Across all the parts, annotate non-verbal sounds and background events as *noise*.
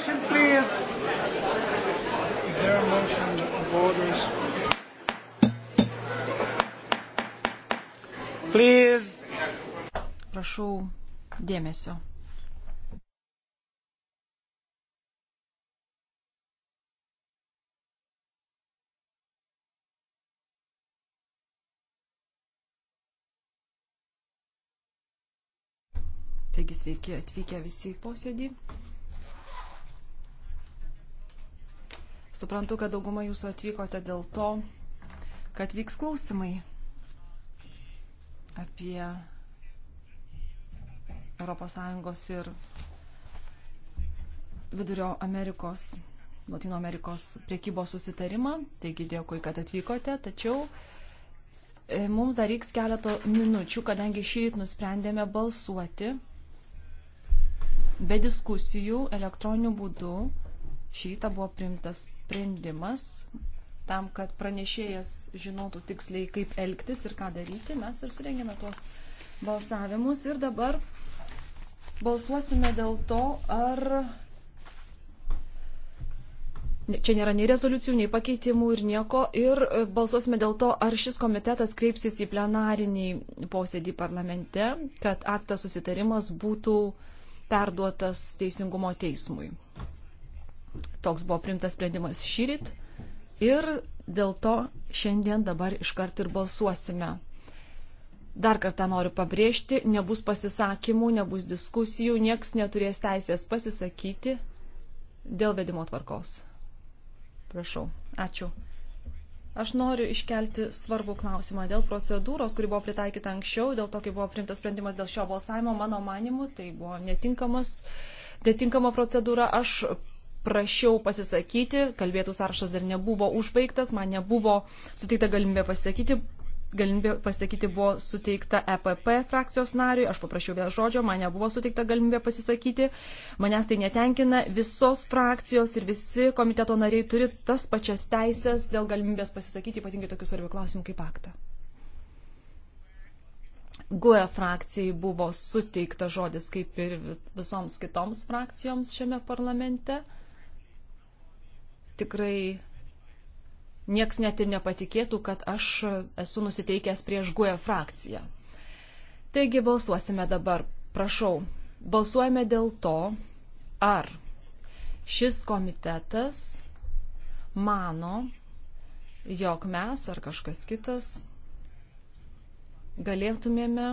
Attention, please. There are motion of orders. Please. Prašau dėmesio. Taigi sveiki atvykę visi į posėdį. Suprantu, kad dauguma jūsų atvykote dėl to, kad vyks klausimai apie ES ir Vidurio Amerikos, Latino Amerikos priekybos susitarimą. Taigi dėkui, kad atvykote, tačiau e, mums dar reiks keleto minučių, kadangi šį rytą nusprendėme balsuoti be diskusijų elektroniniu būdu. Šį rytą buvo primtas sprendimas. Tam, kad pranešėjas žinotų tiksliai, kaip elgtis ir ką daryti, mes ir surengėme tuos balsavimus. Ir dabar balsuosime dėl to, ar čia nėra nei rezoliucijų, nei pakeitimų ir nieko. Ir e, balsuosime dėl to, ar šis komitetas kreipsis į plenarinį posėdį parlamente, kad aktas susitarimas būtų perduotas teisingumo teismui. Toks buvo primtas sprendimas šyrit ir dėl to šiandien dabar iškart ir balsuosime. Dar kartą noriu pabrėžti, nebus pasisakymų, nebus diskusijų, nieks neturės teisės pasisakyti dėl vedimo tvarkos. Prašau. Ačiū. Aš noriu iškelti svarbų klausimą dėl procedūros, kuri buvo pritaikyta anksčiau, dėl to, kai buvo primtas sprendimas dėl šio balsavimo, mano manimu, tai buvo netinkamas, netinkama procedūra. Aš prašiau pasisakyti, kalbėtų sąrašas dar nebuvo užbaigtas, man nebuvo suteikta galimybė pasisakyti, galimybė pasisakyti buvo suteikta EPP frakcijos nariui, aš paprašiau vėl žodžio, man nebuvo suteikta galimybė pasisakyti, manęs tai netenkina, visos frakcijos ir visi komiteto nariai turi tas pačias teisės dėl galimybės pasisakyti, ypatingai tokius svarbių klausimų kaip aktą. GUE frakcijai buvo suteikta žodis kaip ir visoms kitoms frakcijoms šiame parlamente tikrai nieks net ir nepatikėtų, kad aš esu nusiteikęs prieš GUE frakciją. Taigi balsuosime dabar. Prašau, balsuojame dėl to, ar šis komitetas mano, jog mes ar kažkas kitas galėtumėme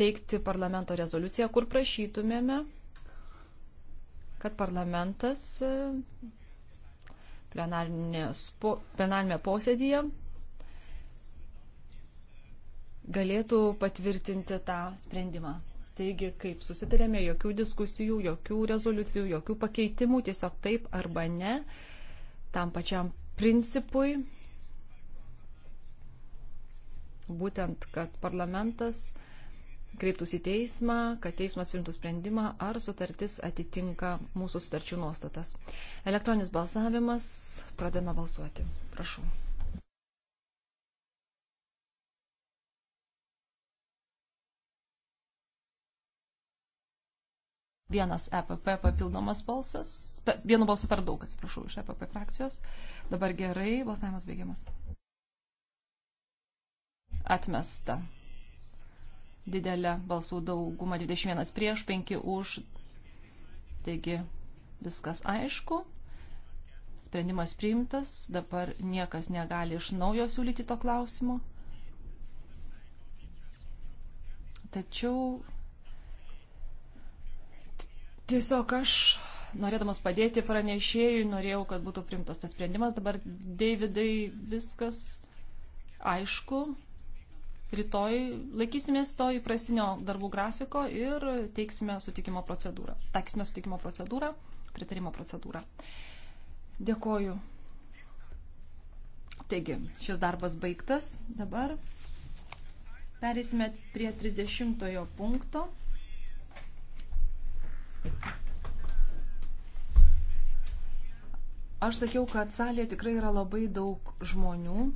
teikti parlamento rezoliuciją, kur prašytumėme kad parlamentas e, plenarinėme posėdėje galėtų patvirtinti tą sprendimą. Taigi, kaip susitarėme, jokių diskusijų, jokių rezoliucijų, jokių pakeitimų, tiesiog taip arba ne, tam pačiam principui, būtent, kad parlamentas kreiptųsi į teismą, kad teismas primtų sprendimą, ar sutartis atitinka mūsų sutarčių nuostatas. Elektroninis balsavimas, pradame balsuoti. Prašau. Vienas EPP papildomas balsas, vienu balsu per daug, atsiprašau, iš EPP frakcijos. Dabar gerai, balsavimas baigiamas. Atmesta didelę balsų daugumą, 21 prieš, 5 už. Taigi viskas aišku, sprendimas priimtas, dabar niekas negali iš naujo siūlyti to klausimo. Tačiau tiesiog aš, norėdamas padėti pranešėjui, norėjau, kad būtų primtas tas sprendimas. Dabar, Davidai, viskas aišku, Rytoj laikysimės to įprastinio darbų grafiko ir teiksime sutikimo procedūrą. Taksime sutikimo procedūrą, pritarimo procedūrą. Dėkoju. Taigi, šis darbas baigtas. Dabar perėsime prie 30 punkto. Aš sakiau, kad salėje tikrai yra labai daug žmonių.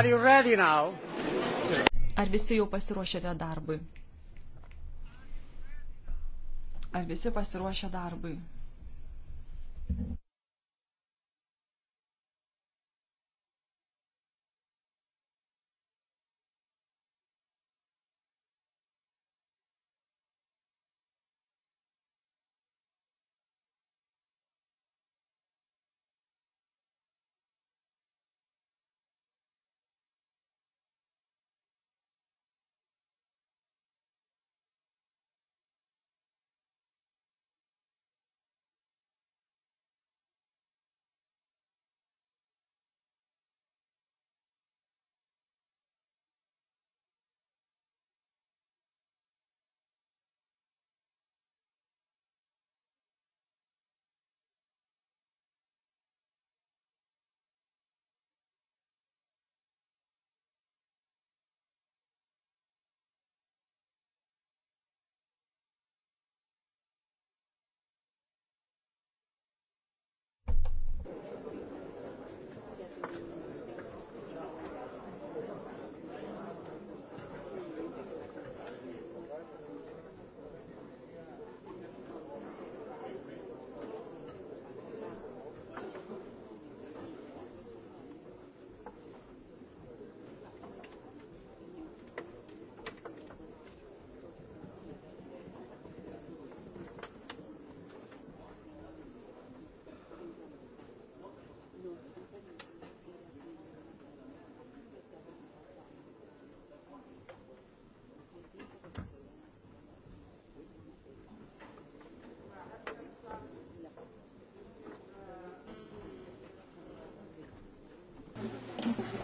Are you ready now? Ar visi jau pasiruošėte darbui? Ar visi pasiruošę darbui?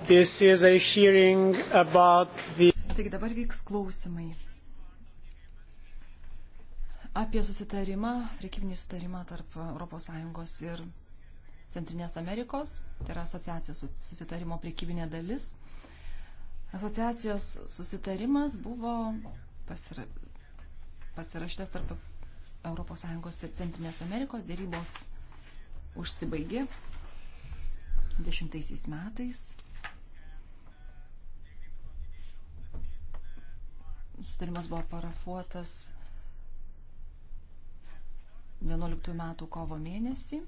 The... Taigi dabar vyks klausimai apie susitarimą, priekybinį susitarimą tarp ES ir Centrinės Amerikos, tai yra asociacijos susitarimo priekybinė dalis. Asociacijos susitarimas buvo pasira... pasirašytas tarp ES ir Centrinės Amerikos, dėrybos užsibaigė 10 metais. Sutarimas buvo parafuotas 11 metų kovo mėnesį.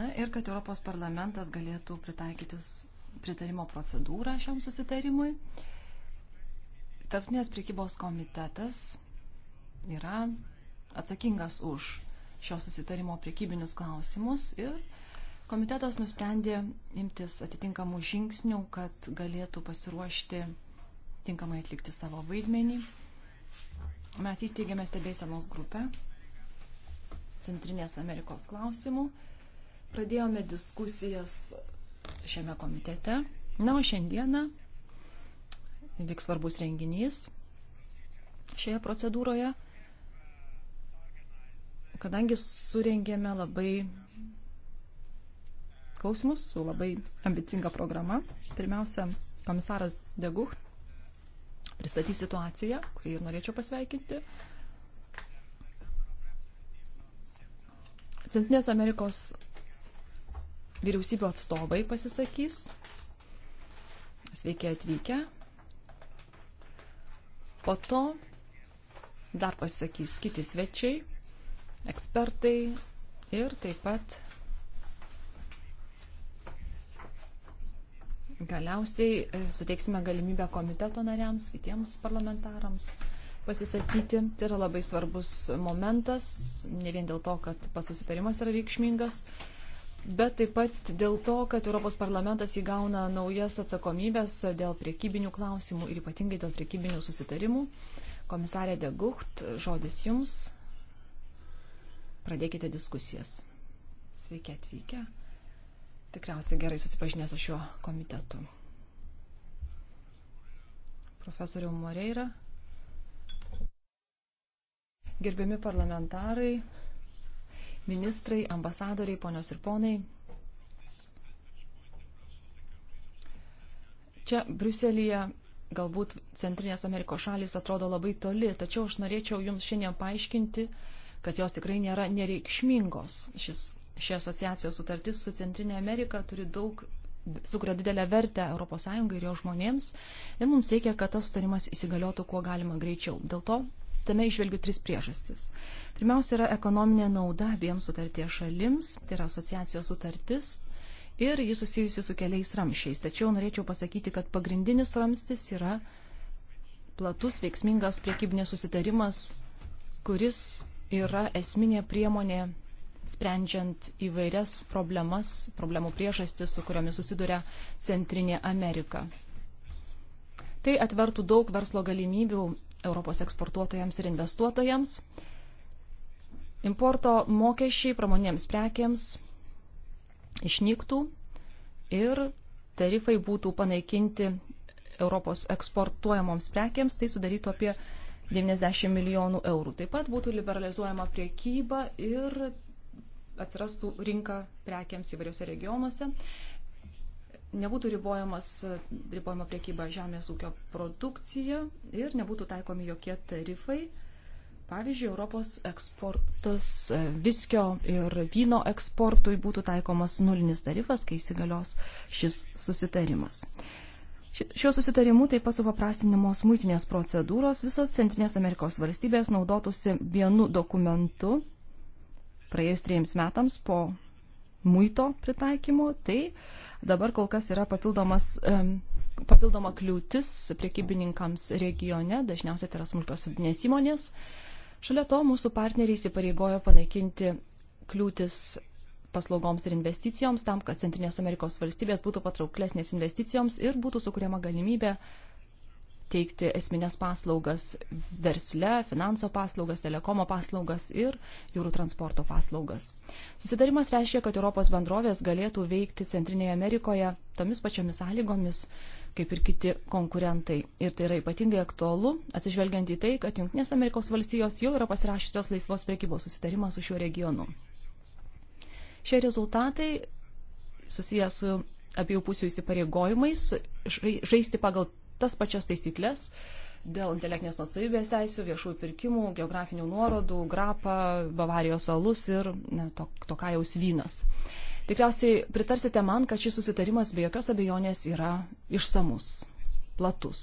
Na ir kad Europos parlamentas galėtų pritaikytis pritarimo procedūrą šiam susitarimui. Tarptinės priekybos komitetas yra atsakingas už šio susitarimo priekybinius klausimus ir komitetas nusprendė imtis atitinkamų žingsnių, kad galėtų pasiruošti tinkamai atlikti savo vaidmenį. Mes įsteigėme stebėsenos grupę Centrinės Amerikos klausimų. Pradėjome diskusijas šiame komitete. Na, o šiandieną vyks svarbus renginys šioje procedūroje, kadangi surengėme labai klausimus su labai ambicinga programa. Pirmiausia, komisaras Degucht pristatys situaciją, kurį ir norėčiau pasveikinti. Centrinės Amerikos vyriausybių atstovai pasisakys. Sveiki atvykę. Po to dar pasisakys kiti svečiai, ekspertai ir taip pat Galiausiai e, suteiksime galimybę komiteto nariams, kitiems parlamentarams pasisakyti. Tai yra labai svarbus momentas, ne vien dėl to, kad pats susitarimas yra reikšmingas, bet taip pat dėl to, kad Europos parlamentas įgauna naujas atsakomybės dėl priekybinių klausimų ir ypatingai dėl priekybinių susitarimų. Komisarė Degucht, žodis jums. Pradėkite diskusijas. Sveiki atvykę tikriausiai gerai susipažinę su šiuo komitetu. Profesoriau Moreira. Gerbiami parlamentarai, ministrai, ambasadoriai, ponios ir ponai. Čia Bruselėje galbūt Centrinės Amerikos šalis atrodo labai toli, tačiau aš norėčiau Jums šiandien paaiškinti, kad jos tikrai nėra nereikšmingos. Šis ši asociacijos sutartis su Centrinė Amerika turi daug, sukuria didelę vertę ES ir jo žmonėms ir mums reikia, kad tas sutarimas įsigaliotų kuo galima greičiau. Dėl to tame išvelgiu tris priežastis. Pirmiausia yra ekonominė nauda abiems sutarties šalims, tai yra asociacijos sutartis. Ir jis susijusi su keliais ramšiais. Tačiau norėčiau pasakyti, kad pagrindinis ramstis yra platus, veiksmingas priekybinės susitarimas, kuris yra esminė priemonė sprendžiant įvairias problemas, problemų priežastis, su kuriomis susiduria Centrinė Amerika. Tai atvertų daug verslo galimybių Europos eksportuotojams ir investuotojams. Importo mokesčiai pramonėms prekiams išnyktų ir tarifai būtų panaikinti Europos eksportuojamoms prekiams, tai sudarytų apie 90 milijonų eurų. Taip pat būtų liberalizuojama priekyba ir atsirastų rinka prekiams įvairiose regionuose, nebūtų ribojamas, ribojama priekyba žemės ūkio produkcija ir nebūtų taikomi jokie tarifai. Pavyzdžiui, Europos eksportas e, viskio ir vyno eksportui būtų taikomas nulinis tarifas, kai įsigalios šis susitarimas. Šiuo susitarimu taip pat supaprastinamos muitinės procedūros visos Centrinės Amerikos valstybės naudotųsi vienu dokumentu praėjus trejams metams po muito pritaikymo, tai dabar kol kas yra papildomas, papildoma kliūtis priekybininkams regione, dažniausiai tai yra smulkios vidinės įmonės. Šalia to mūsų partneriai įsipareigojo panaikinti kliūtis paslaugoms ir investicijoms tam, kad Centrinės Amerikos valstybės būtų patrauklesnės investicijoms ir būtų sukūriama galimybė teikti esminės paslaugas versle, finanso paslaugas, telekomo paslaugas ir jūrų transporto paslaugas. Susidarimas reiškia, kad Europos bendrovės galėtų veikti Centrinėje Amerikoje tomis pačiomis sąlygomis kaip ir kiti konkurentai. Ir tai yra ypatingai aktualu, atsižvelgiant į tai, kad Junktinės Amerikos valstijos jau yra pasirašytos laisvos priekybos susitarimą su šiuo regionu. Šie rezultatai susijęs su abiejų pusių įsipareigojimais žaisti pagal tas pačias taisyklės dėl intelektinės nusavybės teisų, viešųjų pirkimų, geografinių nuorodų, grapą, Bavarijos alus ir ne, to, to ką jaus vynas. Tikriausiai pritarsite man, kad šis susitarimas be jokios abejonės yra išsamus, platus.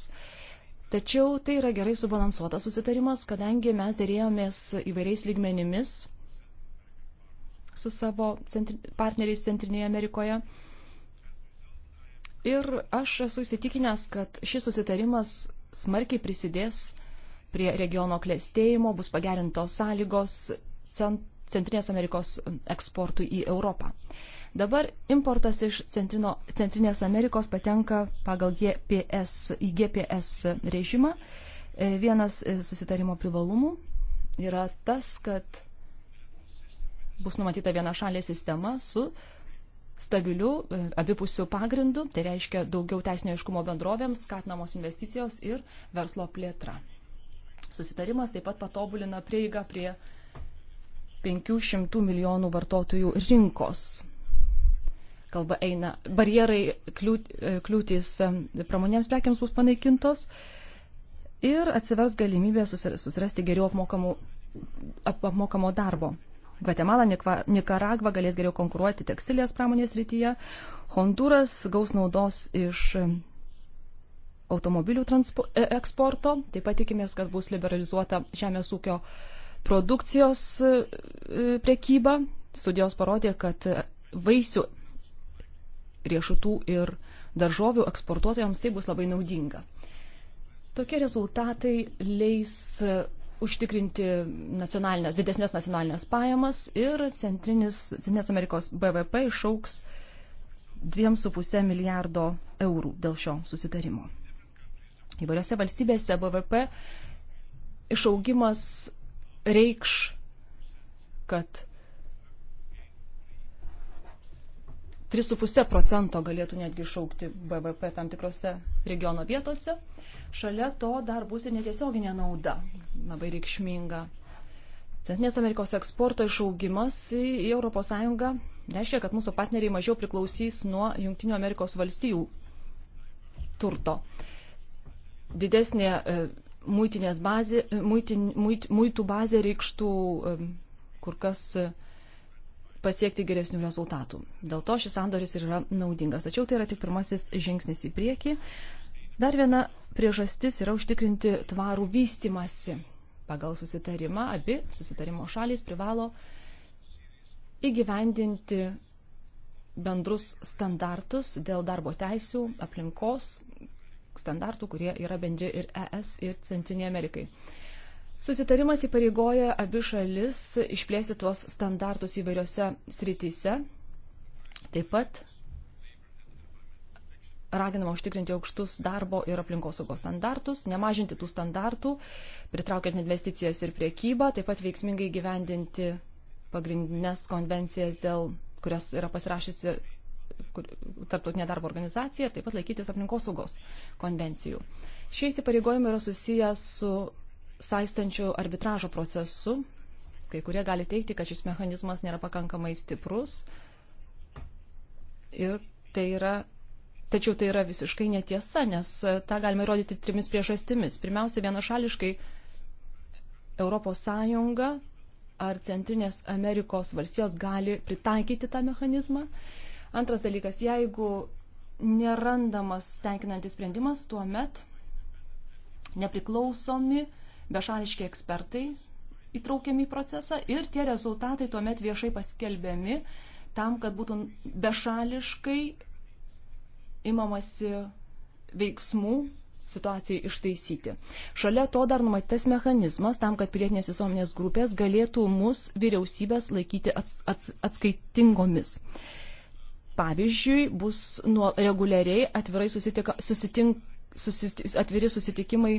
Tačiau tai yra gerai subalansuotas susitarimas, kadangi mes dėrėjomės įvairiais lygmenimis su savo centri partneriais Centrinėje Amerikoje Ir aš esu įsitikinęs, kad šis susitarimas smarkiai prisidės prie regiono klėstėjimo, bus pagerintos sąlygos Centrinės Amerikos eksportui į Europą. Dabar importas iš Centrino, Centrinės Amerikos patenka pagal GPS, į GPS režimą. E, vienas e, susitarimo privalumų yra tas, kad bus numatyta viena šalė sistema su stabilių e, abipusių pagrindų, tai reiškia daugiau teisinio iškumo bendrovėms, skatinamos investicijos ir verslo plėtra. Susitarimas taip pat patobulina prieigą prie 500 milijonų vartotojų rinkos. Kalba eina, barjerai, kliūtis e, e, pramonėms prekiams bus panaikintos ir atsivers galimybė susirasti geriau apmokamų, apmokamo darbo. Gvatemala, Nikaragva galės geriau konkuruoti tekstilės pramonės rytyje, Honduras gaus naudos iš automobilių transpo, e, eksporto, taip pat tikimės, kad bus liberalizuota žemės ūkio produkcijos e, e, prekyba. Studijos parodė, kad vaisių riešutų ir daržovių eksportuotojams tai bus labai naudinga. Tokie rezultatai leis užtikrinti nacionalinės, didesnės nacionalinės pajamas ir centrinis, Centrinės Amerikos BVP išauks 2,5 milijardo eurų dėl šio susitarimo. Įvairiose valstybėse BVP išaugimas reikš, kad 3,5 procento galėtų netgi išaukti BVP tam tikrose regiono vietose. Šalia to dar bus ir netiesioginė nauda, labai reikšminga. Centrinės Amerikos eksporto išaugimas į ES reiškia, kad mūsų partneriai mažiau priklausys nuo Junktinių Amerikos valstijų turto. Didesnė e, muitinės bazė, muitin, muit, muitų bazė reikštų e, kur kas e, pasiekti geresnių rezultatų. Dėl to šis sandoris yra naudingas. Tačiau tai yra tik pirmasis žingsnis į priekį. Dar viena priežastis yra užtikrinti tvarų vystimasi. Pagal susitarimą abi susitarimo šalys privalo įgyvendinti bendrus standartus dėl darbo teisų, aplinkos standartų, kurie yra bendri ir ES ir Centrinė Amerikai. Susitarimas įpareigoja abi šalis išplėsti tuos standartus įvairiose srityse. Taip pat raginama užtikrinti aukštus darbo ir aplinkosaugos standartus, nemažinti tų standartų, pritraukiant investicijas ir priekybą, taip pat veiksmingai gyvendinti pagrindinės konvencijas, dėl kurias yra pasirašysi kur, tarptautinė darbo organizacija ir taip pat laikytis aplinkosaugos konvencijų. Šie įsipareigojimai yra susijęs su saistančiu arbitražo procesu. Kai kurie gali teikti, kad šis mechanizmas nėra pakankamai stiprus. Ir tai yra, tačiau tai yra visiškai netiesa, nes e, tą galima įrodyti trimis priežastimis. Pirmiausia, vienašališkai ES ar Centrinės Amerikos valstijos gali pritaikyti tą mechanizmą. Antras dalykas, jeigu nerandamas tenkinantis sprendimas, tuomet nepriklausomi bešališki ekspertai įtraukiami į procesą ir tie rezultatai tuomet viešai paskelbiami tam, kad būtų bešališkai imamasi veiksmų situacijai ištaisyti. Šalia to dar numatytas mechanizmas tam, kad pilietinės visuomenės grupės galėtų mus vyriausybės laikyti ats, ats, atskaitingomis. Pavyzdžiui, bus nuo reguliariai atvirai susitika, susitink, susis, atviri susitikimai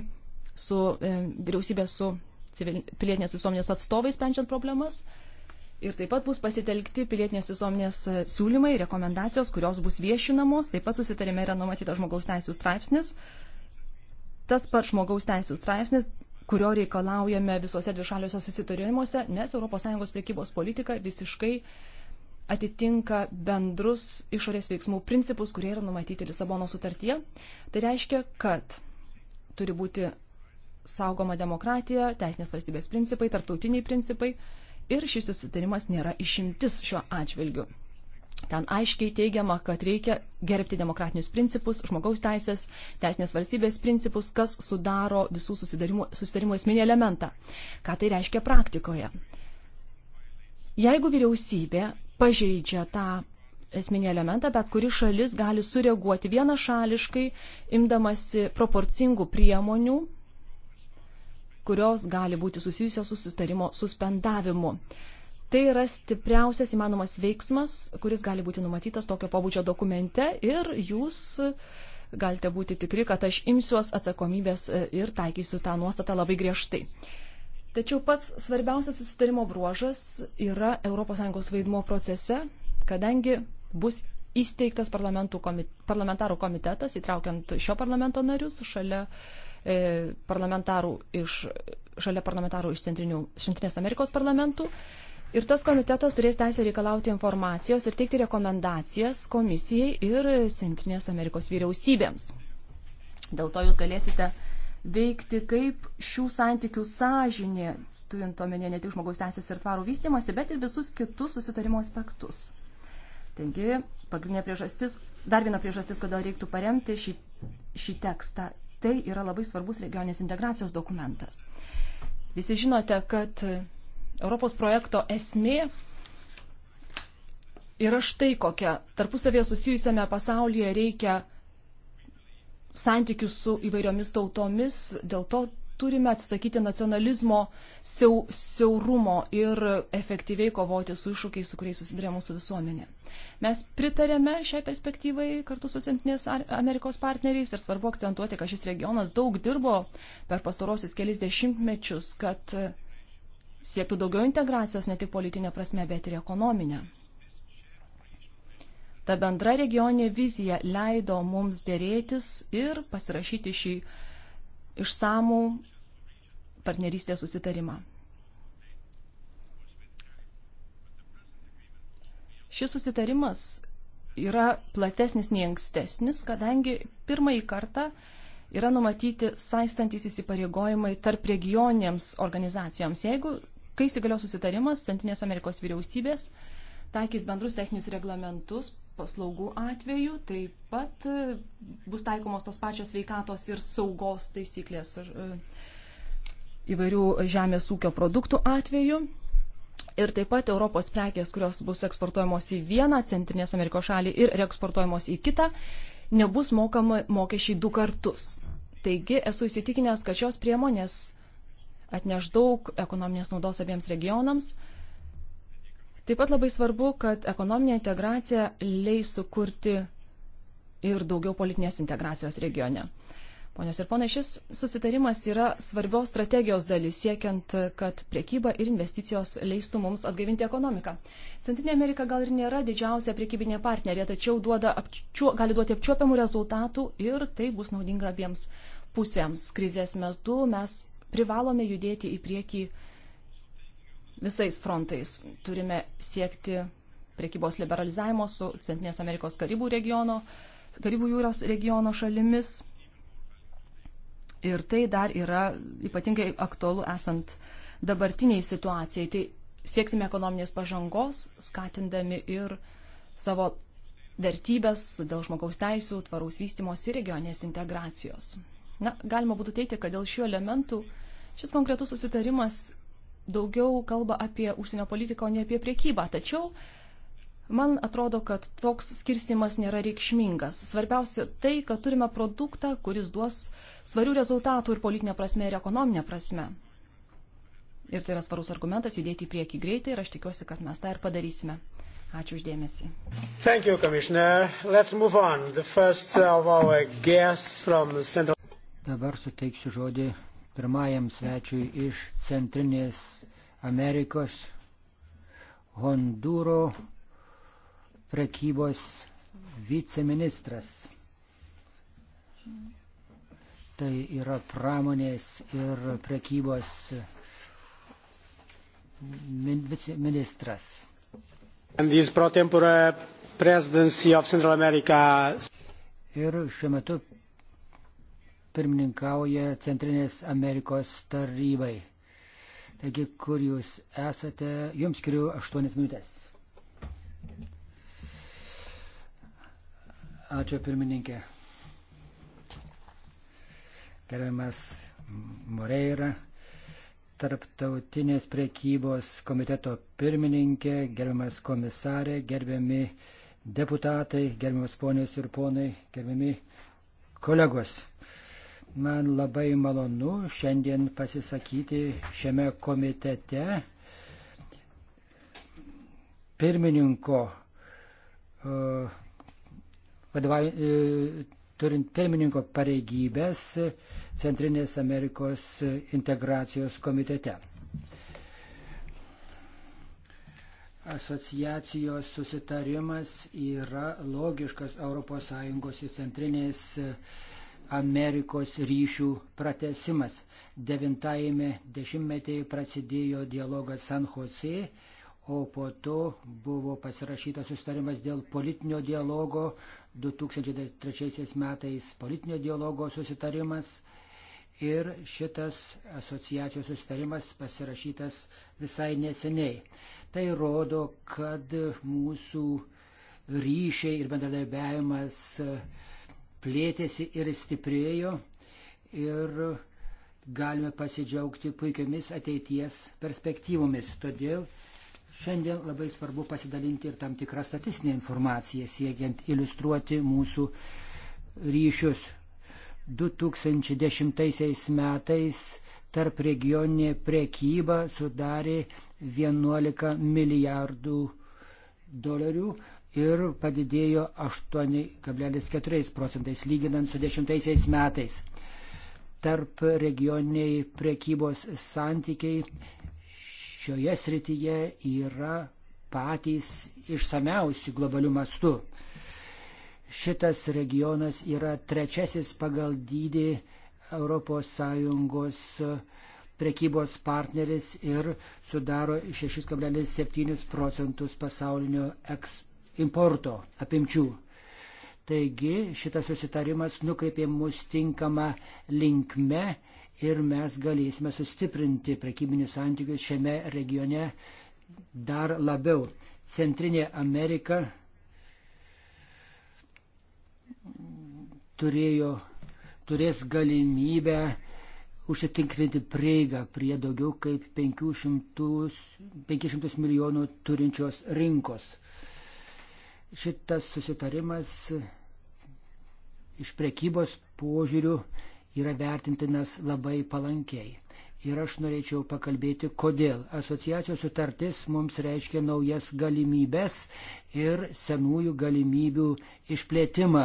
su e, vyriausybė, su civil, pilietinės visuomenės atstovais sprendžiant problemas. Ir taip pat bus pasitelkti pilietinės visuomenės e, siūlymai, rekomendacijos, kurios bus viešinamos. Taip pat susitarime yra numatytas žmogaus teisų straipsnis. Tas pats žmogaus teisų straipsnis, kurio reikalaujame visuose dvišaliuose susitarimuose, nes ES priekybos politika visiškai atitinka bendrus išorės veiksmų principus, kurie yra numatyti Lisabono sutartyje. Tai reiškia, kad turi būti saugoma demokratija, teisinės valstybės principai, tarptautiniai principai ir šis susitarimas nėra išimtis šiuo atžvilgiu. Ten aiškiai teigiama, kad reikia gerbti demokratinius principus, žmogaus teisės, teisinės valstybės principus, kas sudaro visų susitarimų esminį elementą. Ką tai reiškia praktikoje? Jeigu vyriausybė pažeidžia tą esminį elementą, bet kuri šalis gali sureaguoti vienašališkai, imdamasi proporcingų priemonių kurios gali būti susijusios su sustarimo suspendavimu. Tai yra stipriausias įmanomas veiksmas, kuris gali būti numatytas tokio pobūdžio dokumente ir jūs galite būti tikri, kad aš imsiuos atsakomybės e, ir taikysiu tą nuostatą labai griežtai. Tačiau pats svarbiausias susitarimo bruožas yra ES vaidmuo procese, kadangi bus įsteigtas komite, parlamentarų komitetas, įtraukiant šio parlamento narius šalia uh, E, parlamentarų iš, šalia parlamentarų iš Centrinės Amerikos parlamentų. Ir tas komitetas turės teisę reikalauti informacijos ir teikti rekomendacijas komisijai ir Centrinės Amerikos vyriausybėms. Dėl to jūs galėsite veikti kaip šių santykių sąžinė, turint omenyje ne tik žmogaus teisės ir tvarų vystimasi, bet ir visus kitus susitarimo aspektus. Taigi, pagrindinė priežastis, dar viena priežastis, kodėl reiktų paremti šį, šį tekstą tai yra labai svarbus regioninės integracijos dokumentas. Visi žinote, kad Europos projekto esmė yra štai kokia. Tarpusavėje susijusiame pasaulyje reikia santykių su įvairiomis tautomis, dėl to turime atsisakyti nacionalizmo siau, siaurumo ir efektyviai kovoti su iššūkiais, su kuriais susiduria mūsų visuomenė. Mes pritarėme šiai perspektyvai kartu su Centrinės Amerikos partneriais ir svarbu akcentuoti, kad šis regionas daug dirbo per pastarosius kelis dešimtmečius, kad siektų daugiau integracijos ne tik politinė prasme, bet ir ekonominė. Ta bendra regioninė vizija leido mums dėrėtis ir pasirašyti šį išsamų partnerystės susitarimą. Šis susitarimas yra platesnis nei ankstesnis, kadangi pirmąjį kartą yra numatyti saistantys įsipareigojimai tarp regioniniams organizacijoms. Jeigu, kai įsigalios susitarimas, Centrinės Amerikos vyriausybės taikys bendrus techninius reglamentus paslaugų atveju taip pat e, bus taikomos tos pačios veikatos ir saugos taisyklės ir e, įvairių žemės ūkio produktų atveju. Ir taip pat Europos prekės, kurios bus eksportuojamos į vieną Centrinės Amerikos šalį ir reeksportuojamos į kitą, nebus mokama mokesčiai du kartus. Taigi esu įsitikinęs, kad šios priemonės atneš daug ekonominės naudos abiems regionams Taip pat labai svarbu, kad ekonominė integracija leis sukurti ir daugiau politinės integracijos regione. Ponios ir ponai, šis susitarimas yra svarbios strategijos dalis, siekiant, kad priekyba ir investicijos leistų mums atgaivinti ekonomiką. Centrinė Amerika gal ir nėra didžiausia priekybinė partnerė, tačiau duoda apčiu, gali duoti apčiuopiamų rezultatų ir tai bus naudinga abiems pusėms. Krizės metu mes privalome judėti į priekį visais frontais. Turime siekti priekybos liberalizavimo su Centrinės Amerikos Karibų, regiono, Karibų jūros regiono šalimis. Ir tai dar yra ypatingai aktualu esant dabartiniai situacijai. Tai sieksime ekonominės pažangos, skatindami ir savo vertybės dėl žmogaus teisų, tvaraus vystimos ir regioninės integracijos. Na, galima būtų teikti, kad dėl šių elementų šis konkretus susitarimas daugiau kalba apie užsienio politiką, o ne apie priekybą. Tačiau man atrodo, kad toks skirstimas nėra reikšmingas. Svarbiausia tai, kad turime produktą, kuris duos svarių rezultatų ir politinė prasme, ir ekonominė prasme. Ir tai yra svarus argumentas judėti į priekį greitai ir aš tikiuosi, kad mes tą ir padarysime. Ačiū uždėmesi. Thank you, Commissioner. Let's move on. The first of our guests from Central. Dabar suteiksiu žodį pirmajam svečiui iš Centrinės Amerikos, Hondūro prekybos viceministras. Tai yra pramonės ir prekybos viceministras. Ir šiuo metu pirmininkauja Centrinės Amerikos tarybai. Taigi, kur jūs esate, jums skiriu 8 minutės. Ačiū pirmininkė. Gerbiamas Moreira, Tarptautinės priekybos komiteto pirmininkė, gerbiamas komisarė, gerbiami deputatai, gerbiamas ponios ir ponai, gerbiami kolegos. Man labai malonu šiandien pasisakyti šiame komitete pirmininko, e, vadovai, e, turint pirmininko pareigybės Centrinės Amerikos integracijos komitete. asociacijos susitarimas yra logiškas ES ir Centrinės Amerikos ryšių pratesimas. Devintajame dešimtmetyje prasidėjo dialogas San Jose, o po to buvo pasirašytas sustarimas dėl politinio dialogo, 2003 metais politinio dialogo susitarimas ir šitas asociacijos susitarimas pasirašytas visai neseniai. Tai rodo, kad mūsų ryšiai ir bendradarbiavimas uh, plėtėsi ir stiprėjo ir galime pasidžiaugti puikiamis ateities perspektyvomis. Todėl šiandien labai svarbu pasidalinti ir tam tikrą statistinę informaciją, siekiant iliustruoti mūsų ryšius. 2010 metais tarp regioninė prekyba sudarė 11 milijardų dolerių, ir padidėjo 8,4 procentais lyginant su 10 metais. Tarp regioniniai priekybos santykiai šioje srityje yra patys išsameusi globalių mastų. Šitas regionas yra trečiasis pagal dydį ES prekybos partneris ir sudaro 6,7 procentus pasaulinio eksporto importo apimčių. Taigi šitas susitarimas nukreipė mus tinkamą linkme ir mes galėsime sustiprinti prekybinius santykius šiame regione dar labiau. Centrinė Amerika turėjo, turės galimybę užsitikrinti prieigą prie daugiau kaip 500, 500 milijonų turinčios rinkos šitas susitarimas iš prekybos požiūrių yra vertintinas labai palankiai. Ir aš norėčiau pakalbėti, kodėl asociacijos sutartis mums reiškia naujas galimybės ir senųjų galimybių išplėtimą.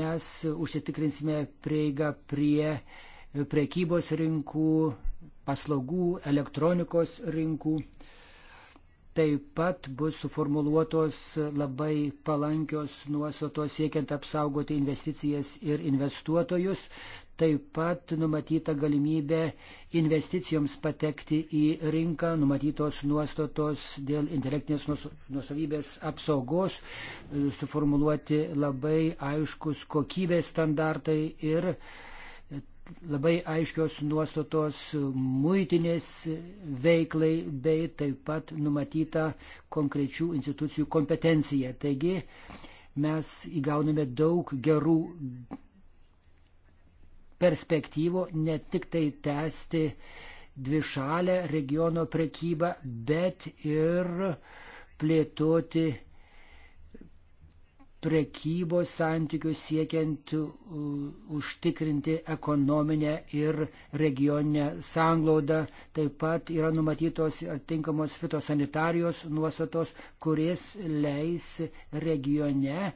Mes užsitikrinsime prieigą prie prekybos rinkų, paslaugų, elektronikos rinkų. Taip pat bus suformuluotos labai palankios nuostatos siekiant apsaugoti investicijas ir investuotojus. Taip pat numatyta galimybė investicijoms patekti į rinką, numatytos nuostatos dėl intelektinės nusavybės apsaugos, suformuluoti labai aiškus kokybės standartai ir uh, labai aiškios nuostatos muitinės veiklai bei taip pat numatyta konkrečių institucijų kompetencija. Taigi mes įgauname daug gerų perspektyvų ne tik tai tęsti dvišalę regiono prekybą, bet ir plėtoti prekybos santykius siekiant užtikrinti ekonominę ir regioninę sanglaudą. Taip pat yra numatytos tinkamos fitosanitarijos nuostatos, kuris leis regione e,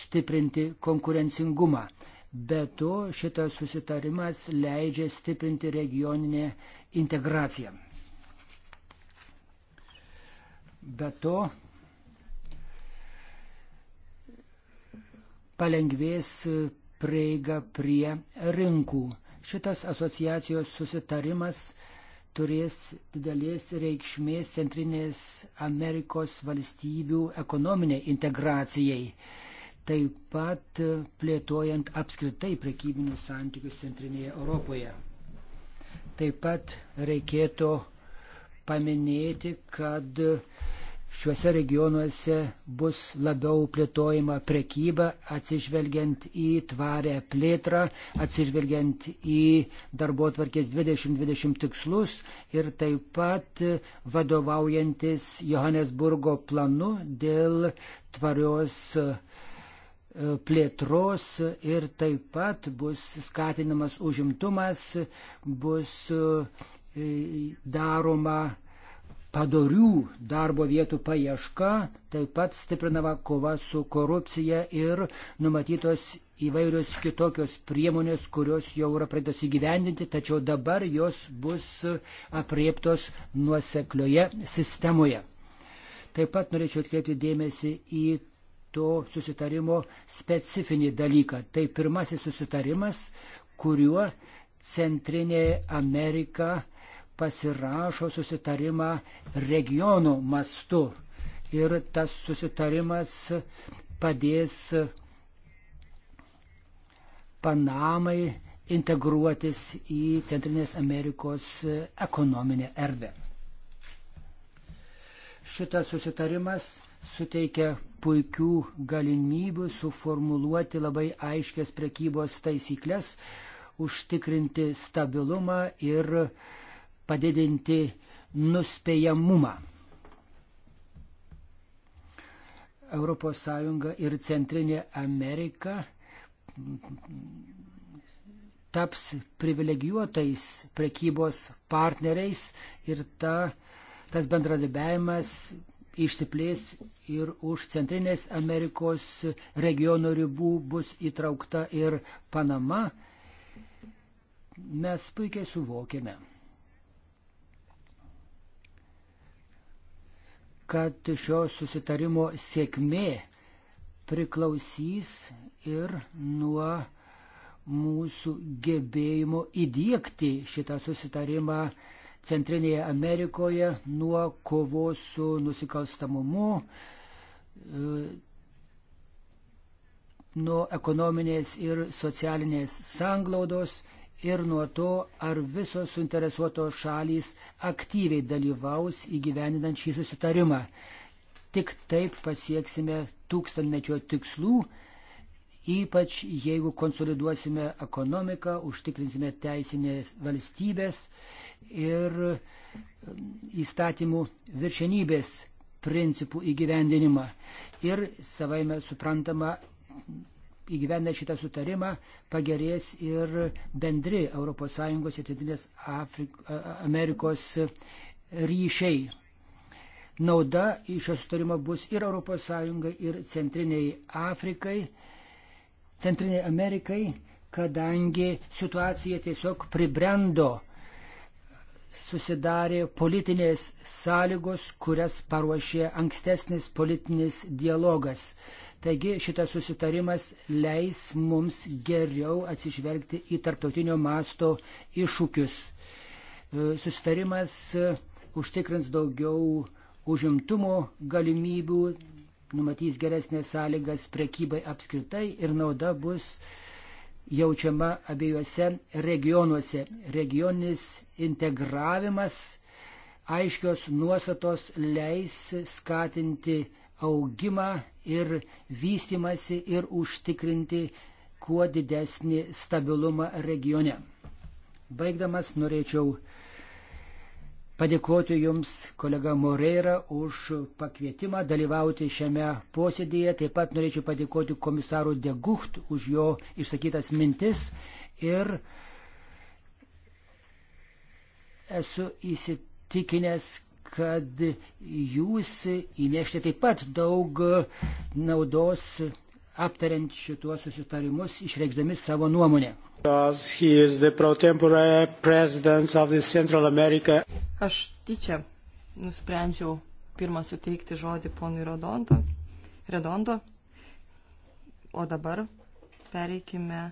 stiprinti konkurencingumą. Be to, šitas susitarimas leidžia stiprinti regioninę integraciją. Be to, palengvės prieiga prie rinkų. Šitas asociacijos susitarimas turės didelės reikšmės Centrinės Amerikos valstybių ekonominiai integracijai, taip pat plėtojant apskritai prekybinius santykius Centrinėje Europoje. Taip pat reikėtų paminėti, kad šiuose regionuose bus labiau plėtojama prekyba, atsižvelgiant į tvarę plėtrą, atsižvelgiant į darbo tvarkės 2020 tikslus ir taip pat vadovaujantis Johannesburgo planu dėl tvarios e, plėtros ir taip pat bus skatinamas užimtumas, bus e, daroma padorių darbo vietų paieška, taip pat stiprinama kova su korupcija ir numatytos įvairios kitokios priemonės, kurios jau yra pradėtos įgyvendinti, tačiau dabar jos bus apriektos nuoseklioje sistemoje. Taip pat norėčiau atkreipti dėmesį į to susitarimo specifinį dalyką. Tai pirmasis susitarimas, kuriuo Centrinė Amerika pasirašo susitarimą regionų mastu. Ir tas susitarimas padės Panamai integruotis į Centrinės Amerikos ekonominę erdvę. Šitas susitarimas suteikia puikių galimybių suformuluoti labai aiškias prekybos taisyklės, užtikrinti stabilumą ir uh, padidinti nuspėjamumą. ES ir Centrinė Amerika taps privilegijuotais prekybos partneriais ir ta, tas bendradarbiavimas išsiplės ir už Centrinės Amerikos regiono ribų bus įtraukta ir Panama. Mes puikiai suvokėme, kad šio susitarimo sėkmė priklausys ir nuo mūsų gebėjimo įdėkti šitą susitarimą Centrinėje Amerikoje nuo kovos su nusikalstamumu, e, nuo ekonominės ir socialinės sanglaudos ir nuo to, ar visos suinteresuotos šalys aktyviai dalyvaus įgyveninant šį susitarimą. Tik taip pasieksime tūkstantmečio tikslų, ypač jeigu konsoliduosime ekonomiką, užtikrinsime teisinės valstybės ir um, įstatymų viršenybės principų įgyvendinimą. Ir savaime suprantama, įgyvendant šitą sutarimą pagerės ir bendri ES ir Centrinės Amerikos ryšiai. Nauda iš šio sutarimo bus ir ES, ir Centriniai Afrikai, Centriniai Amerikai, kadangi situacija tiesiog pribrendo susidarė politinės sąlygos, kurias paruošė ankstesnis politinis dialogas. Taigi šitas susitarimas leis mums geriau atsižvelgti į tarptautinio masto iššūkius. E, susitarimas e, užtikrins daugiau užimtumo galimybių, numatys geresnės sąlygas prekybai apskritai ir nauda bus jaučiama abiejuose regionuose. Regioninis integravimas, aiškios nuostatos leis skatinti augimą ir vystimasi ir užtikrinti kuo didesnį stabilumą regione. Baigdamas norėčiau padėkoti Jums, kolega Moreira, už pakvietimą dalyvauti šiame posėdėje. Taip pat norėčiau padėkoti komisaru Degucht už jo išsakytas mintis ir esu įsitikinęs, kad jūs įnešti taip pat daug naudos aptariant šituos susitarimus, išreikšdami savo nuomonę. Aš tyčia nusprendžiau pirmą suteikti žodį ponui Redondo, Redondo, o dabar pereikime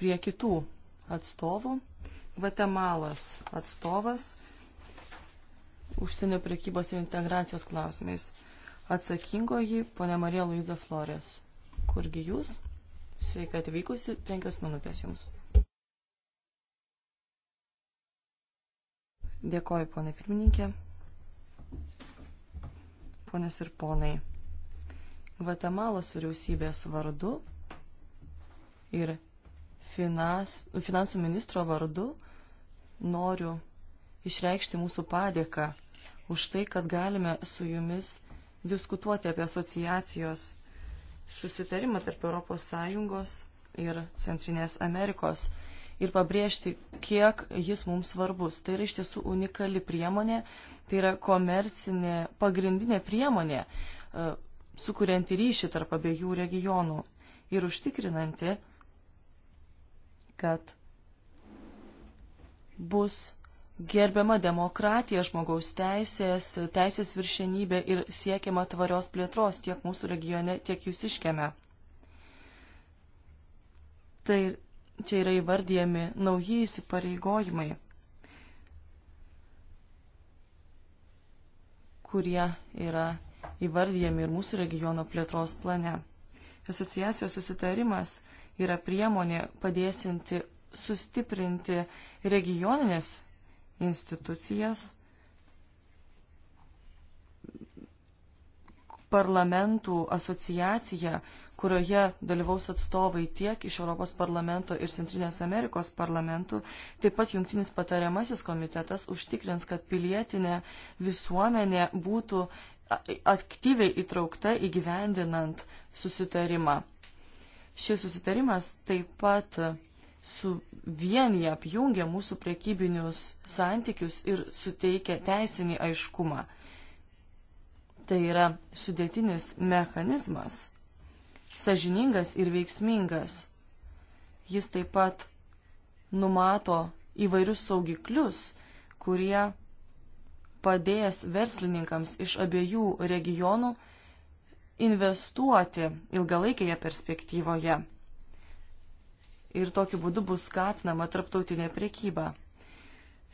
prie kitų atstovų. Gvatemalos atstovas užsienio prekybos ir integracijos klausimais. Atsakingoji ponia Marija Luiza Flores. Kurgi jūs? Sveika atvykusi, penkios minutės jums. Dėkoju, ponė pirmininkė. Ponios ir ponai, Gvatemalos vyriausybės vardu ir finans, finansų ministro vardu noriu išreikšti mūsų padėką už tai, kad galime su jumis diskutuoti apie asociacijos susitarimą tarp ES ir Centrinės Amerikos ir pabrėžti, kiek jis mums svarbus. Tai yra iš tiesų unikali priemonė, tai yra komercinė pagrindinė priemonė, e, sukurianti ryšį tarp abiejų regionų ir užtikrinanti, kad bus gerbiama demokratija, žmogaus teisės, teisės viršenybė ir siekiama tvarios plėtros tiek mūsų regione, tiek jūs iškėme. Tai čia yra įvardyjami nauji įsipareigojimai, kurie yra įvardyjami ir mūsų regiono plėtros plane. Asociacijos susitarimas yra priemonė padėsinti sustiprinti regioninės institucijas, parlamentų asociaciją, kurioje dalyvaus atstovai tiek iš Europos parlamento ir Centrinės Amerikos parlamentų, taip pat jungtinis patariamasis komitetas užtikrins, kad pilietinė visuomenė būtų aktyviai įtraukta įgyvendinant susitarimą. Šis susitarimas taip pat suvienyje, apjungia mūsų prekybinius santykius ir suteikia teisinį aiškumą. Tai yra sudėtinis mechanizmas, sažiningas ir veiksmingas. Jis taip pat numato įvairius saugiklius, kurie padės verslininkams iš abiejų regionų investuoti ilgalaikėje perspektyvoje ir tokiu būdu bus skatinama tarptautinė priekyba.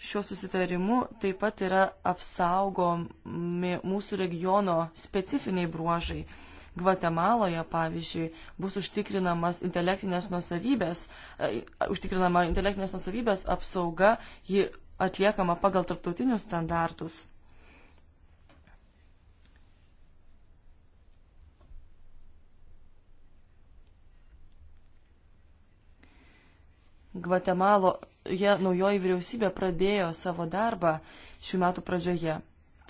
Šiuo susitarimu taip pat yra apsaugomi mūsų regiono specifiniai bruožai. Gvatemaloje, pavyzdžiui, bus užtikrinamas intelektinės nusavybės, e, užtikrinama intelektinės nusavybės apsauga, ji atliekama pagal tarptautinius standartus. Gvatemaloje naujoji vyriausybė pradėjo savo darbą šių metų pradžioje.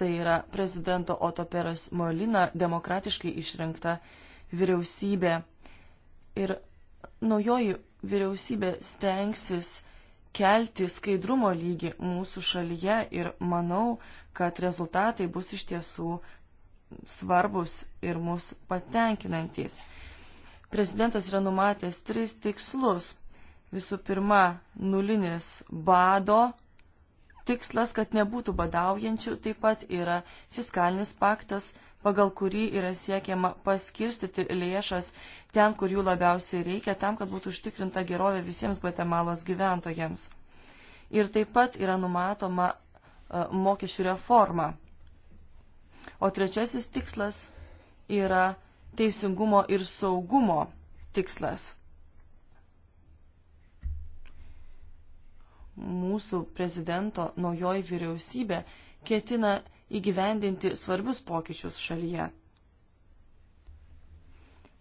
Tai yra prezidento Otoperas Molina demokratiškai išrinkta vyriausybė. Ir naujoji vyriausybė stengsis kelti skaidrumo lygį mūsų šalyje ir manau, kad rezultatai bus iš tiesų svarbus ir mus patenkinantis. Prezidentas yra numatęs tris tikslus Visų pirma, nulinis bado tikslas, kad nebūtų badaujančių, taip pat yra fiskalinis paktas, pagal kurį yra siekiama paskirstyti lėšas ten, kur jų labiausiai reikia, tam, kad būtų užtikrinta gerovė visiems Guatemalos gyventojams. Ir taip pat yra numatoma a, e, mokesčių reforma. O trečiasis tikslas yra teisingumo ir saugumo tikslas. mūsų prezidento naujoji vyriausybė ketina įgyvendinti svarbius pokyčius šalyje.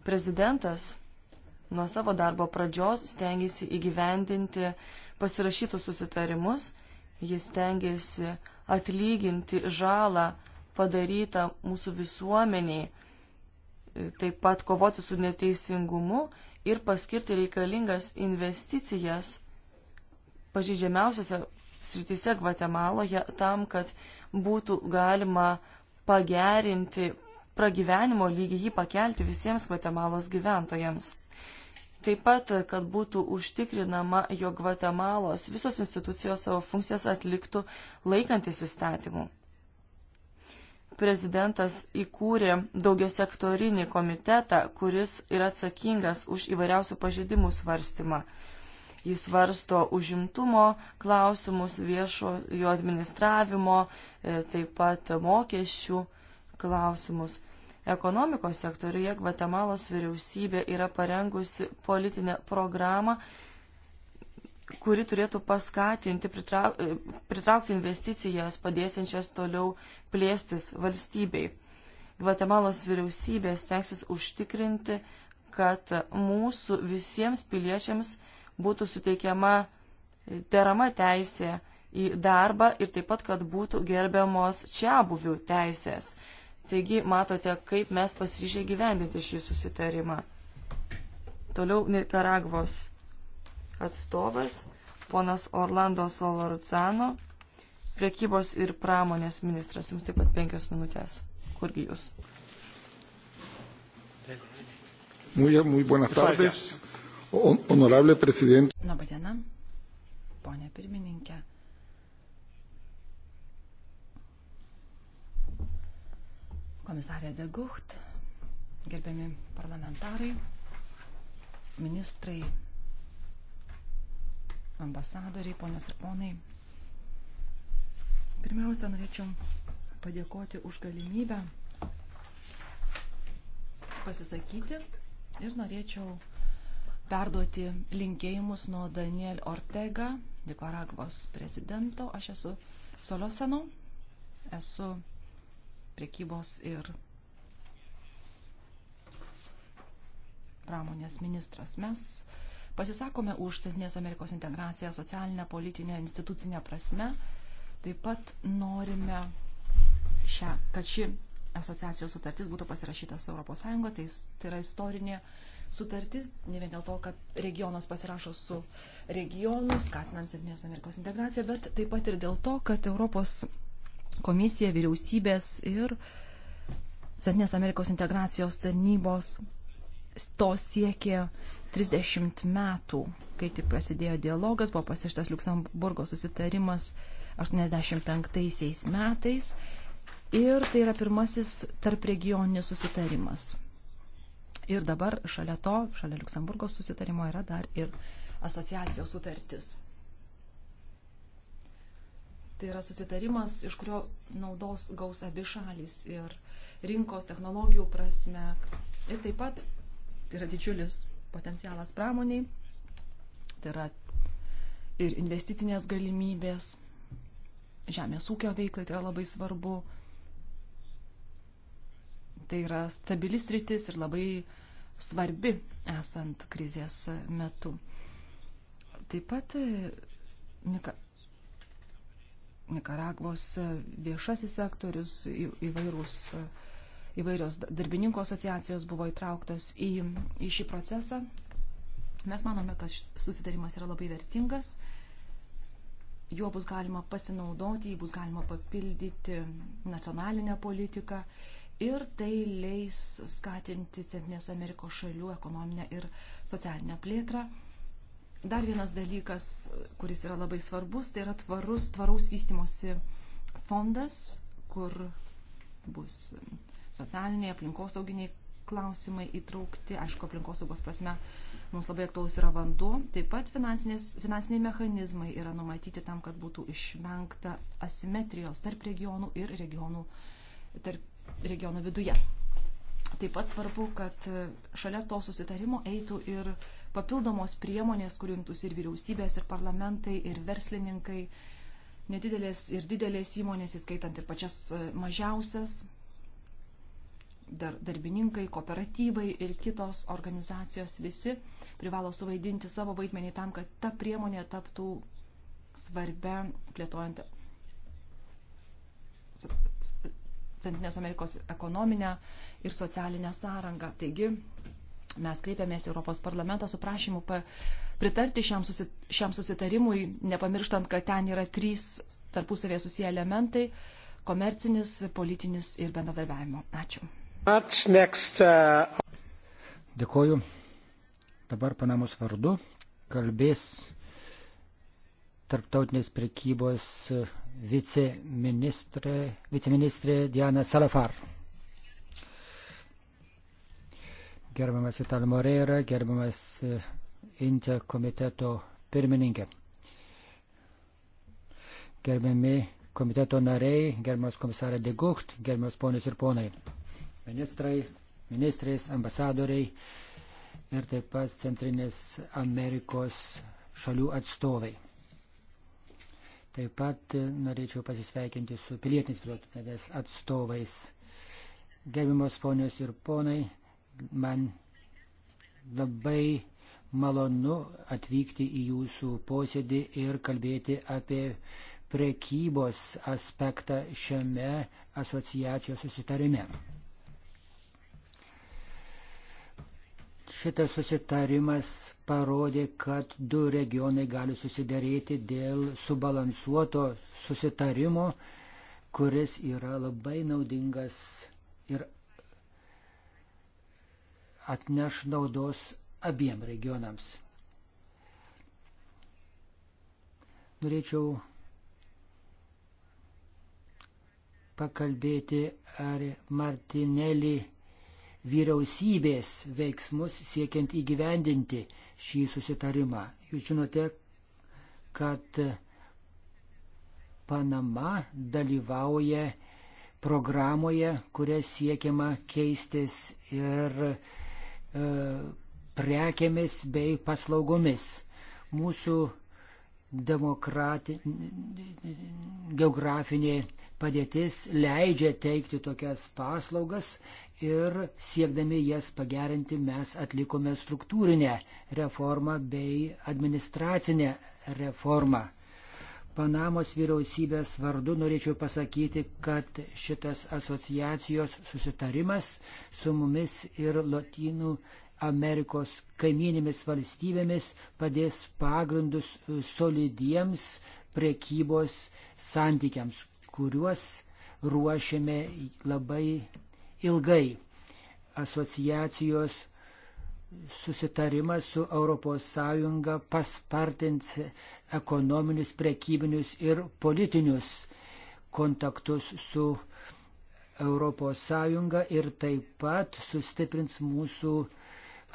Prezidentas nuo savo darbo pradžios stengiasi įgyvendinti pasirašytus susitarimus, jis stengiasi atlyginti žalą padarytą mūsų visuomeniai, taip pat kovoti su neteisingumu ir paskirti reikalingas investicijas pažydžiamiausiose srityse Gvatemaloje tam, kad būtų galima pagerinti pragyvenimo lygį, jį pakelti visiems Gvatemalos gyventojams. Taip pat, kad būtų užtikrinama, jog Gvatemalos visos institucijos savo funkcijas atliktų laikantis įstatymų. Prezidentas įkūrė daugiasektorinį komitetą, kuris yra atsakingas už įvairiausių pažydimų svarstymą. Jis varsto užimtumo klausimus, viešojo administravimo, e, taip pat mokesčių klausimus. Ekonomikos sektoriuje Gvatemalos vyriausybė yra parengusi politinę programą, kuri turėtų paskatinti, pritrauk, e, pritraukti investicijas, padėsiančias toliau plėstis valstybei. Gvatemalos vyriausybė stengsis užtikrinti, kad mūsų visiems piliečiams būtų suteikiama e, derama teisė į darbą ir taip pat, kad būtų gerbiamos čia buvių teisės. Taigi matote, kaip mes pasiryžę gyvendinti šį susitarimą. Toliau Nikaragvos atstovas, ponas Orlando Solarucano, priekybos ir pramonės ministras. Jums taip pat penkios minutės. Kurgi jūs? Muy, muy buenas tardes. Honorable prezidentė. Labadiena, ponė pirmininkė. Komisarė Degucht, gerbiami parlamentarai, ministrai, ambasadoriai, ponios ir ponai. Pirmiausia, norėčiau padėkoti už galimybę pasisakyti ir norėčiau perduoti linkėjimus nuo Daniel Ortega, Nikaragvos prezidento. Aš esu Soloseno, esu priekybos ir pramonės ministras. Mes pasisakome už Centrinės Amerikos integraciją socialinę, politinę, institucinę prasme. Taip pat norime, šią, kad ši asociacijos sutartis būtų pasirašyta su ES, tai, tai yra istorinė sutartis, ne vien dėl to, kad regionas pasirašo su regionu, skatinant Centrinės Amerikos integraciją, bet taip pat ir dėl to, kad Europos komisija, vyriausybės ir Centrinės Amerikos integracijos tarnybos to siekė 30 metų, kai tik prasidėjo dialogas, buvo pasištas Luksemburgo susitarimas 85 metais. Ir tai yra pirmasis tarp regioninis susitarimas. Ir dabar šalia to, šalia Luksemburgo susitarimo yra dar ir asociacijos sutartis. Tai yra susitarimas, iš kurio naudos gaus abi šalis ir rinkos technologijų prasme. Ir taip pat tai yra didžiulis potencialas pramoniai, tai yra ir investicinės galimybės, žemės ūkio veiklai tai yra labai svarbu Tai yra stabilis rytis ir labai svarbi esant krizės metu. Taip pat e, Nika, Nikaragvos viešasis sektorius įvairūs įvairios darbininkų asociacijos buvo įtrauktos į, į šį procesą. Mes manome, kad susitarimas yra labai vertingas. Juo bus galima pasinaudoti, jį bus galima papildyti nacionalinę politiką ir tai leis skatinti Centrinės Amerikos šalių ekonominę ir socialinę plėtrą. Dar vienas dalykas, kuris yra labai svarbus, tai yra tvarus, tvaraus vystimosi fondas, kur bus socialiniai, aplinkosauginiai klausimai įtraukti. Aišku, aplinkosaugos prasme mums labai aktuolus yra vanduo. Taip pat finansiniai mechanizmai yra numatyti tam, kad būtų išvengta asimetrijos tarp regionų ir regionų, tarp regiono viduje. Taip pat svarbu, kad e, šalia to susitarimo eitų ir papildomos priemonės, kur imtųsi ir vyriausybės, ir parlamentai, ir verslininkai, nedidelės ir didelės įmonės, įskaitant ir pačias e, mažiausias, dar, darbininkai, kooperatyvai ir kitos organizacijos visi privalo suvaidinti savo vaidmenį tam, kad ta priemonė taptų svarbia plėtojant Centrinės Amerikos ekonominę ir socialinę sąrangą. Taigi mes kreipėmės į Europos parlamentą su prašymu pa pritarti šiam, susi šiam susitarimui, nepamirštant, kad ten yra trys tarpusavėje susiję elementai - komercinis, politinis ir bendradarbiavimo. Ačiū. Next, uh... Dėkoju. Dabar Panamos vardu kalbės tarptautinės prekybos viceministrė, viceministrė Diana Salafar. Gerbiamas Vital Moreira, gerbiamas eh, Inte komiteto pirmininkė. Gerbiami komiteto nariai, gerbiamas komisarė Degucht, gerbiamas ponius ir ponai, ministrai, ministrais, ambasadoriai ir taip pat Centrinės Amerikos šalių atstovai. Taip pat norėčiau pasisveikinti su pilietinės visuomenės atstovais. Gerbimos ponios ir ponai, man labai malonu atvykti į jūsų posėdį ir kalbėti apie prekybos aspektą šiame asociacijos susitarime. Šitas susitarimas parodė, kad du regionai gali susidaryti dėl subalansuoto susitarimo, kuris yra labai naudingas ir atneš naudos abiem regionams. Norėčiau pakalbėti, ar Martinelį vyriausybės veiksmus siekiant įgyvendinti šį susitarimą. Jūs žinote, kad Panama dalyvauja programoje, kuria siekiama keistis ir e, prekiamis bei paslaugomis. Mūsų demokrati, geografinė padėtis leidžia teikti tokias paslaugas ir siekdami jas pagerinti mes atlikome struktūrinę reformą bei administracinę reformą. Panamos vyriausybės vardu norėčiau pasakyti, kad šitas asociacijos susitarimas su mumis ir Lotynų Amerikos kaiminimis valstybėmis padės pagrindus solidiems prekybos santykiams, kuriuos ruošiame labai ilgai. Asociacijos susitarimas su ES paspartins ekonominius, prekybinius ir politinius kontaktus su ES ir taip pat sustiprins mūsų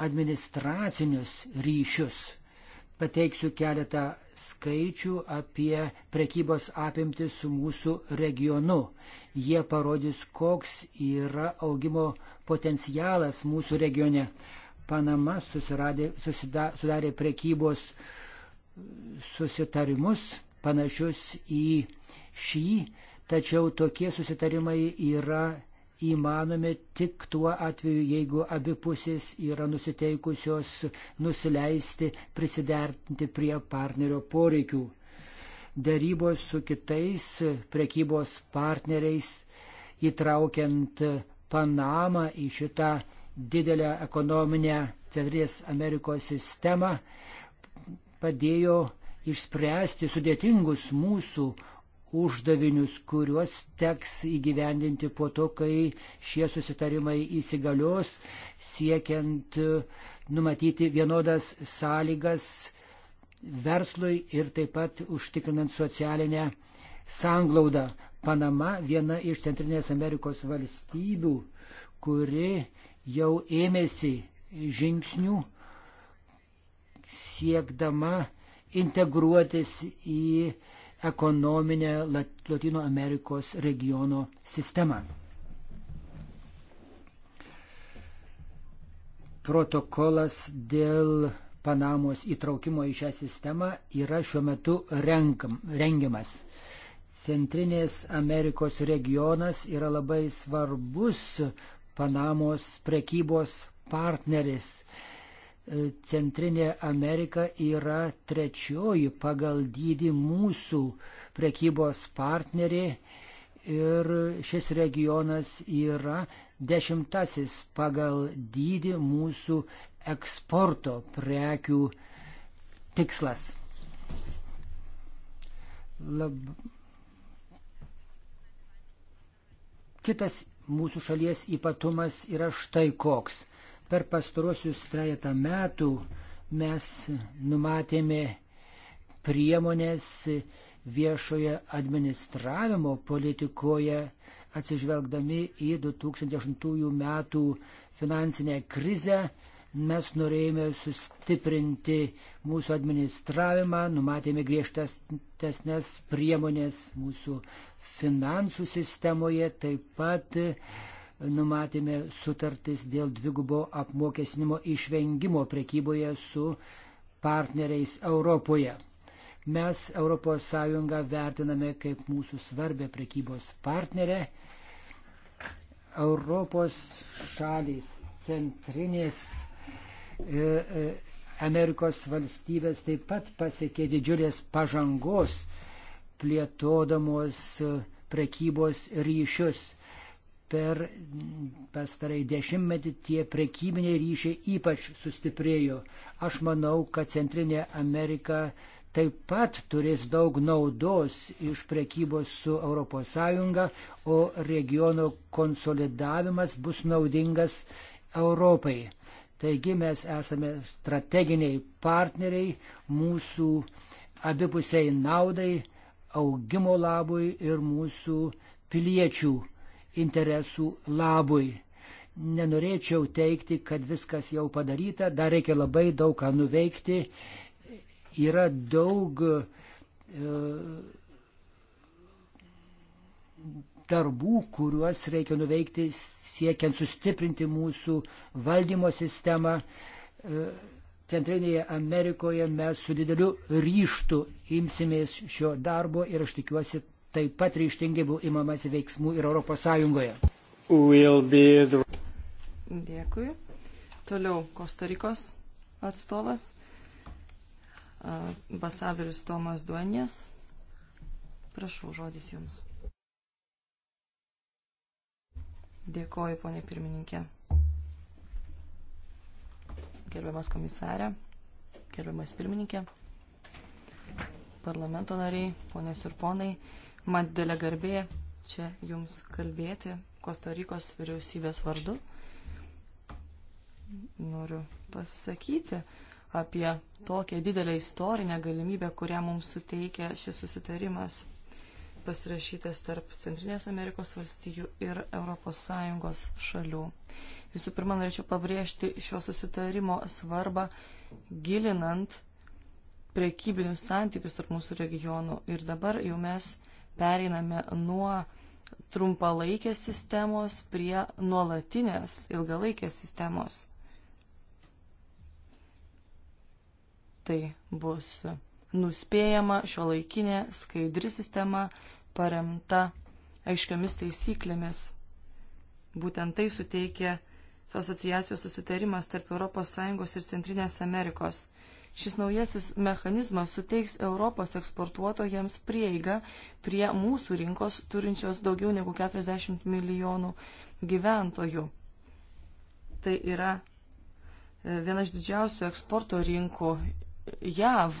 administracinius ryšius pateiksiu keletą skaičių apie prekybos apimtį su mūsų regionu. Jie parodys, koks yra augimo potencialas mūsų regione. Panama susiradė, susida, sudarė prekybos susitarimus panašius į šį, tačiau tokie susitarimai yra įmanomi tik tuo atveju, jeigu abi pusės yra nusiteikusios nusileisti, prisiderinti prie partnerio poreikių. Darybos su kitais prekybos partneriais, įtraukiant Panamą į šitą didelę ekonominę Centrinės Amerikos sistemą, padėjo išspręsti sudėtingus mūsų uždavinius, kuriuos teks įgyvendinti po to, kai šie susitarimai įsigalios, siekiant e, numatyti vienodas sąlygas verslui ir taip pat užtikrinant socialinę sanglaudą. Panama viena iš Centrinės Amerikos valstybių, kuri jau ėmėsi žingsnių siekdama integruotis į ekonominę Latino Amerikos regiono sistemą. Protokolas dėl Panamos įtraukimo į šią sistemą yra šiuo metu renkam, rengiamas. Centrinės Amerikos regionas yra labai svarbus Panamos prekybos partneris. Centrinė Amerika yra trečioji pagal dydį mūsų prekybos partnerė ir šis regionas yra dešimtasis pagal dydį mūsų eksporto prekių tikslas. Lab... Kitas mūsų šalies ypatumas yra štai koks. Per pastaruosius trejetą metų mes numatėme priemonės viešoje administravimo politikoje atsižvelgdami į 2008 metų finansinę krizę. Mes norėjome sustiprinti mūsų administravimą, numatėme griežtesnės priemonės mūsų finansų sistemoje, taip pat numatėme sutartis dėl dvigubo apmokesnimo išvengimo prekyboje su partneriais Europoje. Mes ES vertiname kaip mūsų svarbę prekybos partnerę. Europos šalys, centrinės e, e Amerikos valstybės taip pat pasiekė didžiulės pažangos plėtodamos e, prekybos ryšius per pastarai dešimtmetį tie prekybiniai ryšiai ypač sustiprėjo. Aš manau, kad Centrinė Amerika taip pat turės daug naudos iš prekybos su ES, o regiono konsolidavimas bus naudingas Europai. Taigi mes esame strateginiai partneriai mūsų abipusiai naudai, augimo labui ir mūsų piliečių interesų labui. Nenorėčiau teikti, kad viskas jau padaryta, dar reikia labai daug ką nuveikti. Yra daug e, darbų, kuriuos reikia nuveikti siekiant sustiprinti mūsų valdymo sistemą. E, Centrinėje Amerikoje mes su dideliu ryštu imsimės šio darbo ir aš tikiuosi taip pat ryštingai buvo imamas veiksmų ir ES. The... Dėkui. Toliau Kostarikos atstovas, ambasadorius Tomas Duenės. Prašau, žodis jums. Dėkoju, ponė pirmininkė. Gerbiamas komisarė, gerbiamas pirmininkė, parlamento nariai, ponės ir ponai. Man didelė garbė čia jums kalbėti Kostarikos vyriausybės vardu. Noriu pasisakyti apie tokią didelę istorinę galimybę, kurią mums suteikia šis susitarimas pasirašytas tarp Centrinės Amerikos valstijų ir ES šalių. Visų pirma, norėčiau pabrėžti šio susitarimo svarbą gilinant prekybinius santykius tarp mūsų regionų. Ir dabar jau mes pereiname nuo trumpalaikės sistemos prie nuolatinės ilgalaikės sistemos. Tai bus nuspėjama šio laikinė skaidri sistema paremta aiškiamis taisyklėmis. Būtent tai suteikia asociacijos susitarimas tarp ES ir Centrinės Amerikos – Šis naujasis mechanizmas suteiks Europos eksportuotojams prieigą prie mūsų rinkos turinčios daugiau negu 40 milijonų gyventojų. Tai yra e, viena iš didžiausių eksporto rinkų JAV.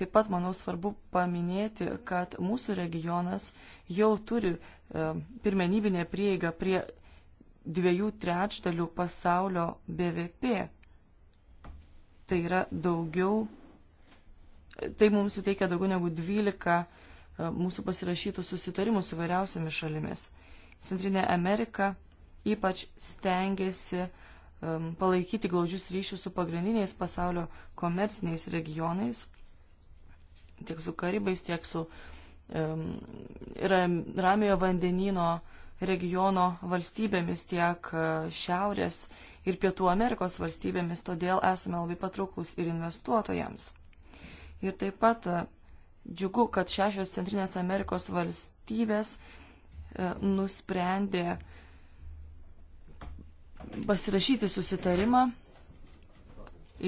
Taip pat, manau, svarbu paminėti, kad mūsų regionas jau turi e, pirmenybinę prieigą prie dviejų trečdalių pasaulio BVP tai yra daugiau, tai mums suteikia daugiau negu 12 e, mūsų pasirašytų susitarimų su vairiausiamis šalimis. Centrinė Amerika ypač stengiasi um, palaikyti glaudžius ryšius su pagrindiniais pasaulio komerciniais regionais, tiek su Karibais, tiek su um, Ramiojo vandenino regiono valstybėmis, tiek e, šiaurės uh, ir Pietų Amerikos valstybėmis, todėl esame labai patrauklus ir investuotojams. Ir taip pat e, džiugu, kad šešios Centrinės Amerikos valstybės e, nusprendė pasirašyti susitarimą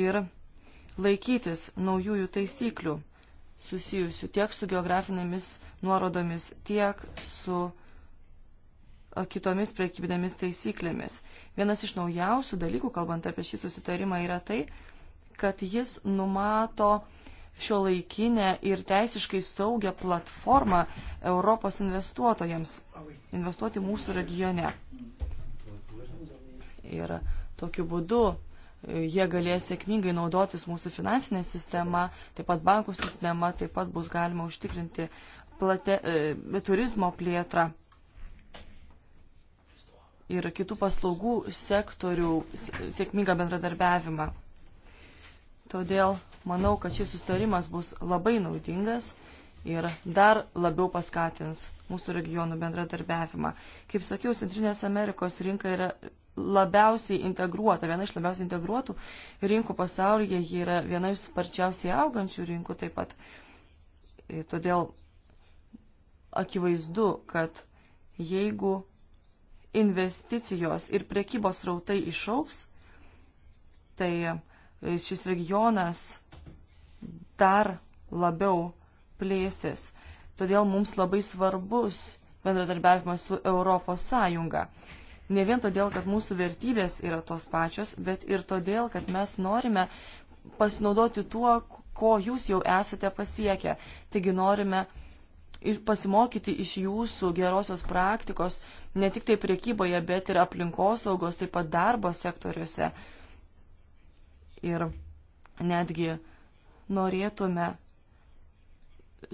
ir laikytis naujųjų taisyklių susijusių tiek su geografinėmis nuorodomis, tiek su kitomis prekybinėmis taisyklėmis. Vienas iš naujausių dalykų, kalbant apie šį susitarimą, yra tai, kad jis numato šio laikinę ir teisiškai saugią platformą Europos investuotojams investuoti mūsų regione. Ir tokiu būdu e, jie galės sėkmingai naudotis mūsų finansinė sistema, taip pat bankų sistema, taip pat bus galima užtikrinti plate, e, turizmo plėtrą ir kitų paslaugų sektorių sėkmingą bendradarbiavimą. Todėl manau, kad šis sustarimas bus labai naudingas ir dar labiau paskatins mūsų regionų bendradarbiavimą. Kaip sakiau, Centrinės Amerikos rinka yra labiausiai integruota, viena iš labiausiai integruotų rinkų pasaulyje, ji yra viena iš sparčiausiai augančių rinkų taip pat. E, todėl akivaizdu, kad jeigu investicijos ir prekybos rautai išauks, tai šis regionas dar labiau plėsis. Todėl mums labai svarbus bendradarbiavimas su Europos Sąjunga. Ne vien todėl, kad mūsų vertybės yra tos pačios, bet ir todėl, kad mes norime pasinaudoti tuo, ko jūs jau esate pasiekę. Taigi norime uh, pasimokyti iš jūsų gerosios praktikos ne tik tai priekyboje, bet ir aplinkosaugos, taip pat darbo sektoriuose. Ir netgi norėtume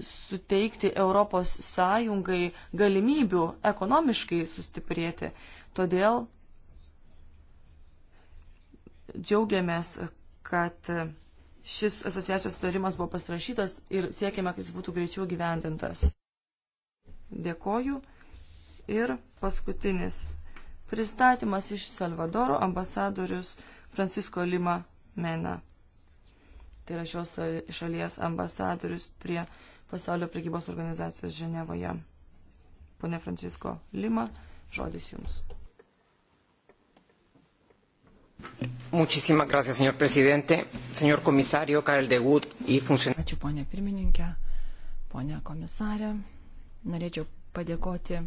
suteikti Europos Sąjungai galimybių ekonomiškai sustiprėti. Todėl džiaugiamės, kad šis asociacijos sutarimas buvo pasirašytas ir siekiame, kad jis būtų greičiau gyvendintas. Dėkoju. Ir paskutinis pristatymas iš Salvadoro ambasadorius Francisco Lima Mena. Tai yra šios šalies ambasadorius prie pasaulio prekybos organizacijos Ženevoje. Pone Francisco Lima, žodis jums. Muchísimas gracias, señor presidente, señor comisario, Karel de Gut y funcionarios. Ačiū, ponė pirmininkė, ponė komisarė, Norėčiau padėkoti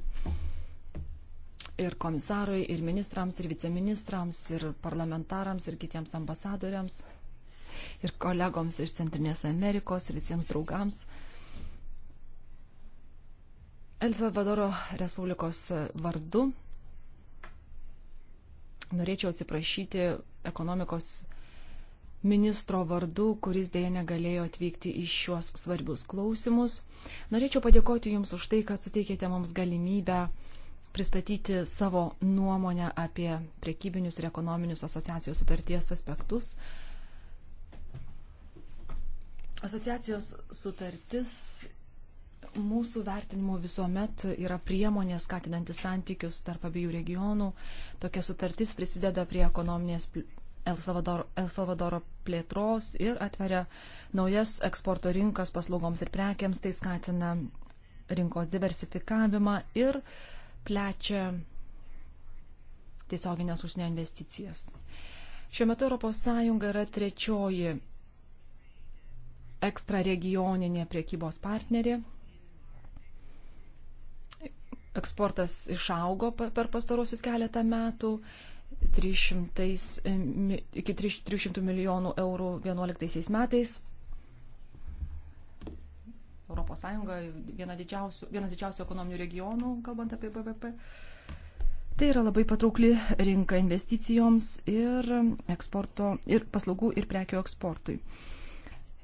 ir komisarui, ir ministrams, ir viceministrams, ir parlamentarams, ir kitiems ambasadoriams, ir kolegoms iš Centrinės Amerikos, ir visiems draugams. El Salvadoro Respublikos vardu norėčiau atsiprašyti ekonomikos ministro vardu, kuris dėja negalėjo atvykti į šiuos svarbius klausimus. Norėčiau padėkoti Jums už tai, kad suteikėte mums galimybę pristatyti savo nuomonę apie prekybinius ir ekonominius asociacijos sutarties aspektus. Asociacijos sutartis mūsų vertinimu visuomet yra priemonė skatinanti santykius tarp abiejų regionų. Tokia sutartis prisideda prie ekonominės El Salvadoro, El Salvadoro plėtros ir atveria naujas eksporto rinkas paslaugoms ir prekiams, tai skatina rinkos diversifikavimą ir plečia tiesioginės užsienio investicijas. Šiuo metu ES yra trečioji ekstraregioninė priekybos partnerė. Eksportas išaugo per pastarosius keletą metų 300, e, iki 300 milijonų eurų 2011 metais. Europos Sąjunga viena didžiausių, vienas didžiausių ekonominių regionų, kalbant apie BVP. Tai yra labai patraukli rinka investicijoms ir, eksporto, ir paslaugų ir prekių eksportui.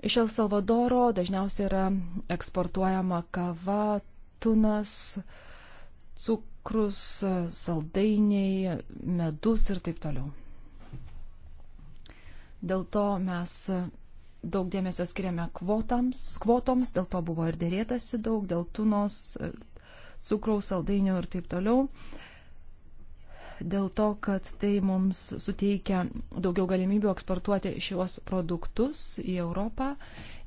Iš El Salvadoro dažniausiai yra eksportuojama kava, tunas, cukrus cukrus, saldainiai, medus ir taip toliau. Dėl to mes daug dėmesio skiriame kvotams, kvotoms, dėl to buvo ir dėrėtasi daug, dėl tunos, cukraus, saldainių ir taip toliau. Dėl to, kad tai mums suteikia daugiau galimybių eksportuoti šios produktus į Europą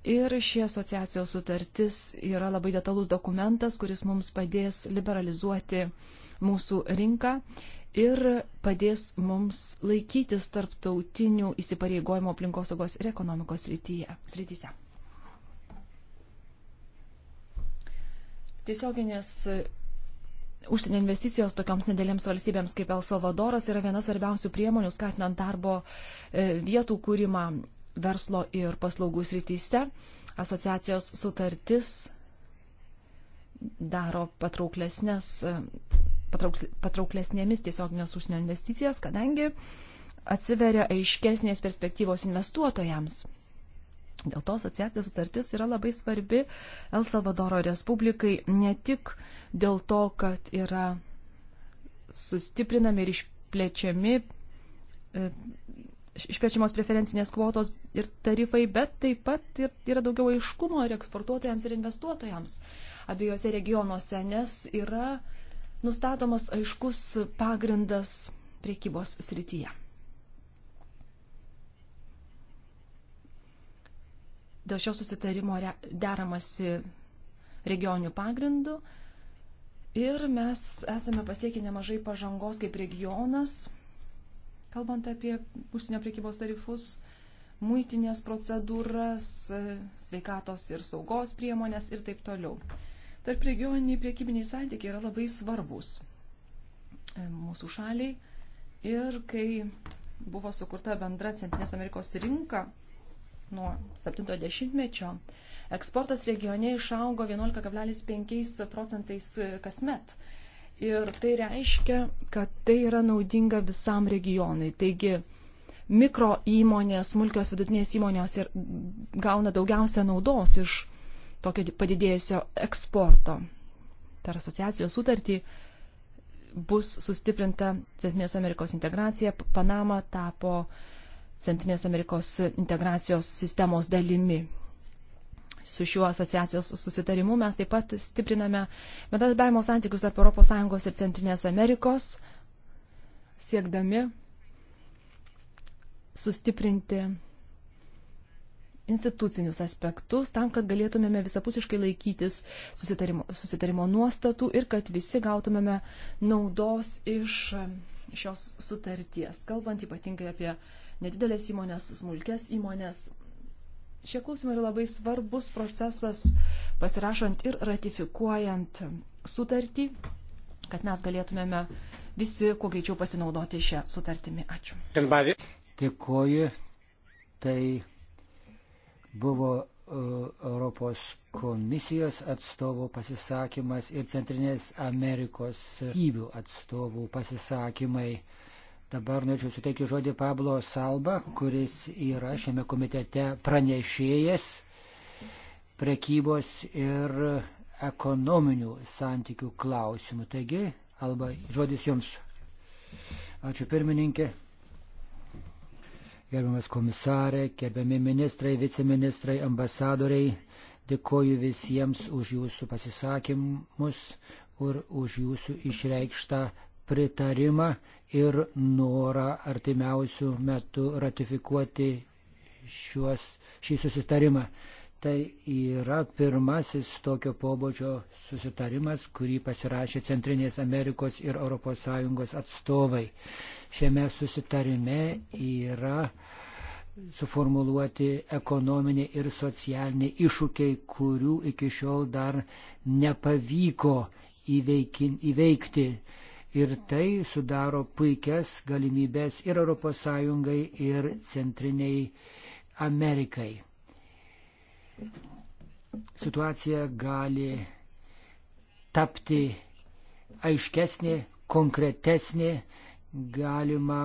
Ir ši asociacijos sutartis yra labai detalus dokumentas, kuris mums padės liberalizuoti mūsų rinką ir padės mums laikytis tarptautinių įsipareigojimų aplinkosaugos ir ekonomikos srityje, srityse. Tiesioginės užsienio investicijos tokioms nedėlėms valstybėms kaip El Salvadoras yra viena svarbiausių priemonių skatinant darbo e, vietų kūrimą verslo ir paslaugų srityse. Asociacijos sutartis daro patrauklesnės, patrauklesnėmis tiesioginės užsienio investicijas, kadangi atsiveria aiškesnės perspektyvos investuotojams. Dėl to asociacijos sutartis yra labai svarbi El Salvadoro Respublikai ne tik dėl to, kad yra sustiprinami ir išplečiami e, išplečiamos preferencinės kvotos ir tarifai, bet taip pat yra daugiau aiškumo ir eksportuotojams, ir investuotojams abiejose regionuose, nes yra nustatomas aiškus pagrindas priekybos srityje. Dėl šio susitarimo deramasi regioninių pagrindų ir mes esame pasiekę nemažai pažangos kaip regionas Kalbant apie užsienio priekybos tarifus, muitinės procedūras, sveikatos ir saugos priemonės ir taip toliau. Tarp regioniniai priekybiniai santykiai yra labai svarbus e, mūsų šaliai ir kai buvo sukurta bendra Centrinės Amerikos rinka nuo 70-mečio, eksportas regione išaugo 11,5 procentais kasmet. Ir tai reiškia, kad tai yra naudinga visam regionui. Taigi mikro įmonės, smulkios vidutinės įmonės ir gauna daugiausia naudos iš tokio padidėjusio eksporto. Per asociacijos sutartį bus sustiprinta Centrinės Amerikos integracija. Panama tapo Centrinės Amerikos integracijos sistemos dalimi. Su šiuo asociacijos susitarimu mes taip pat stipriname bendradarbiavimo santykius tarp ES ir Centrinės Amerikos, siekdami sustiprinti institucinius aspektus tam, kad galėtumėme visapusiškai laikytis susitarimo, susitarimo nuostatų ir kad visi gautumėme naudos iš šios sutarties. Kalbant ypatingai apie nedidelės įmonės, smulkės įmonės, Šie klausimai yra labai svarbus procesas pasirašant ir ratifikuojant sutartį, kad mes galėtumėme visi kuo greičiau pasinaudoti šią sutartimį. Ačiū. Dėkoju. Tai buvo e, Europos komisijos atstovų pasisakymas ir Centrinės Amerikos gyvių atstovų pasisakymai. Dabar norėčiau suteikti žodį Pablo Salba, kuris yra šiame komitete pranešėjas prekybos ir ekonominių santykių klausimų. Taigi, Alba, žodis jums. Ačiū pirmininkė. Gerbiamas komisarė, gerbiami ministrai, viceministrai, ambasadoriai, dėkoju visiems už jūsų pasisakymus ir už jūsų išreikštą pritarimą ir norą artimiausių metų ratifikuoti šiuos, šį susitarimą. Tai yra pirmasis tokio pobūdžio susitarimas, kurį pasirašė Centrinės Amerikos ir ES atstovai. Šiame susitarime yra suformuluoti ekonominiai ir socialiniai iššūkiai, kurių iki šiol dar nepavyko įveikin, įveikti ir tai sudaro puikias galimybės ir ES, ir Centriniai Amerikai. Situacija gali tapti aiškesnė, konkretesnė, galima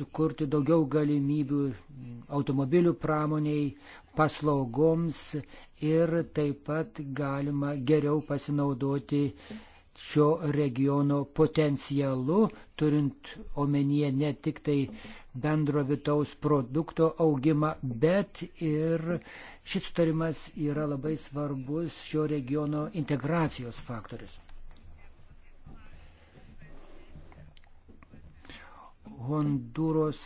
sukurti daugiau galimybių automobilių pramoniai, paslaugoms ir taip pat galima geriau pasinaudoti šio regiono potencialu, turint omenyje ne tik tai bendro vidaus produkto augimą, bet ir šis turimas yra labai svarbus šio regiono integracijos faktorius. Honduros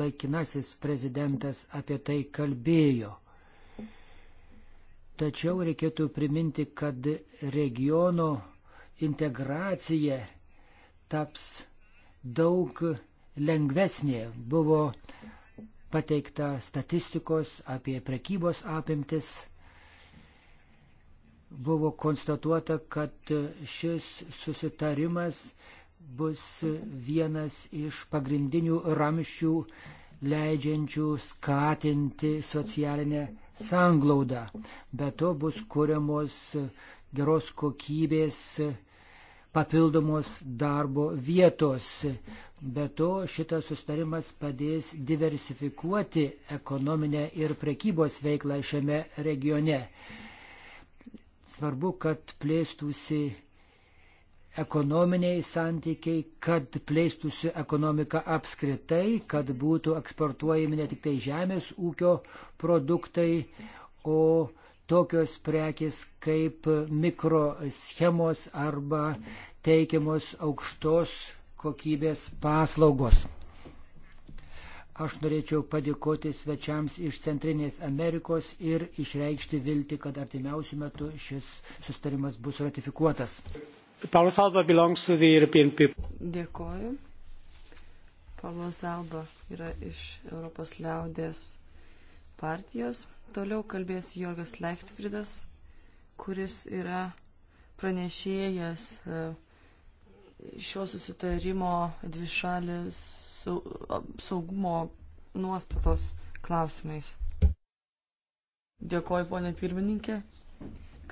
laikinasis prezidentas apie tai kalbėjo. Tačiau reikėtų priminti, kad regiono integracija taps daug lengvesnė. Buvo pateikta statistikos apie prekybos apimtis. Buvo konstatuota, kad šis susitarimas bus vienas iš pagrindinių ramščių leidžiančių skatinti socialinę sanglaudą. Be to bus kuriamos geros kokybės papildomos darbo vietos. Be to, šitas sustarimas padės diversifikuoti ekonominę ir prekybos veiklą šiame regione. Svarbu, kad plėstųsi ekonominiai santykiai, kad plėstųsi ekonomika apskritai, kad būtų eksportuojami ne tik tai žemės ūkio produktai, o tokios prekės kaip mikroschemos arba teikiamos aukštos kokybės paslaugos. Aš norėčiau padėkoti svečiams iš Centrinės Amerikos ir išreikšti vilti, kad artimiausių metų šis sustarimas bus ratifikuotas. Paulas Alba belongs to the European people. Dėkoju. Paulas Alba yra iš Europos liaudės partijos. Toliau kalbės Jorgas Lechtfridas, kuris yra pranešėjas e, šio susitarimo dvišalės saugumo nuostatos klausimais. Dėkoju, ponė pirmininkė.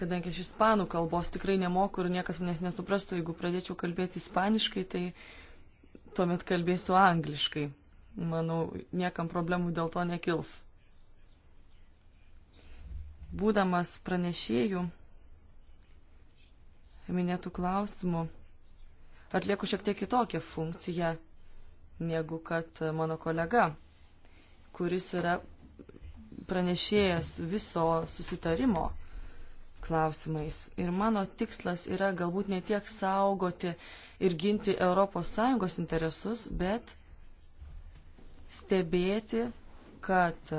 Kadangi aš ispanų kalbos tikrai nemoku ir niekas manęs nesuprastų, jeigu pradėčiau kalbėti ispaniškai, tai tuomet kalbėsiu angliškai. Manau, niekam problemų dėl to nekils būdamas pranešėjų minėtų klausimų, atlieku šiek tiek kitokią funkciją negu kad mano kolega, kuris yra pranešėjas viso susitarimo klausimais. Ir mano tikslas yra galbūt ne tiek saugoti ir ginti ES interesus, bet stebėti, kad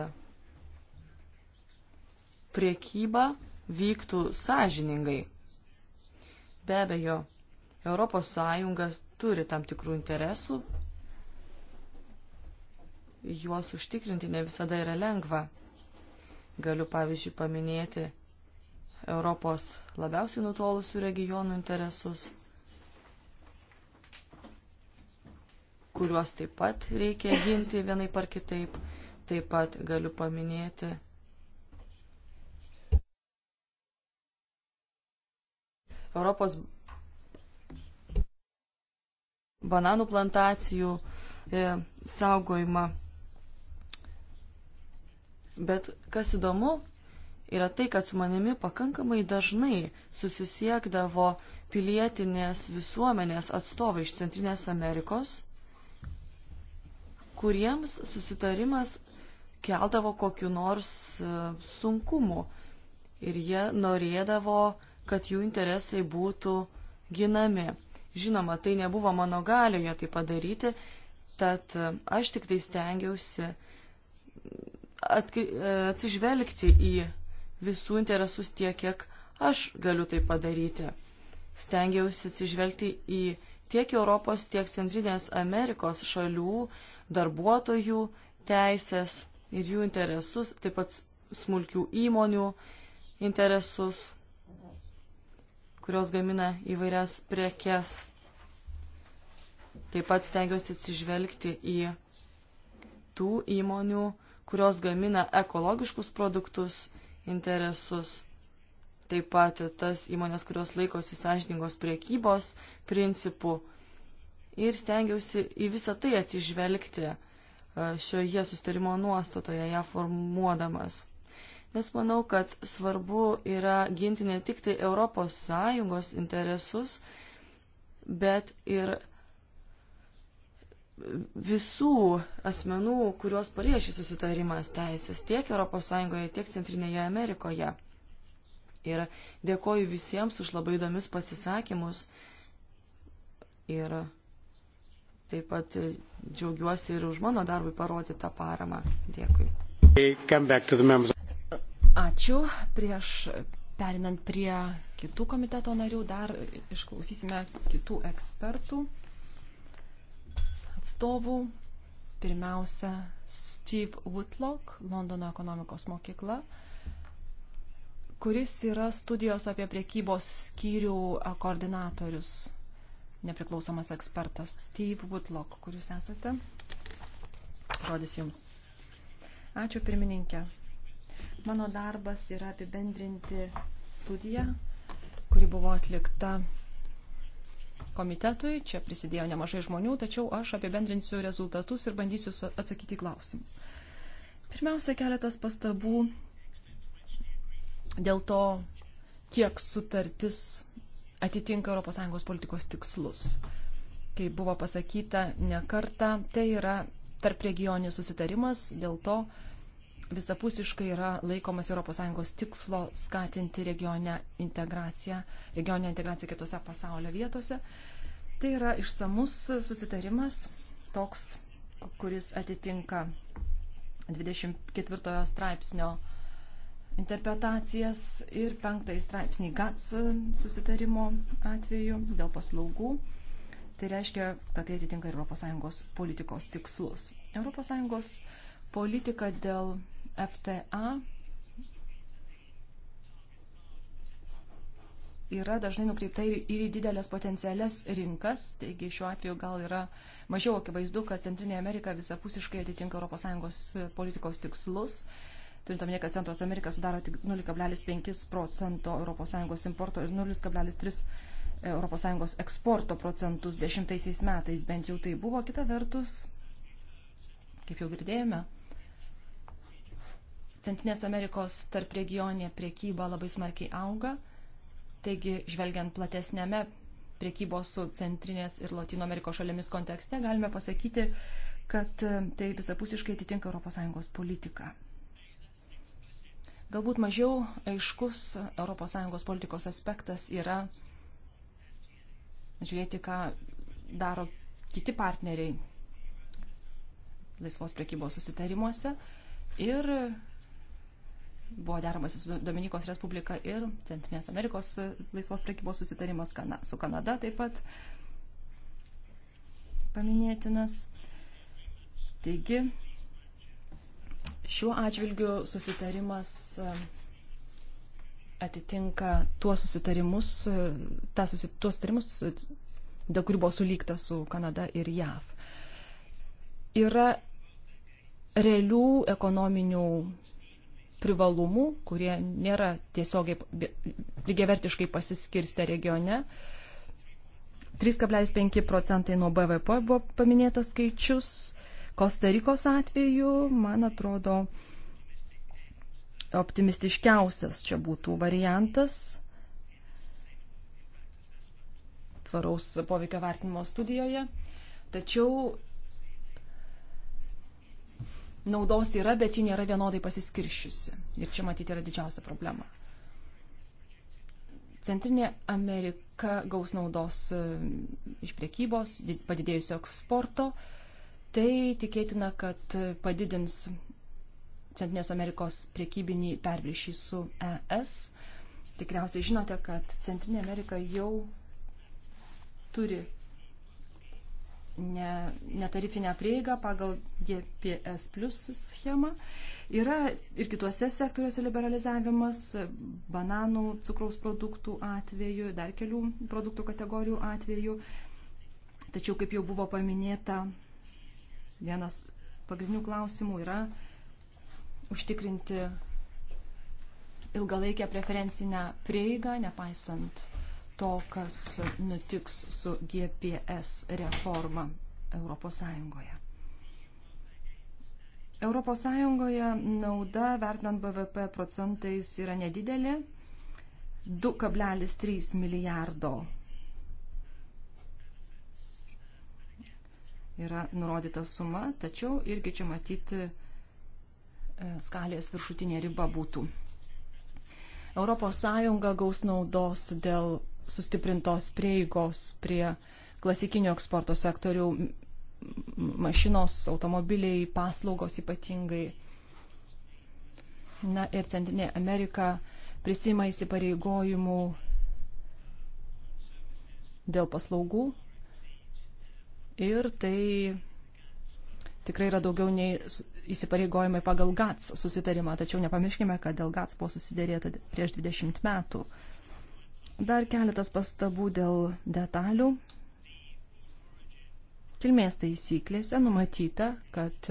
priekyba vyktų sąžiningai. Be abejo, ES turi tam tikrų interesų, juos užtikrinti ne visada yra lengva. Galiu pavyzdžiui paminėti Europos labiausiai nutolusių regionų interesus, kuriuos taip pat reikia ginti vienai par kitaip. Taip pat galiu paminėti Europos bananų plantacijų e, saugojimą. Bet kas įdomu, yra tai, kad su manimi pakankamai dažnai susisiekdavo pilietinės visuomenės atstovai iš Centrinės Amerikos, kuriems susitarimas keldavo kokiu nors e, sunkumu ir jie norėdavo kad jų interesai būtų ginami. Žinoma, tai nebuvo mano galioje tai padaryti, tad e, aš tik tai stengiausi e, e, atsižvelgti į visų interesus tiek, kiek aš galiu tai padaryti. Stengiausi atsižvelgti į tiek Europos, tiek Centrinės Amerikos šalių darbuotojų teisės ir jų interesus, taip pat smulkių įmonių interesus kurios gamina įvairias prekes. Taip pat stengiuosi atsižvelgti į tų įmonių, kurios gamina ekologiškus produktus, interesus. Taip pat tas įmonės, kurios laikosi sąžiningos priekybos principų. Ir stengiausi į visą tai atsižvelgti e, šioje sustarimo nuostatoje ją formuodamas. Nes manau, kad svarbu yra ginti ne tik tai ES interesus, bet ir visų asmenų, kuriuos paliečia susitarimas teisės tiek ES, tiek Centrinėje Amerikoje. Ir dėkoju visiems už labai įdomius pasisakymus. Ir taip pat džiaugiuosi ir už mano darbui parodytą paramą. Dėkui. Ačiū. Prieš perinant prie kitų komiteto narių, dar išklausysime kitų ekspertų atstovų. Pirmiausia, Steve Whitlock, Londono ekonomikos mokykla, kuris yra studijos apie priekybos skyrių koordinatorius, nepriklausomas ekspertas. Steve Whitlock, kur jūs esate? Žodis jums. Ačiū pirmininkė. Mano darbas yra apibendrinti studiją, kuri buvo atlikta komitetui. Čia prisidėjo nemažai žmonių, tačiau aš apibendrinsiu rezultatus ir bandysiu atsakyti klausimus. Pirmiausia, keletas pastabų dėl to, kiek sutartis atitinka ES politikos tikslus. Kaip buvo pasakyta ne kartą, tai yra tarp regioninis susitarimas, dėl to visapusiškai yra laikomas ES tikslo skatinti regionę integraciją, regionę integraciją kitose pasaulio vietose. Tai yra išsamus susitarimas, toks, kuris atitinka 24 straipsnio interpretacijas ir 5 straipsnį GATS susitarimo atveju dėl paslaugų. Tai reiškia, kad tai atitinka ir ES politikos tikslus. ES politika dėl FTA yra dažnai nukreipta ir į didelės potencialias rinkas, taigi šiuo atveju gal yra mažiau akivaizdu, kad Centrinė Amerika visapusiškai atitinka ES politikos tikslus. Turint omenyje, kad Centros Amerika sudaro tik 0,5 procento ES importo ir 0,3 ES eksporto procentus dešimtaisiais metais, bent jau tai buvo kita vertus, kaip jau girdėjome. Centrinės Amerikos tarp regioninė priekyba labai smarkiai auga. Taigi, žvelgiant platesnėme priekybos su Centrinės ir Latino Amerikos šalėmis kontekste, galime pasakyti, kad e, tai visapusiškai atitinka ES politiką. Galbūt mažiau aiškus ES politikos aspektas yra žiūrėti, ką daro kiti partneriai laisvos priekybos susitarimuose ir buvo deramasi su Dominikos Respublika ir Centrinės Amerikos laisvos prekybos susitarimas kana, su Kanada taip pat paminėtinas. Taigi, šiuo atžvilgiu susitarimas e, atitinka tuos susitarimus, e, ta, susi, tuos susitarimus, e, dėl kurių buvo sulygta su Kanada ir JAV. Yra realių ekonominių privalumų, kurie nėra tiesiogiai lygiavertiškai pasiskirstę regione. 3,5 procentai nuo BVP buvo paminėtas skaičius. Kostarikos atveju, man atrodo, optimistiškiausias čia būtų variantas tvaraus poveikio vertinimo studijoje. Tačiau naudos yra, bet ji nėra vienodai pasiskirščiusi. Ir čia matyti yra didžiausia problema. Centrinė Amerika gaus naudos e, iš priekybos, padidėjusio eksporto. Tai tikėtina, kad padidins Centrinės Amerikos priekybinį perviršį su ES. Tikriausiai žinote, kad Centrinė Amerika jau turi ne, netarifinę prieigą pagal GPS plus schemą. Yra ir kituose sektoriuose liberalizavimas, bananų, cukraus produktų atveju, dar kelių produktų kategorijų atveju. Tačiau, kaip jau buvo paminėta, vienas pagrindinių klausimų yra užtikrinti ilgalaikę preferencinę prieigą, nepaisant to, kas nutiks su GPS reforma ES. ES nauda, vertinant BVP procentais, yra nedidelė 2,3 milijardo yra nurodyta suma, tačiau irgi čia matyti e, skalės viršutinė riba būtų. ES gaus naudos dėl sustiprintos prieigos prie klasikinio eksporto sektorių, mašinos, automobiliai, paslaugos ypatingai. Na ir Centrinė Amerika prisima įsipareigojimų dėl paslaugų ir tai tikrai yra daugiau nei įsipareigojimai pagal GATS susitarimą, tačiau nepamirškime, kad dėl GATS buvo susidėrėta prieš 20 metų. Dar keletas pastabų dėl detalių. Kilmės taisyklėse numatyta, kad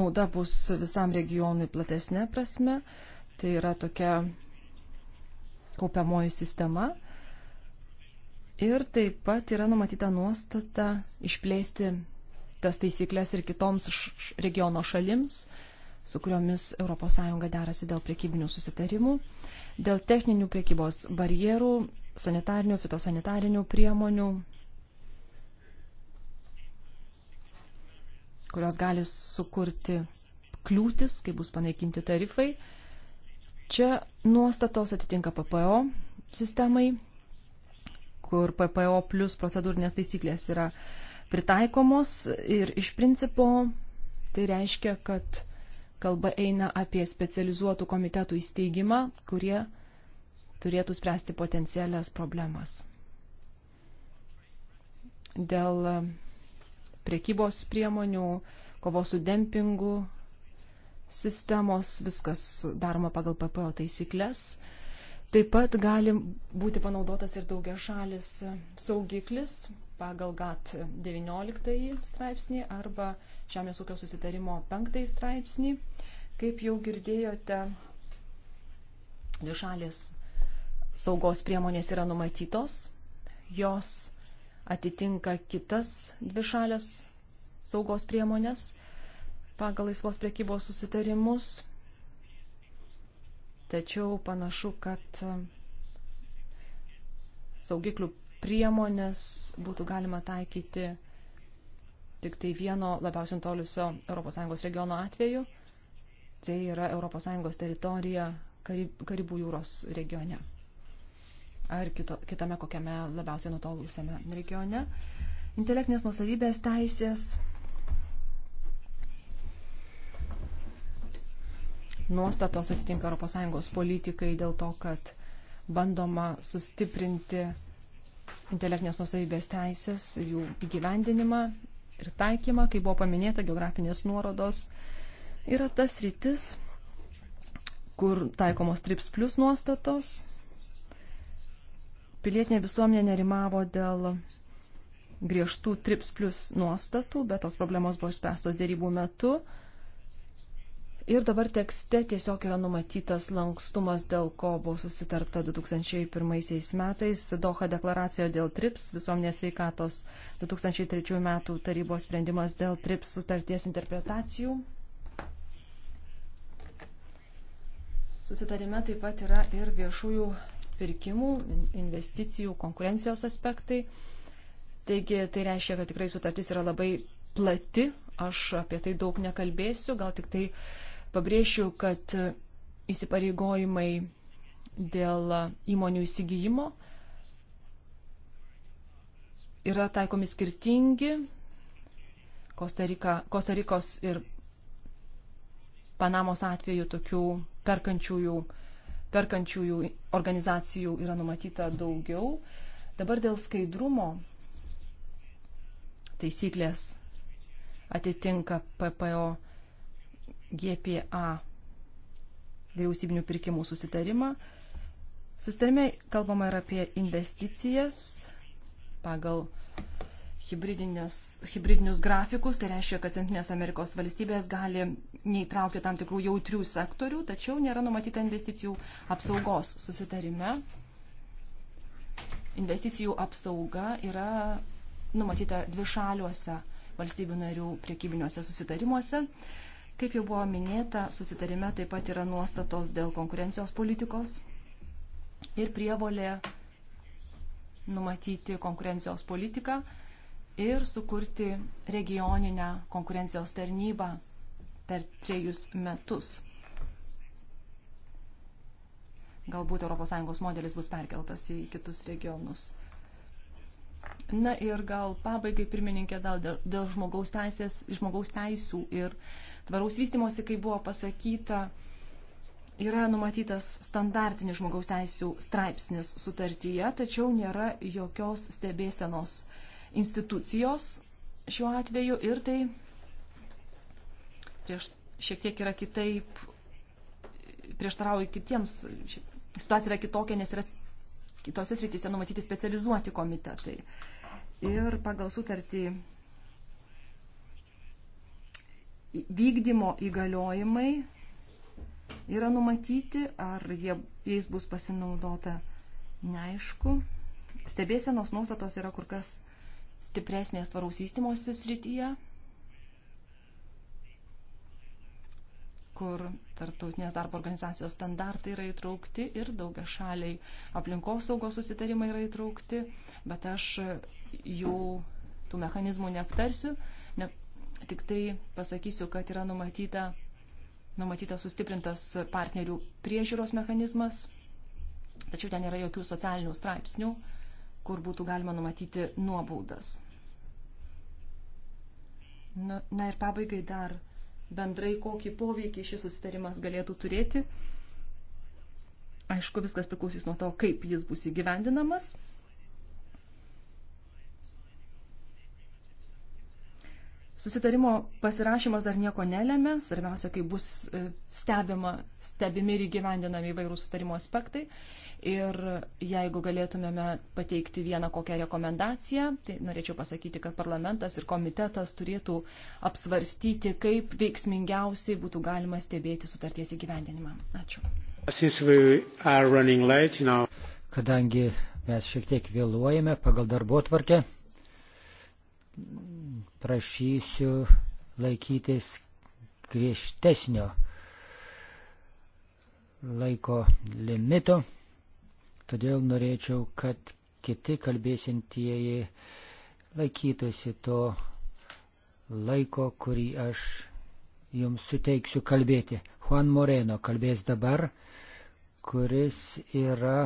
nauda bus visam regionui platesnė prasme. Tai yra tokia kaupiamoji sistema. Ir taip pat yra numatyta nuostata išplėsti tas taisyklės ir kitoms regiono šalims, su kuriomis ES derasi dėl priekybinių susitarimų, dėl techninių priekybos barjerų, sanitarinių, fitosanitarinių priemonių, kurios gali sukurti kliūtis, kai bus panaikinti tarifai. Čia nuostatos atitinka PPO sistemai, kur PPO plus procedūrinės taisyklės yra pritaikomos ir iš principo tai reiškia, kad Kalba eina apie specializuotų komitetų įsteigimą, kurie turėtų spręsti potencialias problemas. Dėl e, priekybos priemonių, kovos su dempingu, sistemos, viskas daroma pagal PPO taisyklės. Taip pat gali būti panaudotas ir daugia šalis saugiklis pagal GAT 19 straipsnį arba Žemės ūkio susitarimo penktąjį straipsnį. Kaip jau girdėjote, dvišalės saugos priemonės yra numatytos, jos atitinka kitas dvišalės saugos priemonės pagal laisvos priekybos susitarimus. Tačiau panašu, kad saugiklių priemonės būtų galima taikyti tik tai vieno labiausiai tolusio ES regiono atveju. Tai yra ES teritorija Karib Karibų jūros regione ar kito, kitame kokiame labiausiai nutolusiame regione. Intelektinės nusavybės teisės nuostatos atitinka ES politikai dėl to, kad bandoma sustiprinti intelektinės nusavybės teisės, jų įgyvendinimą ir taikymą, kai buvo paminėta geografinės nuorodos, yra tas rytis, kur taikomos TRIPS plus nuostatos. Pilietinė visuomenė nerimavo dėl griežtų TRIPS plus nuostatų, bet tos problemos buvo išspręstos dėrybų metu. Ir dabar tekste tiesiog yra numatytas lankstumas, dėl ko buvo susitarta 2001 metais Doha deklaracijoje dėl TRIPS, visuomenės veikatos 2003 metų tarybos sprendimas dėl TRIPS sutarties interpretacijų. Susitarime taip pat yra ir viešųjų pirkimų, investicijų, konkurencijos aspektai. Taigi tai reiškia, kad tikrai sutartis yra labai plati, aš apie tai daug nekalbėsiu, gal tik tai uh, Pabrėšiu, kad įsipareigojimai dėl įmonių įsigijimo yra taikomi skirtingi Kostarika, Kostarikos ir Panamos atveju tokių perkančiųjų, perkančiųjų organizacijų yra numatyta daugiau. Dabar dėl skaidrumo taisyklės atitinka PPO GPA vyriausybinių pirkimų susitarimą. Susitarime kalbama ir apie investicijas pagal hybridinius grafikus, tai reiškia, kad Centrinės Amerikos valstybės gali neįtraukti tam tikrų jautrių sektorių, tačiau nėra numatyta investicijų apsaugos susitarime. Investicijų apsauga yra numatyta dvišaliuose valstybių narių priekybiniuose susitarimuose. Uh, Kaip jau buvo minėta, susitarime taip pat yra nuostatos dėl konkurencijos politikos ir prievolė numatyti konkurencijos politiką ir sukurti regioninę konkurencijos tarnybą per trejus metus. Galbūt ES modelis bus perkeltas į kitus regionus. Na ir gal pabaigai, pirmininkė, dėl, dėl žmogaus, teisės, žmogaus teisų ir tvaraus vystimosi, kaip buvo pasakyta, yra numatytas standartinis žmogaus teisų straipsnis sutartyje, tačiau nėra jokios stebėsenos institucijos šiuo atveju ir tai prieš, šiek tiek yra kitaip, prieštarauja kitiems, situacija yra kitokia, nes yra kitose srityse numatyti specializuoti komitetai. Ir pagal sutartį vykdymo įgaliojimai yra numatyti, ar jie, jais bus pasinaudota neaišku. Stebėsenos nuostatos yra kur kas stipresnės tvaraus įstymosi srityje kur tarptautinės darbo organizacijos standartai yra įtraukti ir daugia šaliai aplinkosaugos susitarimai yra įtraukti, bet aš jų tų mechanizmų neaptarsiu, ne, tik tai pasakysiu, kad yra numatyta, numatyta sustiprintas partnerių priežiūros mechanizmas, tačiau ten yra jokių socialinių straipsnių, kur būtų galima numatyti nuobaudas. Na, nu, na ir pabaigai dar bendrai, kokį poveikį šis susitarimas galėtų turėti. Aišku, viskas priklausys nuo to, kaip jis bus įgyvendinamas. Susitarimo pasirašymas dar nieko nelėmė, svarbiausia, kai bus e, stebima, stebimi ir įgyvendinami įvairūs susitarimo aspektai. Ir jeigu galėtumėme pateikti vieną kokią rekomendaciją, tai norėčiau pasakyti, kad parlamentas ir komitetas turėtų apsvarstyti, kaip veiksmingiausiai būtų galima stebėti sutarties įgyvendinimą. Ačiū. Kadangi mes šiek tiek vėluojame pagal darbo tvarkę, prašysiu laikytis griežtesnio laiko limito. Todėl norėčiau, kad kiti kalbėsintieji laikytųsi to laiko, kurį aš jums suteiksiu kalbėti. Juan Moreno kalbės dabar, kuris yra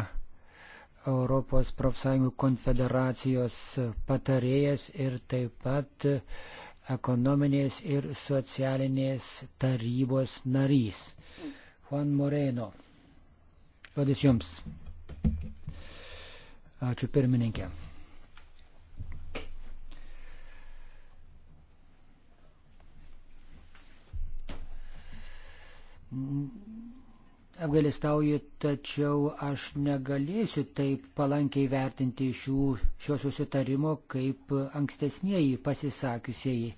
Europos profsąjungų konfederacijos patarėjas ir taip pat ekonominės ir socialinės tarybos narys. Juan Moreno. Žodis jums. Ačiū pirmininkė. Apgalėstauju, tačiau aš negalėsiu taip palankiai vertinti šių, šio susitarimo kaip ankstesnieji pasisakiusieji.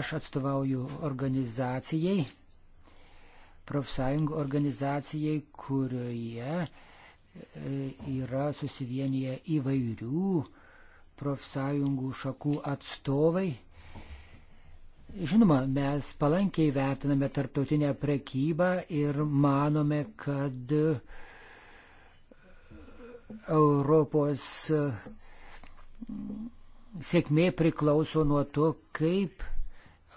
Aš atstovauju organizacijai, profsąjungų organizacijai, kurioje yra susivienyje įvairių profsąjungų šakų atstovai. Žinoma, mes palankiai vertiname tarptautinę prekybą ir manome, kad Europos sėkmė priklauso nuo to, kaip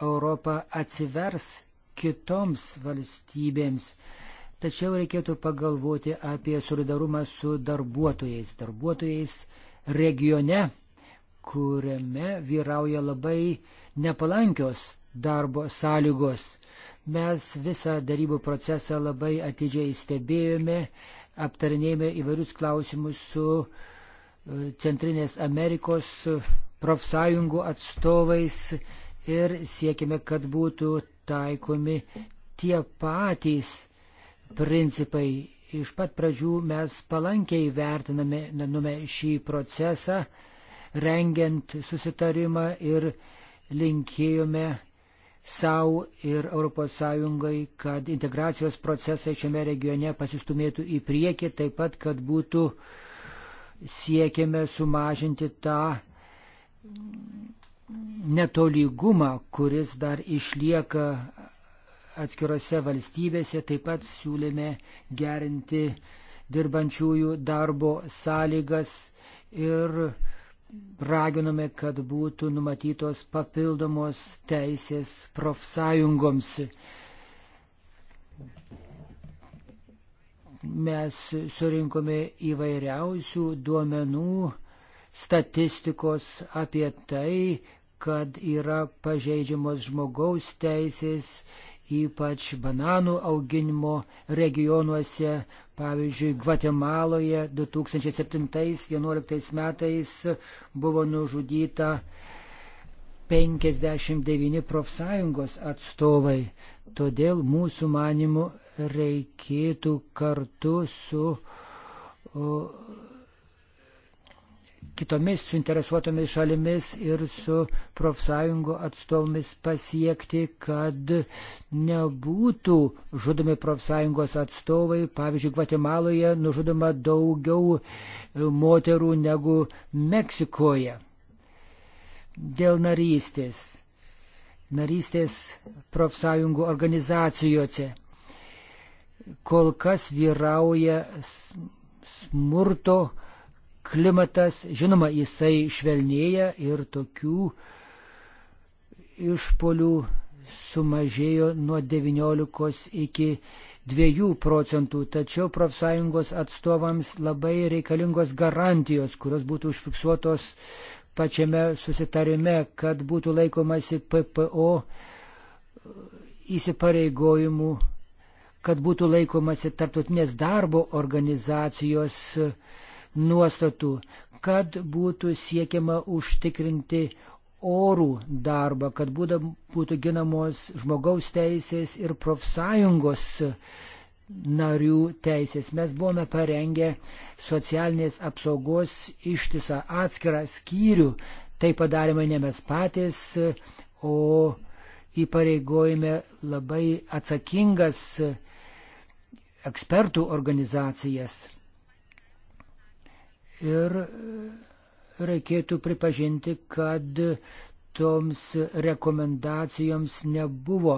Europa atsivers kitoms valstybėms. Tačiau reikėtų pagalvoti apie solidarumą su darbuotojais. Darbuotojais regione, kuriame vyrauja labai nepalankios darbo sąlygos. Mes visą darybų procesą labai atidžiai stebėjome, aptarinėjome įvairius klausimus su e, Centrinės Amerikos profsąjungų atstovais ir siekime, kad būtų taikomi tie patys principai. Iš pat pradžių mes palankiai vertiname šį procesą, rengiant susitarimą ir linkėjome savo ir ES, kad integracijos procesai šiame regione pasistumėtų į priekį, taip pat, kad būtų siekiame sumažinti tą netolygumą, kuris dar išlieka atskirose valstybėse. Taip pat siūlėme gerinti dirbančiųjų darbo sąlygas ir raginome, kad būtų numatytos papildomos teisės profsąjungoms. Mes surinkome įvairiausių duomenų, statistikos apie tai, kad yra pažeidžiamos žmogaus teisės, ypač bananų auginimo regionuose. Pavyzdžiui, Gvatemaloje 2007-2011 metais buvo nužudyta 59 profsąjungos atstovai. Todėl mūsų manimu reikėtų kartu su o, kitomis suinteresuotomis šalimis ir su profsąjungų atstovmis pasiekti, kad nebūtų žudomi profsąjungos atstovai. Pavyzdžiui, Gvatemaloje nužudoma daugiau e, moterų negu Meksikoje. Dėl narystės. Narystės profsąjungų organizacijose. Kol kas vyrauja smurto klimatas, žinoma, jisai švelnėja ir tokių išpolių sumažėjo nuo 19 iki 2 procentų, tačiau profsąjungos atstovams labai reikalingos garantijos, kurios būtų užfiksuotos pačiame susitarime, kad būtų laikomasi PPO įsipareigojimų, kad būtų laikomasi tarptautinės darbo organizacijos uh, nuostatų, kad būtų siekiama užtikrinti orų darbą, kad būda, būtų ginamos žmogaus teisės ir profsąjungos narių teisės. Mes buvome parengę socialinės apsaugos ištisą atskirą skyrių. Tai padarėme ne mes patys, o įpareigojame labai atsakingas ekspertų organizacijas. Ir e, reikėtų pripažinti, kad toms rekomendacijoms nebuvo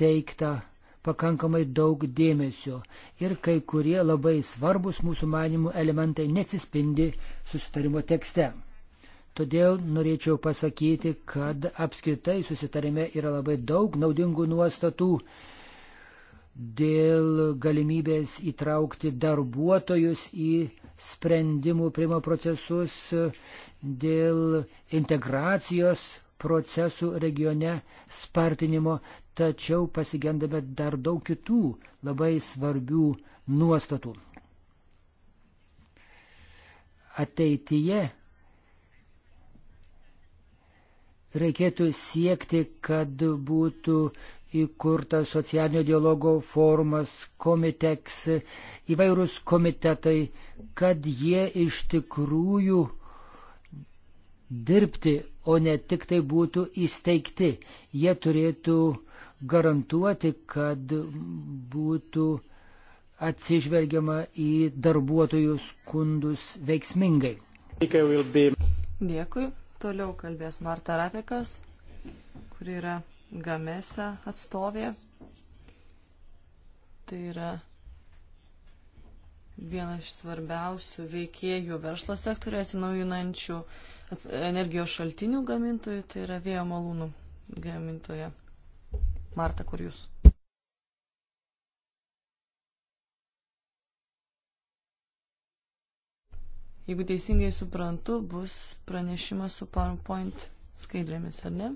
teikta pakankamai daug dėmesio ir kai kurie labai svarbus mūsų manimų elementai neatsispindi susitarimo tekste. Todėl norėčiau pasakyti, kad apskritai susitarime yra labai daug naudingų nuostatų dėl galimybės įtraukti darbuotojus į sprendimų primo procesus, dėl integracijos procesų regione spartinimo, tačiau pasigendame dar daug kitų labai svarbių nuostatų. Ateityje reikėtų siekti, kad būtų įkurtas socialinio dialogo formas, komiteks, įvairūs komitetai, kad jie iš tikrųjų dirbti, o ne tik tai būtų įsteigti. Jie turėtų garantuoti, kad būtų atsižvelgiama į darbuotojų skundus veiksmingai. Dėkui. Toliau kalbės Marta Ratekas, kuri yra Gamesa atstovė. Tai yra vienas iš svarbiausių veikėjų verslo sektoriuje atsinaujinančių energijos šaltinių gamintojų, tai yra vėjo malūnų gamintoja. Marta, kur jūs? Jeigu teisingai suprantu, bus pranešimas su PowerPoint skaidrėmis, ar ne?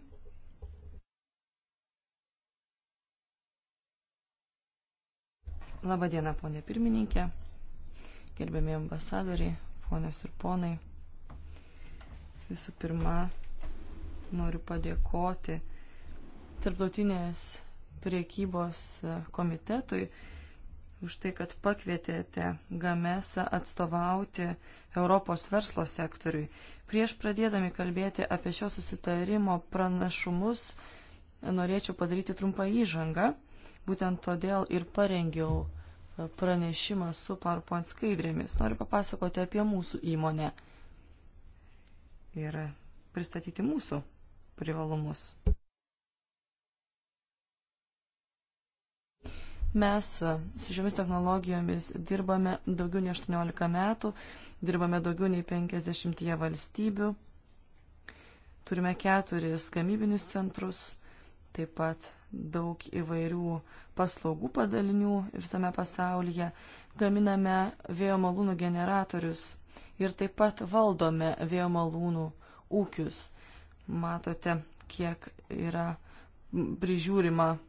Labadiena, ponė pirmininkė, gerbėmi ambasadoriai, ponios ir ponai. Visų pirma, noriu padėkoti Tarptautinės priekybos komitetui už tai, kad pakvietėte Gamesą atstovauti Europos verslo sektoriui. Prieš pradėdami kalbėti apie šio susitarimo pranašumus, norėčiau padaryti trumpą įžangą Būtent todėl ir parengiau e, pranešimą su PowerPoint skaidrėmis. Noriu papasakoti apie mūsų įmonę ir pristatyti mūsų privalumus. Mes e, su šiomis technologijomis dirbame daugiau nei 18 metų, dirbame daugiau nei 50 valstybių, turime keturis gamybinius centrus, taip pat daug įvairių paslaugų padalinių visame pasaulyje, gaminame vėjo malūnų generatorius ir taip pat valdome vėjo malūnų ūkius. Matote, kiek yra prižiūrima e,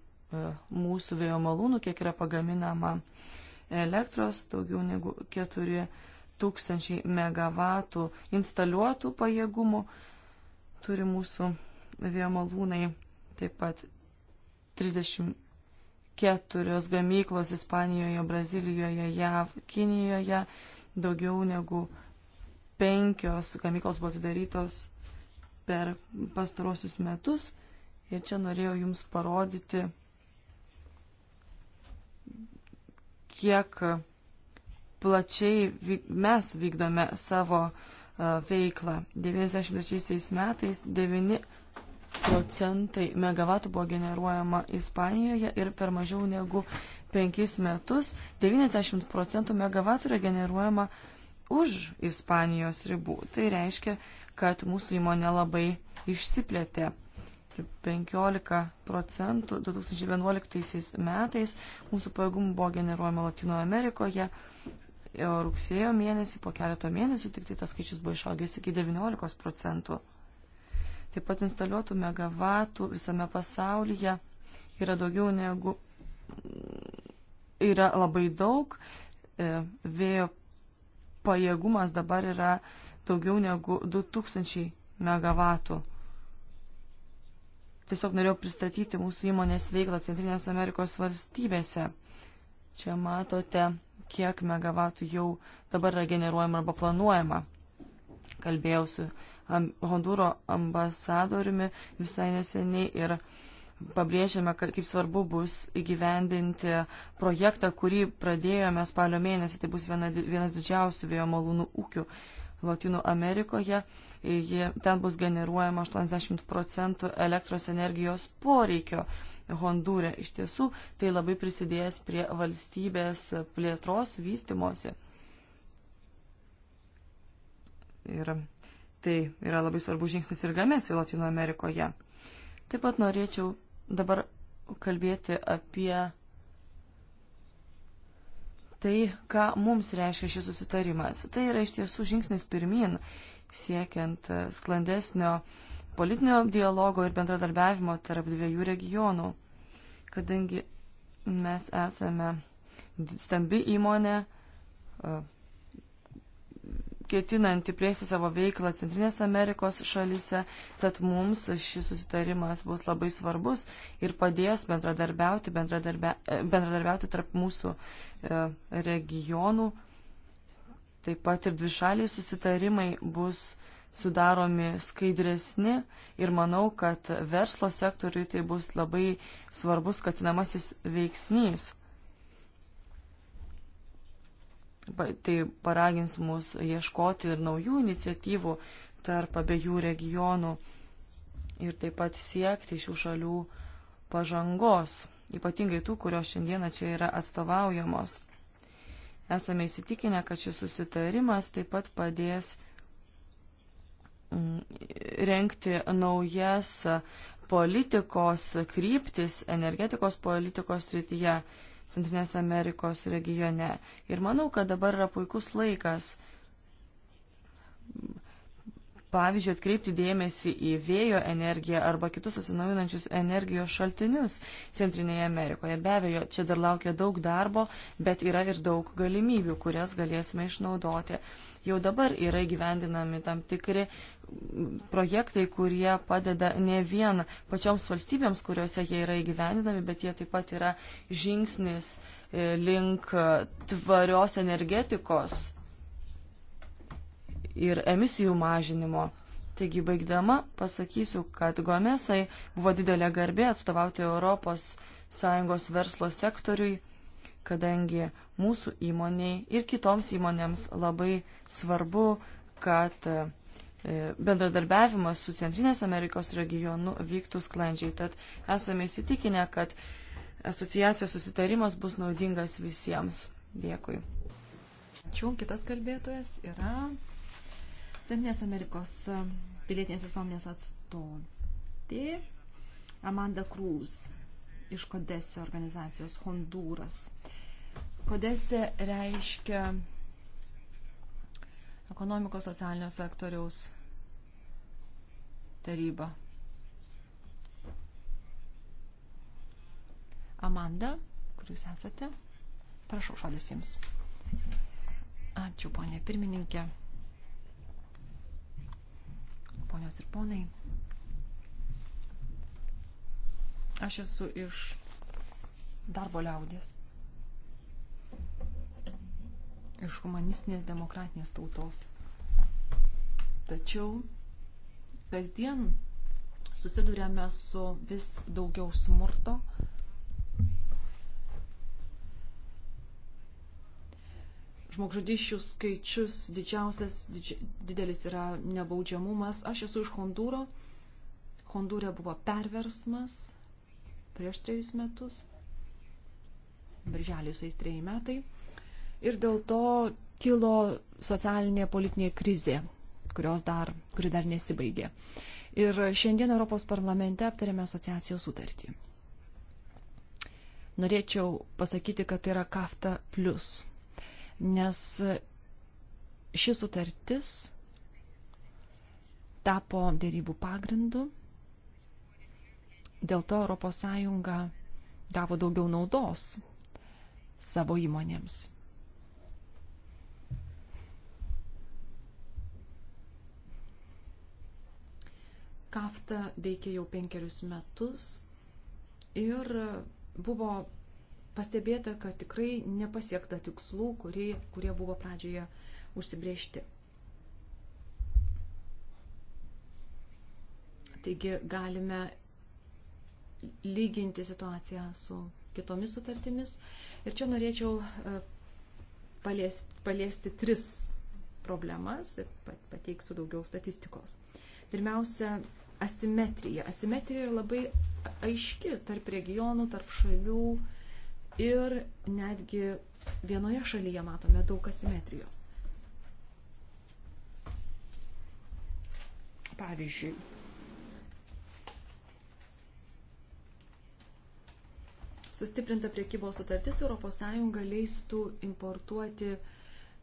mūsų vėjo malūnų, kiek yra pagaminama elektros, daugiau negu 4 tūkstančiai megavatų instaliuotų pajėgumų turi mūsų vėjo malūnai, taip pat 34 gamyklos Ispanijoje, Brazilijoje, JAV, Kinijoje, daugiau negu penkios gamyklos buvo atidarytos per pastarosius metus. Ir čia norėjau Jums parodyti, kiek plačiai mes vykdome savo veiklą. 93 metais 9 procentai megavatų buvo generuojama Ispanijoje ir per mažiau negu penkis metus 90 procentų megavatų yra generuojama už Ispanijos ribų. Tai reiškia, kad mūsų įmonė labai išsiplėtė. 15 procentų 2011 metais mūsų pajėgumų buvo generuojama Latino Amerikoje, o rugsėjo mėnesį po keleto mėnesių tik tai tas skaičius buvo išaugęs iki 19 procentų. Taip pat instaliuotų megavatų visame pasaulyje yra daugiau negu yra labai daug. E, vėjo pajėgumas dabar yra daugiau negu 2000 megavatų. Tiesiog norėjau pristatyti mūsų įmonės veiklą Centrinės Amerikos valstybėse. Čia matote, kiek megavatų jau dabar yra generuojama arba planuojama. Kalbėjau su Hondūro ambasadoriumi visai neseniai ir pabrėžėme, kaip svarbu bus įgyvendinti projektą, kurį pradėjome spalio mėnesį. Tai bus viena, vienas didžiausių vėjo malūnų ūkių Latinų Amerikoje. Jie, ten bus generuojama 80 procentų elektros energijos poreikio Hondūre. Iš tiesų, tai labai prisidės prie valstybės plėtros vystimosi. Ir Tai yra labai svarbus žingsnis ir gamėsi Latino Amerikoje. Taip pat norėčiau dabar kalbėti apie tai, ką mums reiškia šis susitarimas. Tai yra iš tiesų žingsnis pirmin, siekiant sklandesnio politinio dialogo ir bendradarbiavimo tarp dviejų regionų. Kadangi mes esame stambi įmonė, ketinanti plėsti savo veiklą Centrinės Amerikos šalyse, tad mums šis susitarimas bus labai svarbus ir padės bendradarbiauti, bendradarbia, e, bendradarbiauti tarp mūsų e, regionų. Taip pat ir dvišaliai susitarimai bus sudaromi skaidresni ir manau, kad verslo sektoriui tai bus labai svarbus skatinamasis veiksnys tai paragins mus ieškoti ir naujų iniciatyvų tarp abiejų regionų ir taip pat siekti šių šalių pažangos, ypatingai tų, kurios šiandieną čia yra atstovaujamos. Esame įsitikinę, kad šis susitarimas taip pat padės mm, renkti naujas politikos kryptis energetikos politikos srityje Centrinės Amerikos regione. Ir manau, kad dabar yra puikus laikas pavyzdžiui, atkreipti dėmesį į vėjo energiją arba kitus atsinaujinančius energijos šaltinius Centrinėje Amerikoje. Be abejo, čia dar laukia daug darbo, bet yra ir daug galimybių, kurias galėsime išnaudoti. Jau dabar yra gyvendinami tam tikri projektai, kurie padeda ne vien pačioms valstybėms, kuriuose jie yra įgyvendinami, bet jie taip pat yra žingsnis e, link tvarios energetikos ir emisijų mažinimo. Taigi baigdama pasakysiu, kad Gomesai buvo didelė garbė atstovauti ES verslo sektoriui, kadangi mūsų įmoniai ir kitoms įmonėms labai svarbu, kad e, bendradarbiavimas su Centrinės Amerikos regionu vyktų sklandžiai. Tad esame įsitikinę, kad asociacijos susitarimas bus naudingas visiems. Dėkui. Ačiū. Kitas kalbėtojas yra Centrinės Amerikos e, pilietinės visuomenės atstovė Amanda Cruz iš Kodese organizacijos Honduras. Kodese reiškia ekonomikos socialinio sektoriaus taryba. Amanda, kur jūs esate? Prašau, žodis jums. Ačiū, ponė pirmininkė ponios ir ponai. Aš esu iš darbo liaudės, iš humanistinės demokratinės tautos. Tačiau kasdien susidurėme su vis daugiau smurto, žmogžudyščių skaičius didžiausias, didž, didelis yra nebaudžiamumas. Aš esu iš Hondūro. Hondūre buvo perversmas prieš trejus metus. Birželį sueis trejai metai. Ir dėl to kilo socialinė politinė krizė, kurios dar, kuri dar nesibaigė. Ir šiandien Europos parlamente aptarėme asociacijos sutartį. Norėčiau pasakyti, kad tai yra kafta plus nes ši sutartis tapo dėrybų pagrindu, dėl to ES gavo daugiau naudos savo įmonėms. Kafta veikia jau penkerius metus ir buvo pastebėta, kad tikrai nepasiekta tikslų, kurie, kurie buvo pradžioje užsibriežti. Taigi galime lyginti situaciją su kitomis sutartimis. Ir čia norėčiau e, paliesti, paliesti tris problemas ir pateiksiu daugiau statistikos. Pirmiausia, asimetrija. Asimetrija yra labai aiški tarp regionų, tarp šalių, ir netgi vienoje šalyje matome daug asimetrijos. Pavyzdžiui, sustiprinta priekybos sutartis ES leistų importuoti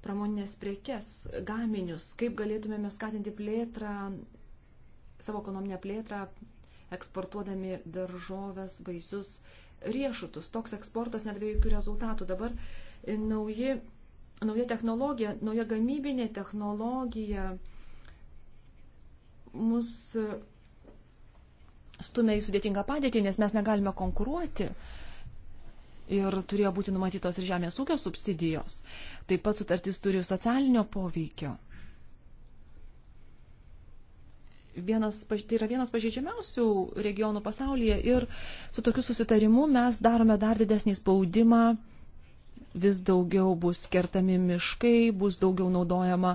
pramoninės priekes, gaminius, kaip galėtumėme skatinti plėtrą, savo ekonominę plėtrą, eksportuodami daržoves, vaisius, riešutus. Toks eksportas nedavė jokių rezultatų. Dabar e, nauji, nauja technologija, nauja gamybinė technologija mus e, stumia į sudėtingą padėtį, nes mes negalime konkuruoti. Ir turėjo būti numatytos ir žemės ūkio subsidijos. Taip pat sutartis turi socialinio poveikio. vienas, tai yra vienas pažeidžiamiausių regionų pasaulyje ir su tokiu susitarimu mes darome dar didesnį spaudimą, vis daugiau bus kertami miškai, bus daugiau naudojama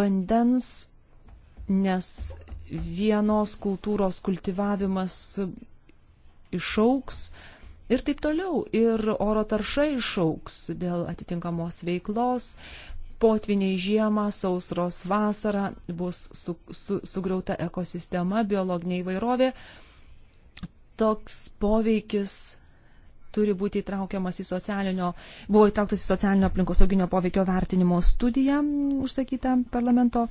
vandens, nes vienos kultūros kultivavimas išauks ir taip toliau. Ir oro tarša išauks dėl atitinkamos veiklos, potviniai žiemą, sausros vasarą, bus su, su, sugriauta ekosistema, biologinė įvairovė. Toks poveikis turi būti įtraukiamas į socialinio, buvo įtrauktas į socialinio aplinkosauginio poveikio vertinimo studiją užsakytą parlamento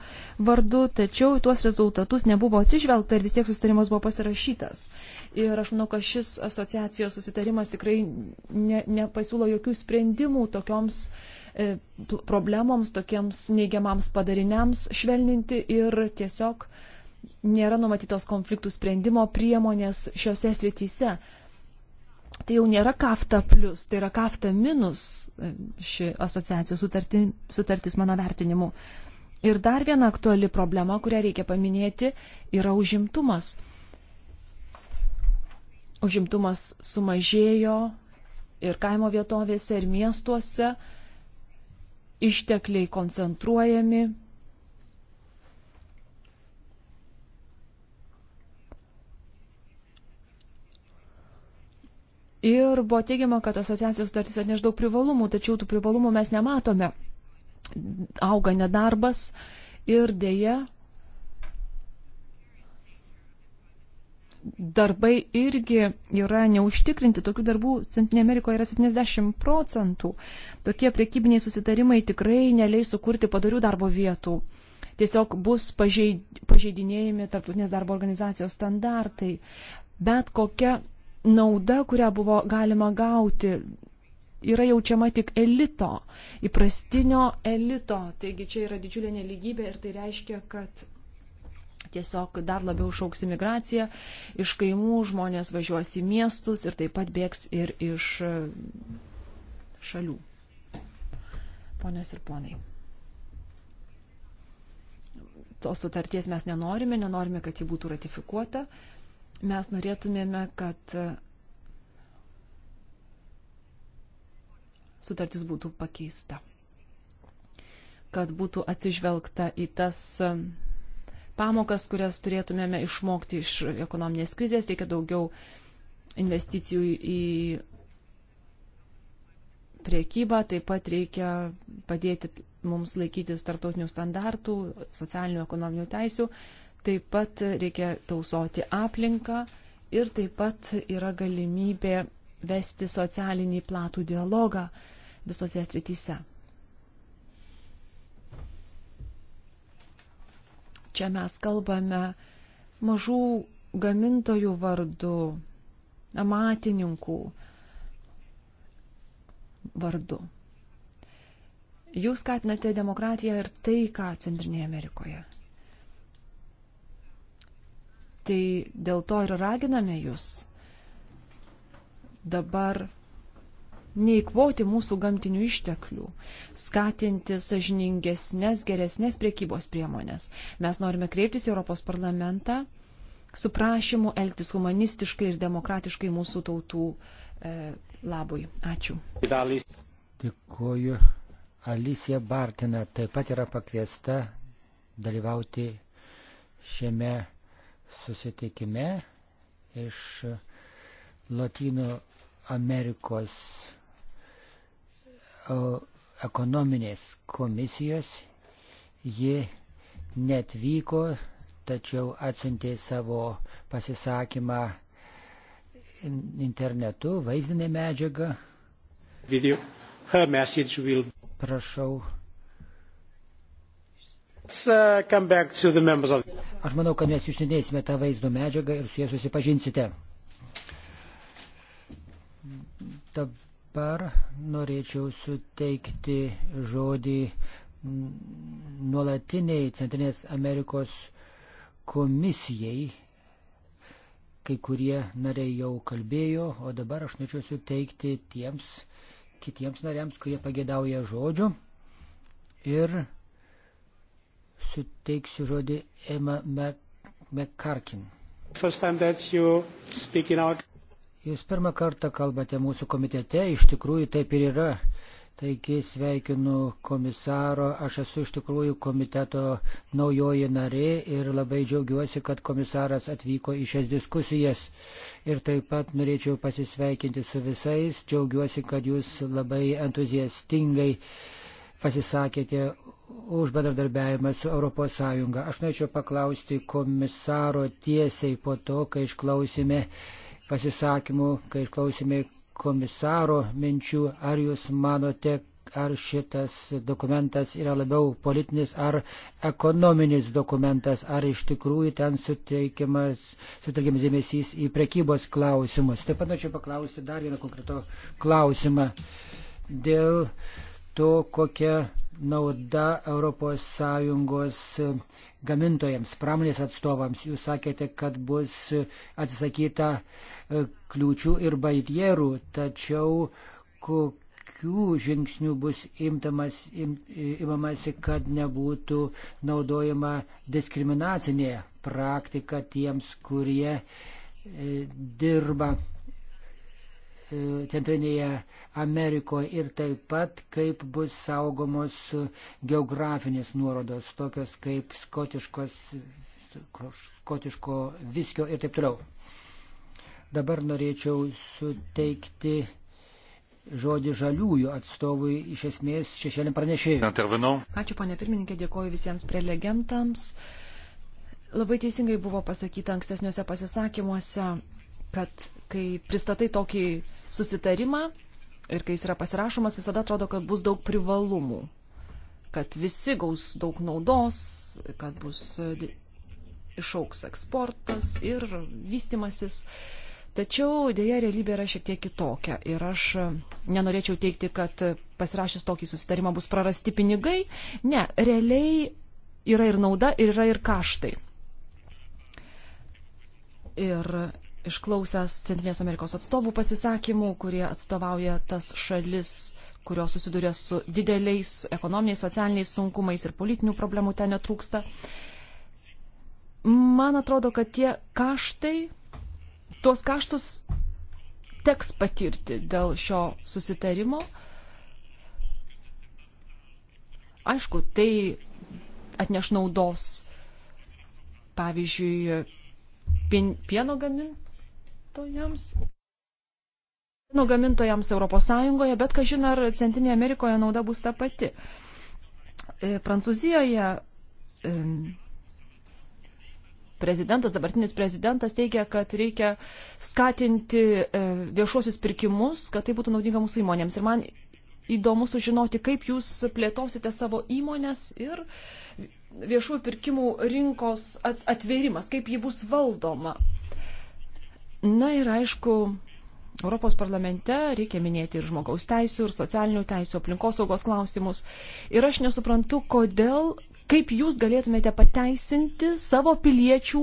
vardu, tačiau tuos rezultatus nebuvo atsižvelgta ir vis tiek susitarimas buvo pasirašytas. Ir aš manau, kad šis asociacijos susitarimas tikrai ne, nepasiūlo jokių sprendimų tokioms E, problemoms, tokiems neigiamams padariniams švelninti ir tiesiog nėra numatytos konfliktų sprendimo priemonės šiose srityse. Tai jau nėra kafta plus, tai yra kafta minus e, ši asociacijos sutarti, sutartis mano vertinimu. Ir dar viena aktuali problema, kurią reikia paminėti, yra užimtumas. Užimtumas sumažėjo ir kaimo vietovėse, ir miestuose ištekliai koncentruojami. Ir buvo teigiama, kad asociacijos sutartys atneš daug privalumų, tačiau tų privalumų mes nematome. Auga nedarbas ir dėja darbai irgi yra neužtikrinti. Tokių darbų Centrinė Amerikoje yra 70 procentų. Tokie priekybiniai susitarimai tikrai neleis sukurti padarių darbo vietų. Tiesiog bus pažeidinėjami tarptautinės darbo organizacijos standartai. Bet kokia nauda, kurią buvo galima gauti, yra jaučiama tik elito, įprastinio elito. Taigi čia yra didžiulė neligybė ir tai reiškia, kad tiesiog dar labiau šauks imigraciją. Iš kaimų žmonės važiuos į miestus ir taip pat bėgs ir iš e, šalių. Ponios ir ponai. Tos sutarties mes nenorime, nenorime, kad ji būtų ratifikuota. Mes norėtumėme, kad e, sutartis būtų pakeista kad būtų atsižvelgta į tas e, pamokas, kurias turėtumėme išmokti iš ekonominės krizės, reikia daugiau investicijų į priekybą, taip pat reikia padėti mums laikytis tarptautinių standartų, socialinių ekonominių teisių, taip pat reikia tausoti aplinką ir taip pat yra galimybė vesti socialinį platų dialogą visose srityse. Čia mes kalbame mažų gamintojų vardu, amatininkų vardu. Jūs skatinate demokratiją ir tai, ką Centrinėje Amerikoje. Tai dėl to ir raginame jūs dabar neįkvoti mūsų gamtinių išteklių, skatinti sažiningesnės, geresnės priekybos priemonės. Mes norime kreiptis į Europos parlamentą su prašymu elgtis humanistiškai ir demokratiškai mūsų tautų e, labui. Ačiū. Dėkuoju. Alicija Bartina taip pat yra pakviesta dalyvauti šiame susitikime iš Latino Amerikos ekonominės komisijos. Ji netvyko, tačiau atsiuntė savo pasisakymą internetu, vaizdinę medžiagą. Video. Her message will... Prašau. Uh, Aš manau, kad mes išsinėsime tą vaizdo medžiagą ir su jie susipažinsite. Dabar Dabar norėčiau suteikti žodį nuolatiniai Centrinės Amerikos komisijai. Kai kurie nariai jau kalbėjo, o dabar aš norėčiau suteikti tiems kitiems nariams, kurie pagėdauja žodžio. Ir suteiksiu žodį Emma McCarkin. First time that you speak in our Jūs pirmą kartą kalbate mūsų komitete, iš tikrųjų taip ir yra. Taigi sveikinu komisaro, aš esu iš tikrųjų komiteto naujoji narė ir labai džiaugiuosi, kad komisaras atvyko į šias diskusijas. Ir taip pat norėčiau pasisveikinti su visais, džiaugiuosi, kad jūs labai entuziastingai pasisakėte už bendradarbiavimą su ES. Aš norėčiau paklausti komisaro tiesiai po to, kai išklausime pasisakymų, kai klausėme komisaro minčių, ar jūs manote, ar šitas dokumentas yra labiau politinis ar ekonominis dokumentas, ar iš tikrųjų ten suteikiamas, suteikiamas dėmesys į prekybos klausimus. Taip pat norėčiau paklausti dar vieną konkreto klausimą dėl to, kokia nauda ES gamintojams, pramonės atstovams. Jūs sakėte, kad bus atsisakyta kliūčių ir barjerų, tačiau kokių žingsnių bus imtamas, im, imamasi, kad nebūtų naudojama diskriminacinė praktika tiems, kurie e, dirba e, Centrinėje Amerikoje ir taip pat kaip bus saugomos geografinės nuorodos, tokios kaip skotiškos, skotiško viskio ir taip toliau. Dabar norėčiau suteikti žodį žaliųjų atstovui iš esmės šešėlėm pranešėjui. Ačiū, ponė pirmininkė, dėkoju visiems prelegentams. Labai teisingai buvo pasakyta ankstesniuose pasisakymuose, kad kai pristatai tokį susitarimą ir kai jis yra pasirašomas, visada atrodo, kad bus daug privalumų, kad visi gaus daug naudos, kad bus išauks eksportas ir vystimasis. Uh, Tačiau dėja realybė yra šiek tiek kitokia ir aš nenorėčiau teikti, kad pasirašęs tokį susitarimą bus prarasti pinigai. Ne, realiai yra ir nauda, ir yra ir kaštai. Ir išklausęs Centrinės Amerikos atstovų pasisakymų, kurie atstovauja tas šalis, kurios susiduria su dideliais ekonominiais, socialiniais sunkumais ir politinių problemų ten netrūksta. Man atrodo, kad tie kaštai tuos kaštus teks patirti dėl šio susitarimo. Aišku, tai atneš naudos, pavyzdžiui, pieno gamintojams. Pieno gamintojams ES, bet kažin ar Centrinėje Amerikoje nauda bus ta pati. E, Prancūzijoje prezidentas, dabartinis prezidentas teigia, kad reikia skatinti e, viešuosius pirkimus, kad tai būtų naudinga mūsų įmonėms. Ir man įdomu sužinoti, kaip jūs plėtosite savo įmonės ir viešųjų pirkimų rinkos atvėrimas, kaip ji bus valdoma. Na ir aišku, Europos parlamente reikia minėti ir žmogaus teisų, ir socialinių teisų, aplinkosaugos klausimus. Ir aš nesuprantu, kodėl kaip jūs galėtumėte pateisinti savo piliečių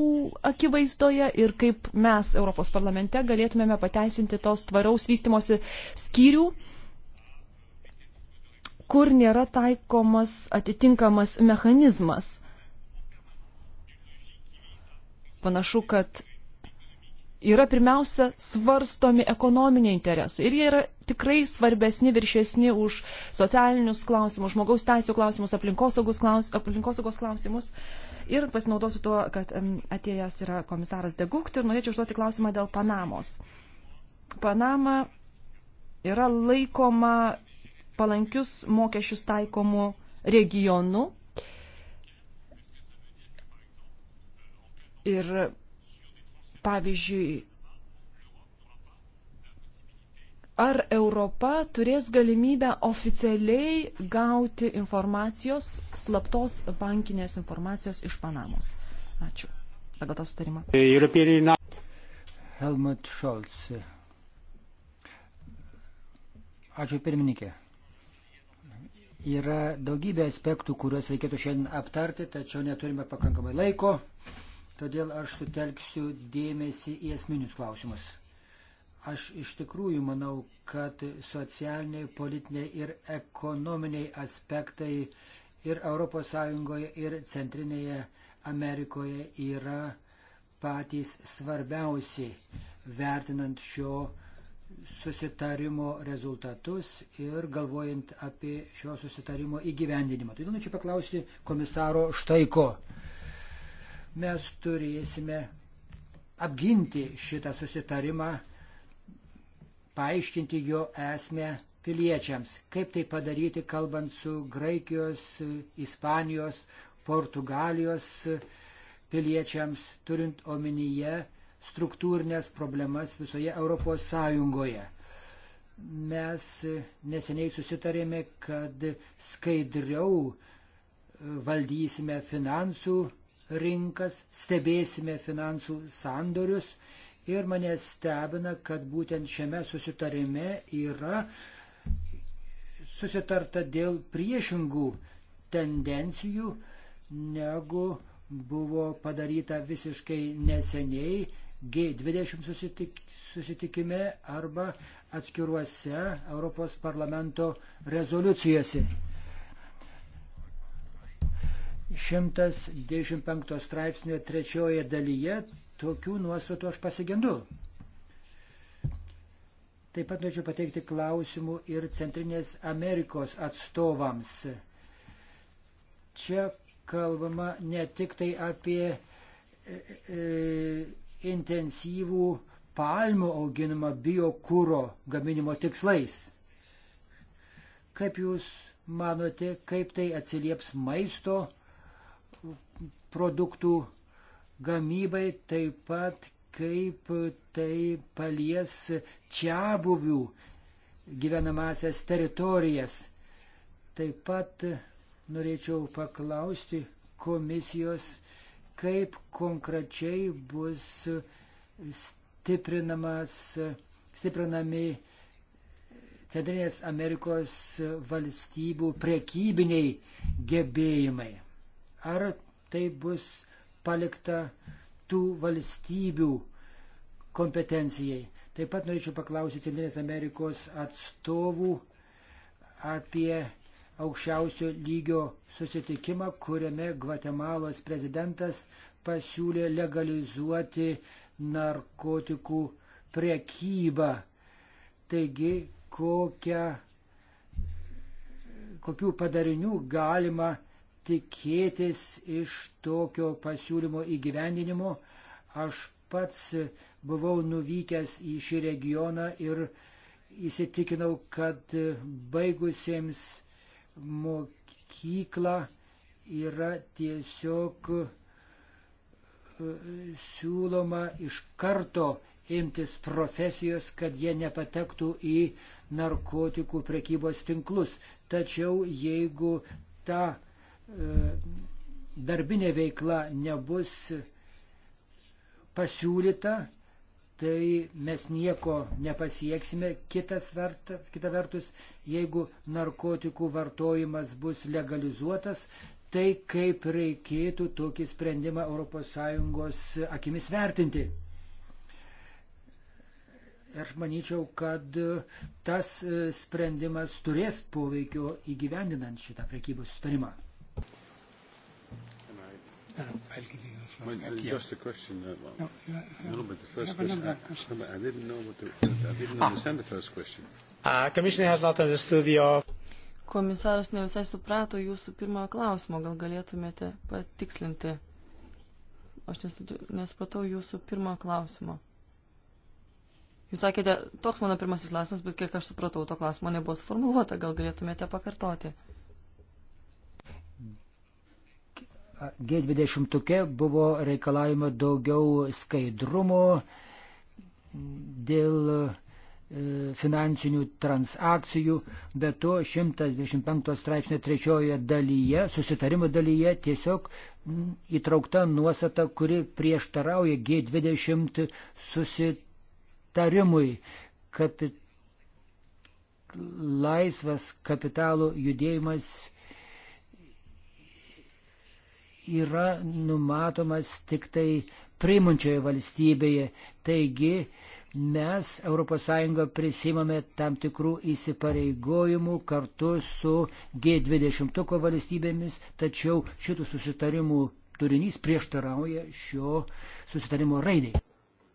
akivaizdoje ir kaip mes Europos parlamente galėtumėme pateisinti tos tvaraus vystimosi skyrių, kur nėra taikomas atitinkamas mechanizmas. Panašu, kad yra pirmiausia svarstomi ekonominiai interesai ir jie yra tikrai svarbesni, viršesni už socialinius klausimus, žmogaus teisų klausimus, aplinkosaugos klaus, aplinkosaugos klausimus. Ir pasinaudosiu tuo, kad atėjęs yra komisaras Degukt ir norėčiau užduoti klausimą dėl Panamos. Panama yra laikoma palankius mokesčius taikomų regionų. Ir Pavyzdžiui, ar Europa turės galimybę oficialiai gauti informacijos, slaptos bankinės informacijos iš Panamos. Ačiū. Pagal tą sutarimą. Helmut Scholz. Ačiū pirmininkė. Yra daugybė aspektų, kuriuos reikėtų šiandien aptarti, tačiau neturime pakankamai laiko. Todėl aš sutelksiu dėmesį į esminius klausimus. Aš iš tikrųjų manau, kad socialiniai, politiniai ir ekonominiai aspektai ir ES ir Centrinėje Amerikoje yra patys svarbiausi, vertinant šio susitarimo rezultatus ir galvojant apie šio susitarimo įgyvendinimą. Todėl norėčiau paklausti komisaro Štaiko mes turėsime apginti šitą susitarimą, paaiškinti jo esmę piliečiams. Kaip tai padaryti, kalbant su Graikijos, Ispanijos, Portugalijos piliečiams, turint omenyje struktūrinės problemas visoje Europos Sąjungoje. Mes neseniai susitarėme, kad skaidriau valdysime finansų rinkas, stebėsime finansų sandorius ir mane stebina, kad būtent šiame susitarime yra susitarta dėl priešingų tendencijų, negu buvo padaryta visiškai neseniai G20 susitik, susitikime arba atskiruose Europos parlamento rezoliucijose. 125 straipsnio trečioje dalyje tokių nuostatų aš pasigendu. Taip pat norėčiau pateikti klausimų ir Centrinės Amerikos atstovams. Čia kalbama ne tik tai apie e, e, intensyvų palmių auginimą biokūro gaminimo tikslais. Kaip Jūs manote, kaip tai atsilieps maisto produktų gamybai, taip pat kaip tai palies čia buvių gyvenamasias teritorijas. Taip pat norėčiau paklausti komisijos, kaip konkrečiai bus stiprinamas, stiprinami Centrinės Amerikos valstybių prekybiniai gebėjimai. Ar tai bus palikta tų valstybių kompetencijai. Taip pat norėčiau paklausyti Centrinės Amerikos atstovų apie aukščiausio lygio susitikimą, kuriame Gvatemalos prezidentas pasiūlė legalizuoti narkotikų priekybą. Taigi, kokią, kokių padarinių galima tikėtis iš tokio pasiūlymo įgyvendinimo. Aš pats buvau nuvykęs į šį regioną ir įsitikinau, kad baigusiems mokyklą yra tiesiog e, siūloma iš karto imtis profesijos, kad jie nepatektų į narkotikų prekybos tinklus. Tačiau jeigu ta darbinė veikla nebus pasiūlyta, tai mes nieko nepasieksime. Kitas vert, kita vertus, jeigu narkotikų vartojimas bus legalizuotas, tai kaip reikėtų tokį sprendimą ES akimis vertinti. Aš manyčiau, kad tas e, sprendimas turės poveikio įgyvendinant šitą prekybos sutarimą. I'll give you a floor. Well, uh, yeah. Just a question. Uh, no, you have, no, uh, but the first have question. A number of questions. I, I didn't know what the, I didn't ah. understand the first question. Uh, commissioner has not understood your. Uh, Komisaras ne visai suprato jūsų pirmojo klausimo, gal galėtumėte patikslinti. Aš nesupratau jūsų pirmojo klausimo. Jūs sakėte, toks mano pirmasis klausimas, bet kiek aš supratau, to klausimo nebuvo sformuluota, gal galėtumėte pakartoti. Uh, G20 buvo reikalavimo daugiau skaidrumo dėl e, finansinių transakcijų, bet to 125 straipsnio trečiojoje dalyje, susitarimo dalyje tiesiog įtraukta nuostata, kuri prieštarauja G20 susitarimui. Kapit... Laisvas kapitalo judėjimas yra numatomas tik tai priimančioje valstybėje. Taigi mes ES prisimame tam tikrų įsipareigojimų kartu su G20 valstybėmis, tačiau šitų susitarimų turinys prieštarauja šio susitarimo raidai.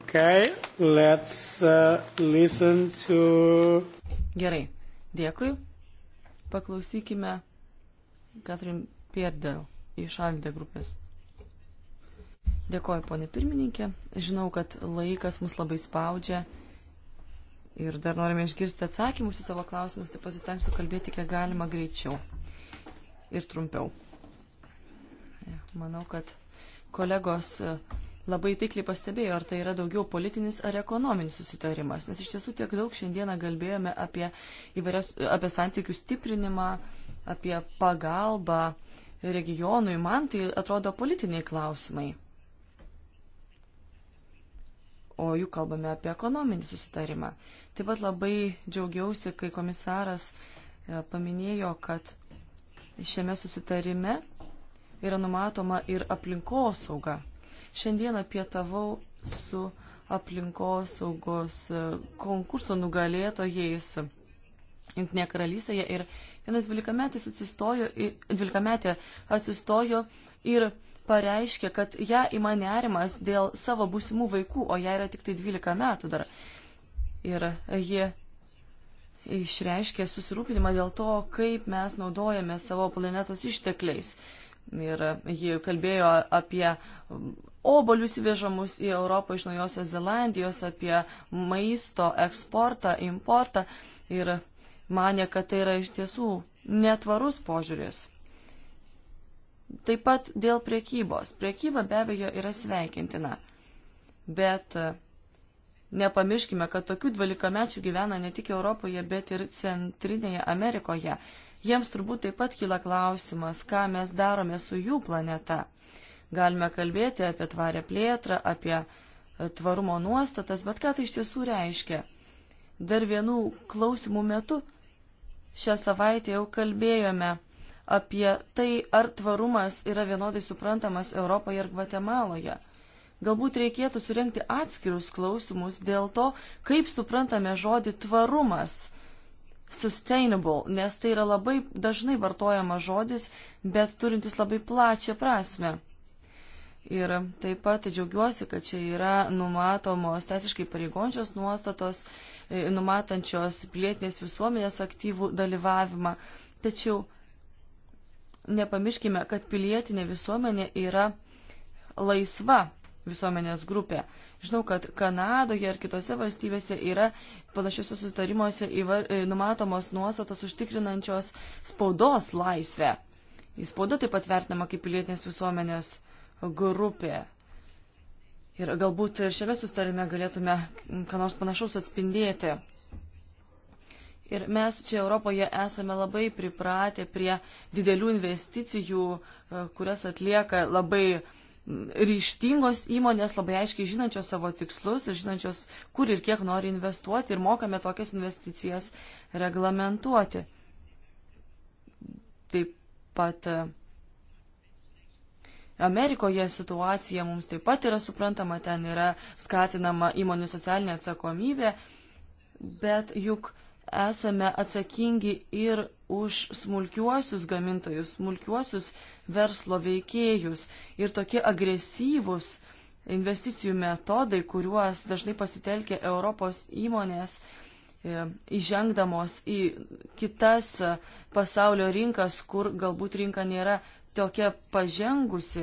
Okay, let's, uh, to... Gerai, dėkui. Paklausykime Katrin Pierdel išaldė grupės. Dėkoju, ponė pirmininkė. Žinau, kad laikas mus labai spaudžia ir dar norime išgirsti atsakymus į savo klausimus, tai pasistengsiu kalbėti kiek galima greičiau ir trumpiau. Manau, kad kolegos labai taikliai pastebėjo, ar tai yra daugiau politinis ar ekonominis susitarimas, nes iš tiesų tiek daug šiandieną kalbėjome apie, įvairias, apie santykių stiprinimą, apie pagalbą regionui, man tai atrodo politiniai klausimai. O jų kalbame apie ekonominį susitarimą. Taip pat labai džiaugiausi, kai komisaras e, paminėjo, kad šiame susitarime yra numatoma ir aplinkosauga. Šiandieną pietavau su aplinkosaugos e, konkurso nugalėtojais Jungtinėje karalystėje ir vienas dvylikametis atsistojo, dvylikametė atsistojo ir pareiškė, kad ją ima nerimas dėl savo būsimų vaikų, o jai yra tik tai 12 metų dar. Ir jie išreiškė susirūpinimą dėl to, kaip mes naudojame savo planetos ištekliais. Ir ji kalbėjo apie obolius įvežamus į Europą iš Naujosios Zelandijos, apie maisto eksportą, importą. Ir mane, kad tai yra iš tiesų netvarus požiūris. Taip pat dėl priekybos. Priekyba be abejo yra sveikintina, bet nepamirškime, kad tokių dvylikamečių gyvena ne tik Europoje, bet ir Centrinėje Amerikoje. Jiems turbūt taip pat kyla klausimas, ką mes darome su jų planeta. Galime kalbėti apie tvarę plėtrą, apie e, tvarumo nuostatas, bet ką tai iš tiesų reiškia. Dar vienų klausimų metu šią savaitę jau kalbėjome apie tai, ar tvarumas yra vienodai suprantamas Europoje ir Gvatemaloje. Galbūt reikėtų surinkti atskirus klausimus dėl to, kaip suprantame žodį tvarumas sustainable, nes tai yra labai dažnai vartojamas žodis, bet turintis labai plačią prasme. Ir taip pat džiaugiuosi, kad čia yra numatomos teisiškai pareigončios nuostatos E, numatančios pilietinės visuomenės aktyvų dalyvavimą. Tačiau nepamirškime, kad pilietinė visuomenė yra laisva visuomenės grupė. Žinau, kad Kanadoje ir kitose valstybėse yra panašiuose sustarimuose e, numatomos nuostatos užtikrinančios spaudos laisvę. Spauda taip pat vertinama kaip pilietinės visuomenės grupė. Ir galbūt ir šiame sustarime galėtume ką nors panašaus atspindėti. Ir mes čia Europoje esame labai pripratę prie didelių investicijų, e, kurias atlieka labai ryštingos įmonės, labai aiškiai žinančios savo tikslus ir žinančios, kur ir kiek nori investuoti ir mokame tokias investicijas reglamentuoti. Taip pat e, Amerikoje situacija mums taip pat yra suprantama, ten yra skatinama įmonių socialinė atsakomybė, bet juk esame atsakingi ir už smulkiuosius gamintojus, smulkiuosius verslo veikėjus ir tokie agresyvus investicijų metodai, kuriuos dažnai pasitelkia Europos įmonės, e, įžengdamos į kitas e, pasaulio rinkas, kur galbūt rinka nėra tokia pažengusi,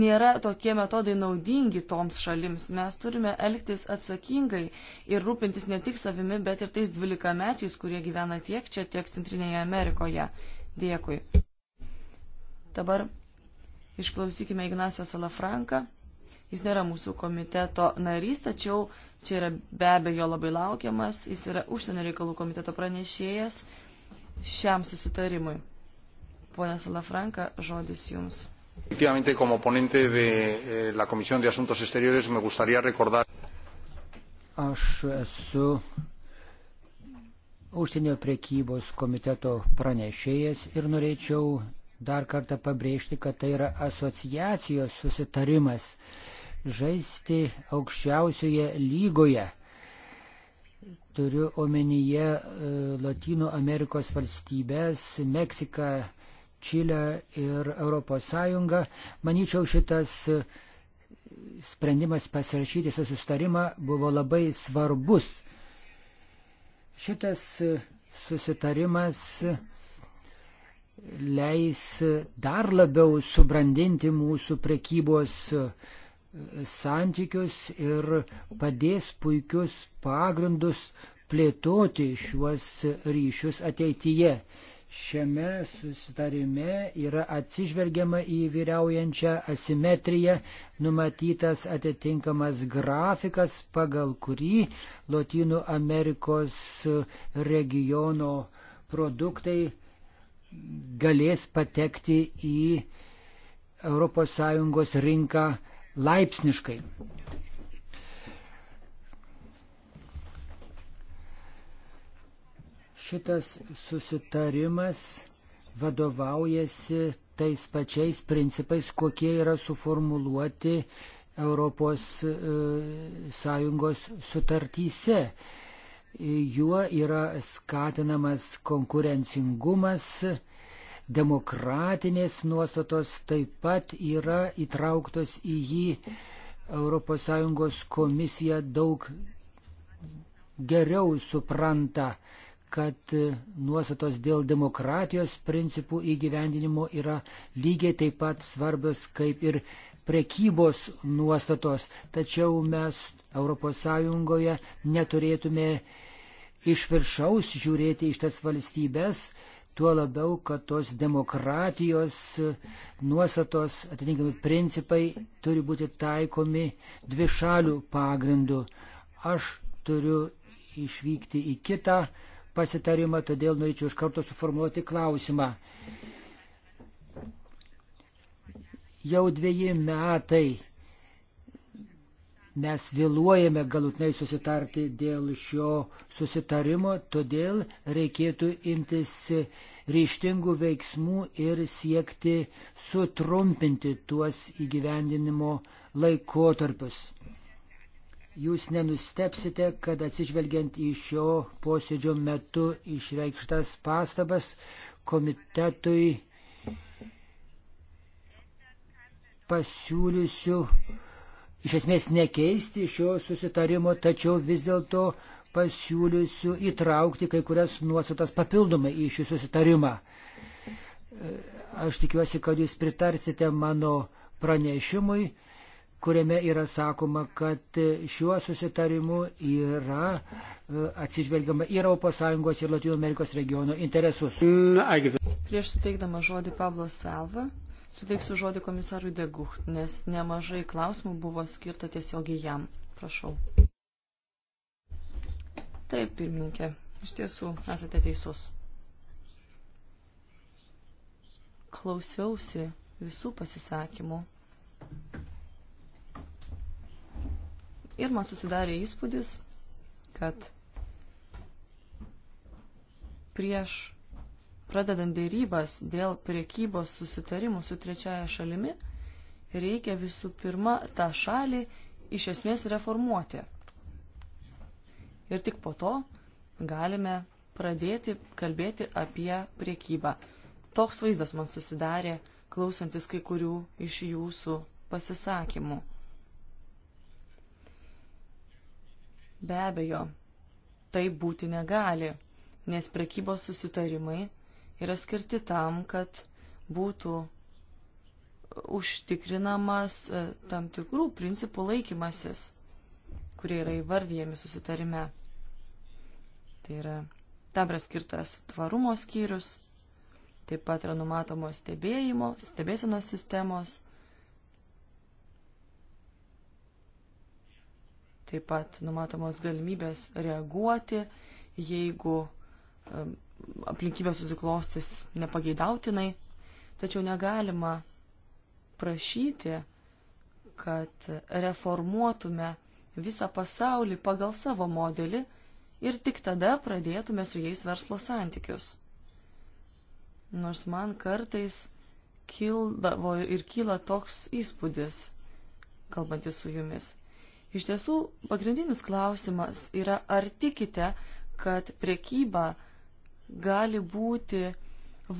nėra tokie metodai naudingi toms šalims. Mes turime elgtis atsakingai ir rūpintis ne tik savimi, bet ir tais dvylikamečiais, kurie gyvena tiek čia, tiek Centrinėje Amerikoje. Dėkui. Dabar išklausykime Ignacio Salafranką. Jis nėra mūsų komiteto narys, tačiau čia yra be abejo labai laukiamas. Jis yra užsienio reikalų komiteto pranešėjas šiam susitarimui. Pone Salafranka, žodis Jums. Efectivamente, como ponente de eh, la Comisión de Asuntos Exteriores, me gustaría recordar. Aš esu užsienio priekybos komiteto pranešėjas ir norėčiau dar kartą pabrėžti, kad tai yra asociacijos susitarimas žaisti aukščiausioje lygoje. Turiu omenyje e, Latino Amerikos valstybės, Meksiką, Čilę ir ES. Manyčiau, šitas sprendimas pasirašyti su sustarimą buvo labai svarbus. Šitas susitarimas leis dar labiau subrandinti mūsų prekybos santykius ir padės puikius pagrindus plėtoti šiuos ryšius ateityje. Šiame susitarime yra atsižvelgiama į vyriaujančią asimetriją, numatytas atitinkamas grafikas, pagal kurį Lotynų Amerikos regiono produktai galės patekti į ES rinką laipsniškai. Šitas susitarimas vadovaujasi tais pačiais principais, kokie yra suformuluoti Europos e, Sąjungos sutartyse juo yra skatinamas konkurencingumas, demokratinės nuostatos taip pat yra įtrauktos į jį. ES komisija daug geriau supranta kad nuostatos dėl demokratijos principų įgyvendinimo yra lygiai taip pat svarbios kaip ir prekybos nuostatos. Tačiau mes ES neturėtume iš viršaus žiūrėti iš tas valstybės, tuo labiau, kad tos demokratijos nuostatos, atitinkami principai turi būti taikomi dvi šalių pagrindu. Aš turiu išvykti į kitą pasitarimą, todėl norėčiau iš karto suformuoti klausimą. Jau dviejai metai mes vėluojame galutinai susitarti dėl šio susitarimo, todėl reikėtų imtis ryštingų veiksmų ir siekti sutrumpinti tuos įgyvendinimo laikotarpius. Jūs nenustepsite, kad atsižvelgiant į šio posėdžio metu išreikštas pastabas komitetui pasiūlysiu iš esmės nekeisti šio susitarimo, tačiau vis dėlto pasiūlysiu įtraukti kai kurias nuostatas papildomai į šį susitarimą. Aš tikiuosi, kad jūs pritarsite mano pranešimui kuriame yra sakoma, kad šiuo susitarimu yra e, atsižvelgiama į ES ir Latino Amerikos regiono interesus. Prieš suteikdama žodį Pablo Salva, suteiksiu žodį komisarui Deguch, nes nemažai klausimų buvo skirta tiesiogiai jam. Prašau. Taip, pirmininkė, iš tiesų esate teisus. Klausiausi visų pasisakymų Ir man susidarė įspūdis, kad prieš pradedant dėrybas dėl priekybos susitarimų su trečiaja šalimi, reikia visų pirma tą šalį iš esmės reformuoti. Ir tik po to galime pradėti kalbėti apie priekybą. Toks vaizdas man susidarė, klausantis kai kurių iš jūsų pasisakymų. Be abejo, tai būti negali, nes prekybos susitarimai yra skirti tam, kad būtų užtikrinamas e, tam tikrų principų laikymasis, kurie yra įvardyjami susitarime. Tai yra tam yra skirtas tvarumo skyrius, taip pat yra numatomos stebėjimo, stebėsenos sistemos Taip pat numatomos galimybės reaguoti, jeigu aplinkybės susiklostys nepageidautinai. Tačiau negalima prašyti, kad reformuotume visą pasaulį pagal savo modelį ir tik tada pradėtume su jais verslo santykius. Nors man kartais kildavo ir kyla toks įspūdis, kalbantis su jumis. Iš tiesų, pagrindinis klausimas yra, ar tikite, kad prekyba gali būti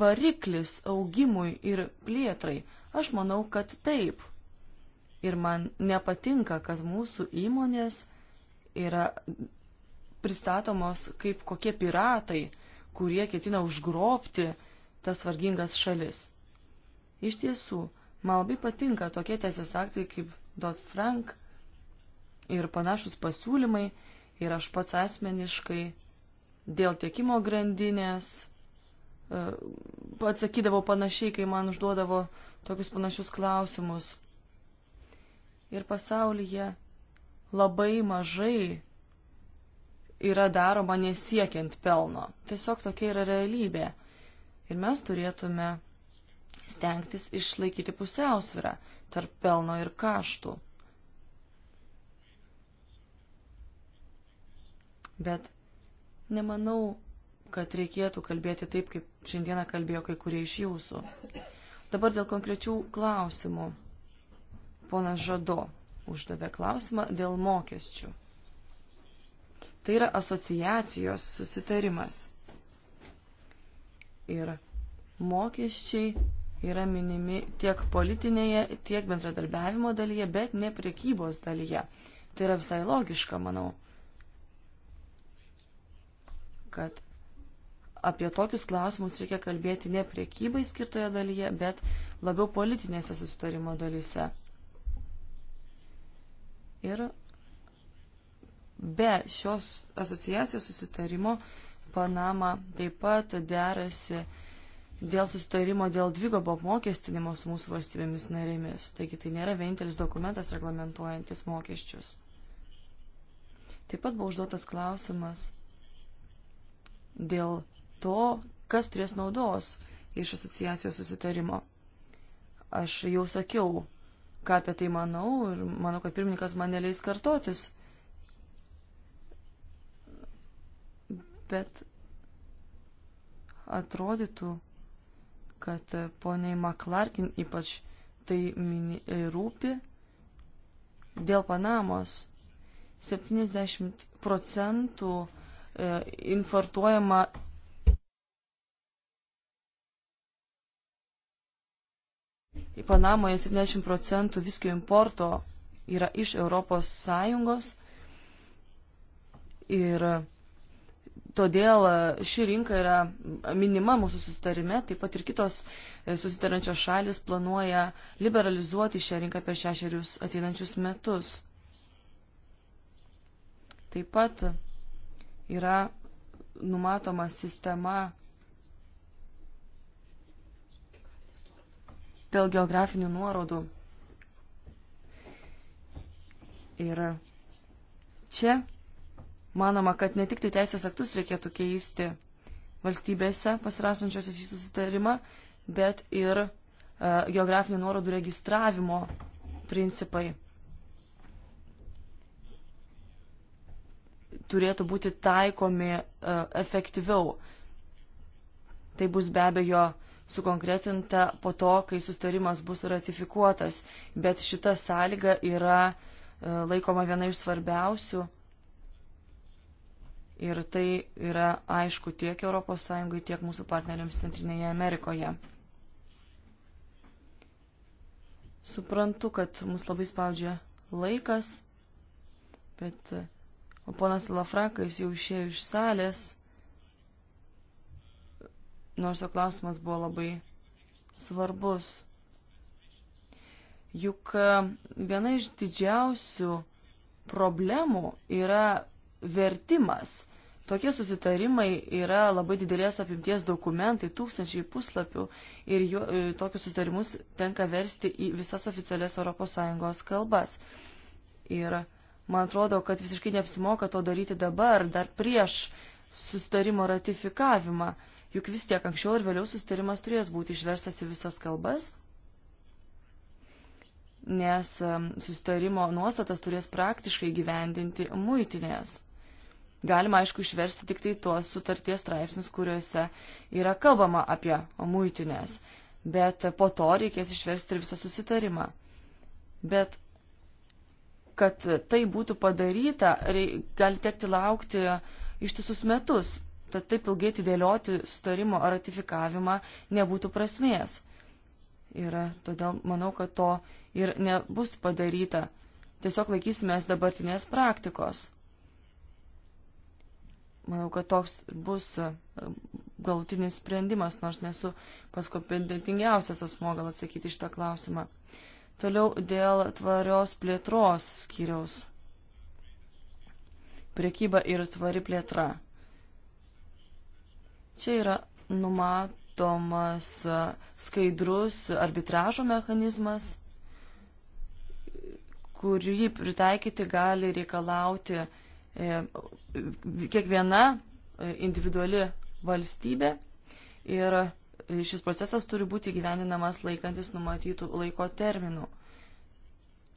variklis augimui ir plėtrai. Aš manau, kad taip. Ir man nepatinka, kad mūsų įmonės yra pristatomos kaip kokie piratai, kurie ketina užgrobti tas vargingas šalis. Iš tiesų, man labai patinka tokie teisės aktai kaip Dodd Frank ir panašus pasiūlymai ir aš pats asmeniškai dėl tiekimo grandinės e, atsakydavau panašiai, kai man užduodavo tokius panašius klausimus. Ir pasaulyje labai mažai yra daroma nesiekiant pelno. Tiesiog tokia yra realybė. Ir mes turėtume stengtis išlaikyti pusiausvirą tarp pelno ir kaštų. bet nemanau, kad reikėtų kalbėti taip, kaip šiandieną kalbėjo kai kurie iš jūsų. Dabar dėl konkrečių klausimų. Ponas Žado uždavė klausimą dėl mokesčių. Tai yra asociacijos susitarimas. Ir mokesčiai yra minimi tiek politinėje, tiek bendradarbiavimo dalyje, bet ne prekybos dalyje. Tai yra visai logiška, manau kad apie tokius klausimus reikia kalbėti ne priekybai skirtoje dalyje, bet labiau politinėse susitarimo dalyse. Ir be šios asociacijos susitarimo Panama taip pat derasi dėl susitarimo dėl dvigobo apmokestinimo su mūsų valstybėmis narėmis. Taigi tai nėra vienintelis dokumentas reglamentuojantis mokesčius. Taip pat buvo užduotas klausimas dėl to, kas turės naudos iš asociacijos susitarimo. Aš jau sakiau, ką apie tai manau ir manau, kad pirmininkas man neleis kartotis. Bet atrodytų, kad poniai Maklarkin ypač tai mini, e, rūpi dėl Panamos. 70 procentų E, importuojama į Panamoje 70 procentų viskio importo yra iš Europos Sąjungos ir todėl ši rinka yra minima mūsų susitarime, taip pat ir kitos e, susitarančios šalis planuoja liberalizuoti šią rinką per šešerius ateinančius metus. Taip pat yra numatoma sistema dėl geografinių nuorodų. Ir čia manoma, kad ne tik tai teisės aktus reikėtų keisti valstybėse pasirašančiosios į susitarimą, bet ir e, geografinių nuorodų registravimo principai turėtų būti taikomi e, efektyviau. Tai bus be abejo sukonkretinta po to, kai sustarimas bus ratifikuotas, bet šita sąlyga yra e, laikoma viena iš svarbiausių. Ir tai yra aišku tiek ES, tiek mūsų partneriams Centrinėje Amerikoje. Suprantu, kad mus labai spaudžia laikas, bet o ponas Lafrakas jau išėjo iš salės, nors jo klausimas buvo labai svarbus. Juk e, viena iš didžiausių problemų yra vertimas. Tokie susitarimai yra labai didelės apimties dokumentai, tūkstančiai puslapių ir jo, e, tokius susitarimus tenka versti į visas oficialias ES kalbas. Ir Man atrodo, kad visiškai neapsimoka to daryti dabar, dar prieš susitarimo ratifikavimą, juk vis tiek anksčiau ir vėliau susitarimas turės būti išverstas į visas kalbas, nes susitarimo nuostatas turės praktiškai gyvendinti muitinės. Galima, aišku, išversti tik tai tuos sutarties straipsnius, kuriuose yra kalbama apie muitinės, bet po to reikės išversti ir visą susitarimą. Bet kad tai būtų padaryta, gali tekti laukti ištisus metus. Tad taip ilgai atidėlioti sutarimo ar ratifikavimą nebūtų prasmės. Ir todėl manau, kad to ir nebus padaryta. Tiesiog laikysimės dabartinės praktikos. Manau, kad toks bus galutinis sprendimas, nors nesu pats kompetentingiausias asmo gal atsakyti šitą klausimą. Uh, Toliau dėl tvarios plėtros skyriaus. Priekyba ir tvari plėtra. Čia yra numatomas skaidrus arbitražo mechanizmas, kurį pritaikyti gali reikalauti e, kiekviena e, individuali valstybė ir šis procesas turi būti gyveninamas laikantis numatytų laiko terminų.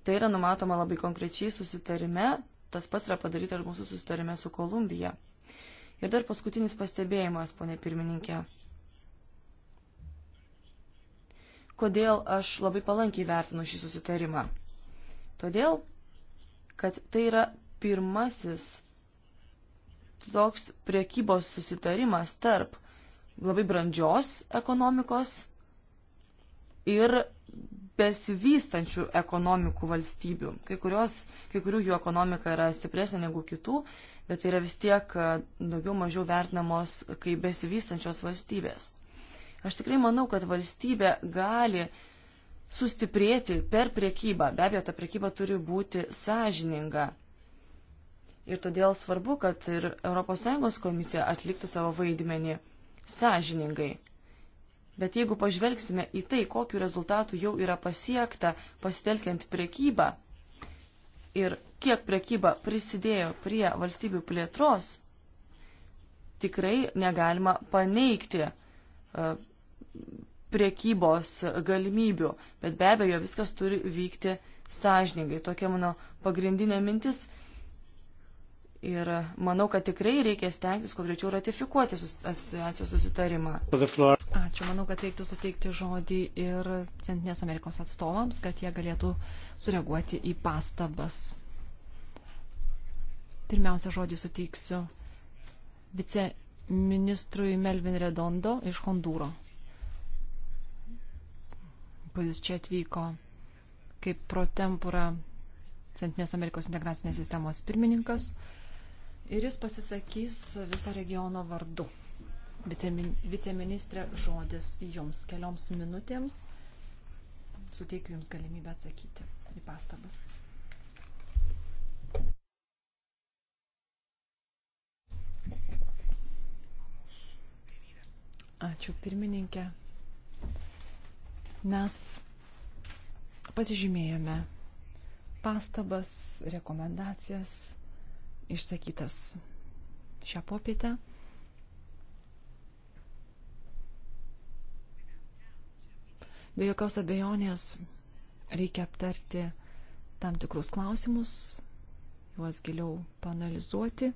Tai yra numatoma labai konkrečiai susitarime, tas pats yra padaryta ir mūsų susitarime su Kolumbija. Ir dar paskutinis pastebėjimas, ponė pirmininkė. Kodėl aš labai palankiai vertinu šį susitarimą? Todėl, kad tai yra pirmasis toks priekybos susitarimas tarp labai brandžios ekonomikos ir besivystančių ekonomikų valstybių. Kai, kurios, kai kurių jų ekonomika yra stipresnė negu kitų, bet tai yra vis tiek e, daugiau mažiau vertinamos kaip besivystančios valstybės. Aš tikrai manau, kad valstybė gali sustiprėti per priekybą. Be abejo, ta priekyba turi būti sąžininga. Ir todėl svarbu, kad ir ES komisija atliktų savo vaidmenį sąžiningai. Bet jeigu pažvelgsime į tai, kokiu rezultatu jau yra pasiekta pasitelkiant prekybą ir kiek prekyba prisidėjo prie valstybių plėtros, tikrai negalima paneigti e, priekybos galimybių, bet be abejo viskas turi vykti sąžiningai. Tokia mano pagrindinė mintis Ir manau, kad tikrai reikia stengtis kuo greičiau ratifikuoti sus, asociacijos susitarimą. Ačiū. Manau, kad reiktų suteikti žodį ir Centrinės Amerikos atstovams, kad jie galėtų sureaguoti į pastabas. Pirmiausia, žodį suteiksiu viceministrui Melvin Redondo iš Hondūro, kuris čia atvyko kaip protempura Centrinės Amerikos integracinės sistemos pirmininkas ir jis pasisakys viso regiono vardu. Viceministrė, žodis jums kelioms minutėms. Suteikiu jums galimybę atsakyti į pastabas. Ačiū pirmininkė. Mes pasižymėjome pastabas, rekomendacijas išsakytas šią popietę. Be jokios abejonės reikia aptarti tam tikrus klausimus, juos giliau panalizuoti.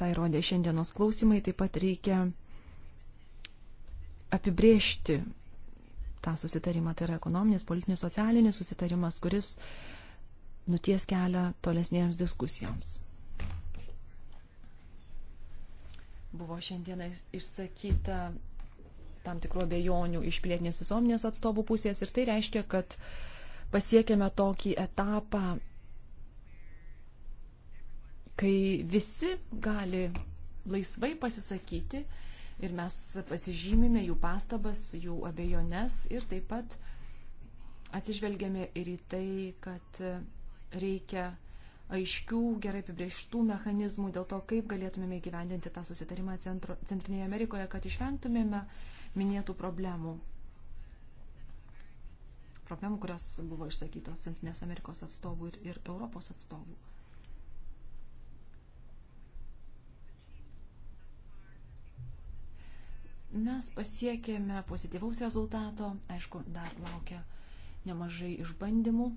Tai rodė šiandienos klausimai, taip pat reikia apibriežti tą susitarimą. Tai yra ekonominis, politinis, socialinis susitarimas, kuris uh, nuties kelią tolesnėms diskusijoms. Buvo šiandieną išsakyta tam tikro bejonių iš pilietinės visuomenės atstovų pusės ir tai reiškia, kad pasiekėme tokį etapą, kai visi gali laisvai pasisakyti ir mes pasižymime jų pastabas, jų abejones ir taip pat atsižvelgiame ir į tai, kad reikia aiškių, gerai apibrieštų mechanizmų dėl to, kaip galėtumėme įgyvendinti tą susitarimą centro, Centrinėje Amerikoje, kad išvengtumėme minėtų problemų. Problemų, kurios buvo išsakytos Centrinės Amerikos atstovų ir, ir Europos atstovų. Mes pasiekėme pozityvaus rezultato, aišku, dar laukia nemažai išbandymų,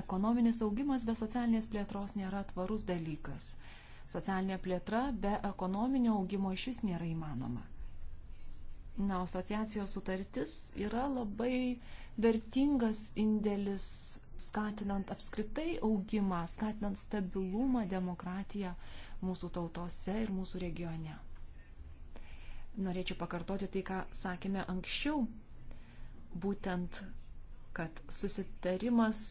Ekonominis augimas be socialinės plėtros nėra tvarus dalykas. Socialinė plėtra be ekonominio augimo iš vis nėra įmanoma. Na, asociacijos sutartis yra labai vertingas indėlis skatinant apskritai augimą, skatinant stabilumą, demokratiją mūsų tautose ir mūsų regione. Norėčiau pakartoti tai, ką sakėme anksčiau, būtent, kad susitarimas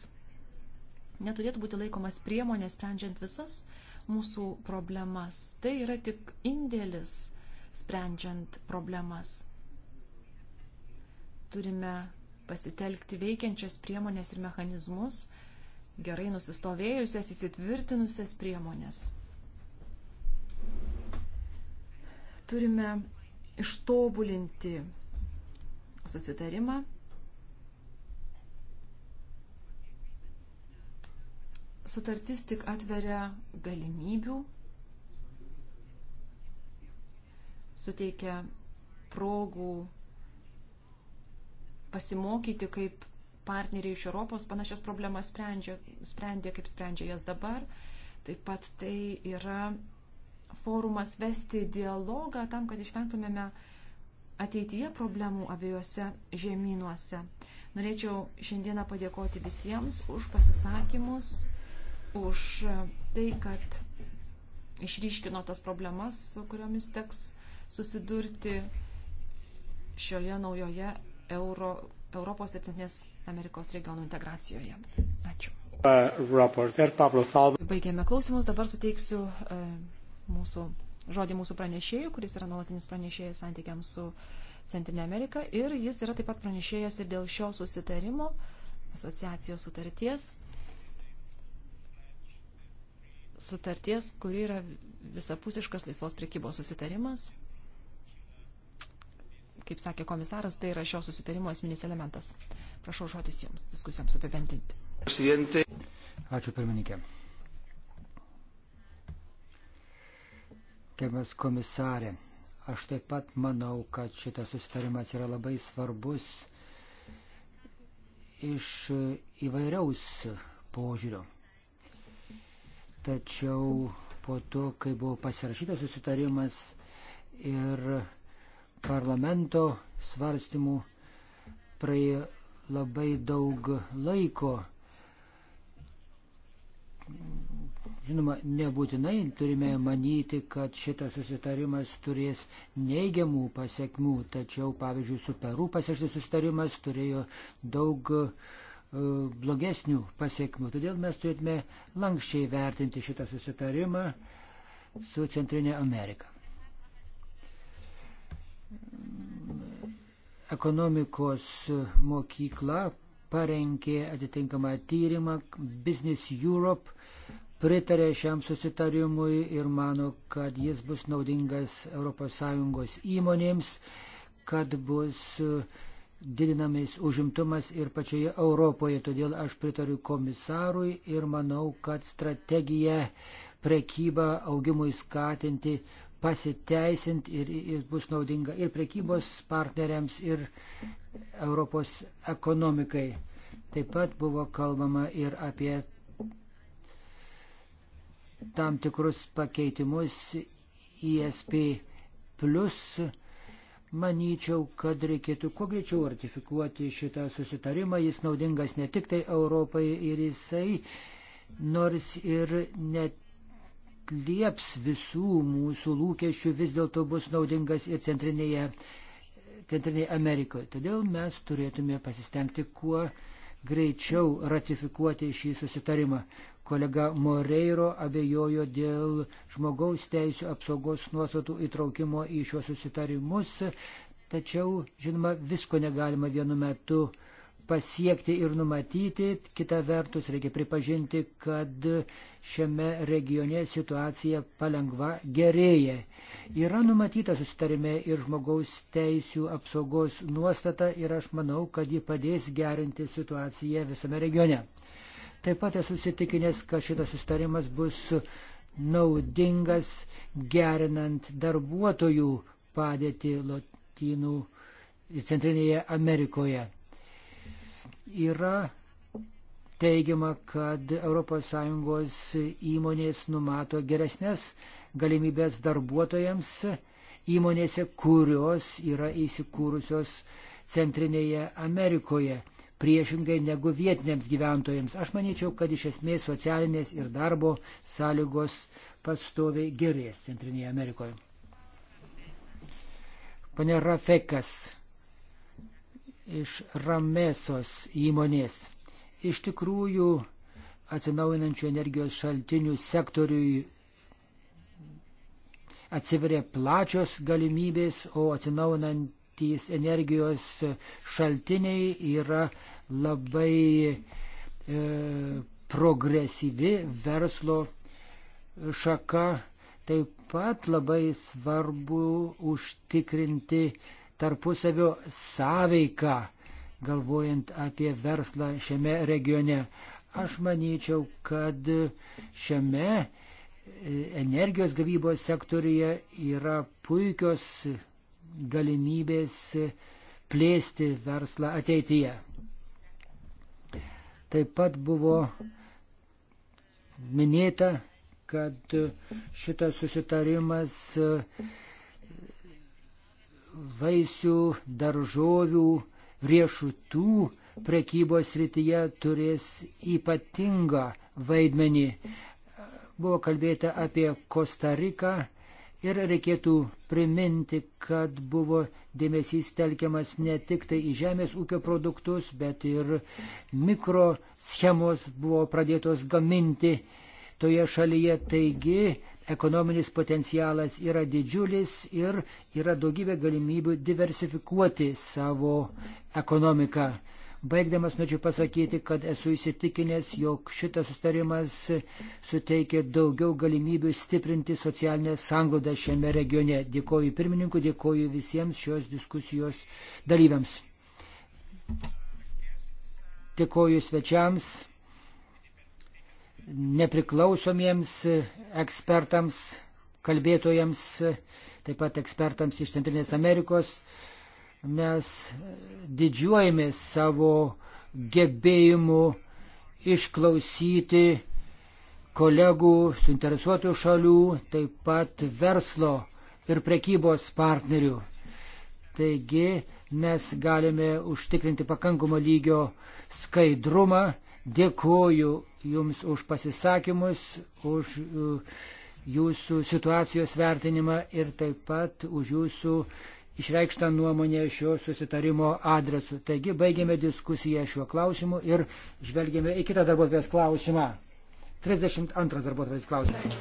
neturėtų būti laikomas priemonė sprendžiant visas mūsų problemas. Tai yra tik indėlis sprendžiant problemas. Turime pasitelkti veikiančias priemonės ir mechanizmus, gerai nusistovėjusias, įsitvirtinusias priemonės. Turime ištobulinti susitarimą sutartis tik atveria galimybių, suteikia progų pasimokyti, kaip partneriai iš Europos panašias problemas sprendžia, sprendė, kaip sprendžia jas dabar. Taip pat tai yra forumas vesti dialogą tam, kad išvengtumėme ateityje problemų abiejose žemynuose. Norėčiau šiandieną padėkoti visiems už pasisakymus už tai, kad išryškino tas problemas, su kuriomis teks susidurti šioje naujoje Euro, Europos ir Centrinės Amerikos regionų integracijoje. Ačiū. Uh, Baigėme klausimus, dabar suteiksiu uh, mūsų, žodį mūsų pranešėjų, kuris yra nuolatinis pranešėjas santykiams su Centrinė Amerika ir jis yra taip pat pranešėjas ir dėl šio susitarimo, asociacijos sutarties sutarties, kuri yra visapusiškas laisvos priekybos susitarimas. Kaip sakė komisaras, tai yra šio susitarimo esminis elementas. Prašau žodis Jums diskusijoms apibendrinti. Ačiū pirmininkė. Gerbiamas komisarė, aš taip pat manau, kad šitas susitarimas yra labai svarbus iš įvairiaus požiūrio. Tačiau po to, kai buvo pasirašytas susitarimas ir parlamento svarstymų praėjo labai daug laiko. Žinoma, nebūtinai turime manyti, kad šitas susitarimas turės neigiamų pasiekmių, tačiau, pavyzdžiui, su Peru pasirašytas susitarimas turėjo daug uh, E, blogesnių pasiekmių. Todėl mes turėtume lankščiai vertinti šitą susitarimą su Centrinė Amerika. Ekonomikos mokykla parengė atitinkamą tyrimą Business Europe, pritarė šiam susitarimui ir mano, kad jis bus naudingas ES įmonėms, kad bus uh, didinamis užimtumas ir pačioje Europoje. Todėl aš pritariu komisarui ir manau, kad strategija prekyba augimui skatinti pasiteisint ir, ir bus naudinga ir prekybos partneriams, ir Europos ekonomikai. Taip pat buvo kalbama ir apie tam tikrus pakeitimus ISP plus Manyčiau, kad reikėtų kuo greičiau ratifikuoti šitą susitarimą. Jis naudingas ne tik tai Europai ir jisai, nors ir net lieps visų mūsų lūkesčių, vis dėlto bus naudingas ir centrinėje, centrinėje Amerikoje. Todėl mes turėtume pasistengti kuo greičiau ratifikuoti šį susitarimą. Kolega Moreiro abejojo dėl žmogaus teisų apsaugos nuostatų įtraukimo į šios susitarimus, tačiau, žinoma, visko negalima vienu metu pasiekti ir numatyti. Kita vertus, reikia pripažinti, kad šiame regione situacija palengva gerėja. Yra numatyta susitarime ir žmogaus teisų apsaugos nuostata ir aš manau, kad ji padės gerinti situaciją visame regione. Taip pat esu sitikinęs, kad šitas sustarimas bus naudingas gerinant darbuotojų padėtį Latinų ir Centrinėje Amerikoje. Yra teigiama, kad ES įmonės numato geresnės galimybės darbuotojams įmonėse, kurios yra įsikūrusios Centrinėje Amerikoje priešingai negu vietiniams gyventojams. Aš manyčiau, kad iš esmės socialinės ir darbo sąlygos pastoviai gerės Centrinėje Amerikoje. Pane Rafekas iš Ramesos įmonės. Iš tikrųjų, atsinaujinančių energijos šaltinių sektoriui atsiveria plačios galimybės, o atsinaujinant patys energijos šaltiniai yra labai e, progresyvi verslo šaka. Taip pat labai svarbu užtikrinti tarpusavio sąveiką, galvojant apie verslą šiame regione. Aš manyčiau, kad šiame e, energijos gavybos sektorija yra puikios galimybės plėsti verslą ateityje. Taip pat buvo minėta, kad šitas susitarimas vaisių, daržovių, riešutų prekybos rytyje turės ypatingą vaidmenį. Buvo kalbėta apie Kostariką, Ir reikėtų priminti, kad buvo dėmesys telkiamas ne tik tai į žemės ūkio produktus, bet ir mikroschemos buvo pradėtos gaminti toje šalyje. Taigi ekonominis potencialas yra didžiulis ir yra daugybė galimybių diversifikuoti savo ekonomiką. Baigdamas norėčiau pasakyti, kad esu įsitikinęs, jog šitas sustarimas suteikia daugiau galimybių stiprinti socialinę sanglaudą šiame regione. Dėkoju pirmininkui, dėkoju visiems šios diskusijos dalyviams. Dėkoju svečiams, nepriklausomiems ekspertams, kalbėtojams, taip pat ekspertams iš Centrinės Amerikos mes didžiuojame savo gebėjimu išklausyti kolegų, suinteresuotų šalių, taip pat verslo ir prekybos partnerių. Taigi mes galime užtikrinti pakankamą lygio skaidrumą. Dėkuoju Jums už pasisakymus, už uh, Jūsų situacijos vertinimą ir taip pat už Jūsų išreikštą nuomonę šio susitarimo adresu. Taigi baigėme diskusiją šiuo klausimu ir žvelgėme į kitą darbuotojas klausimą. 32 darbuotojas klausimas.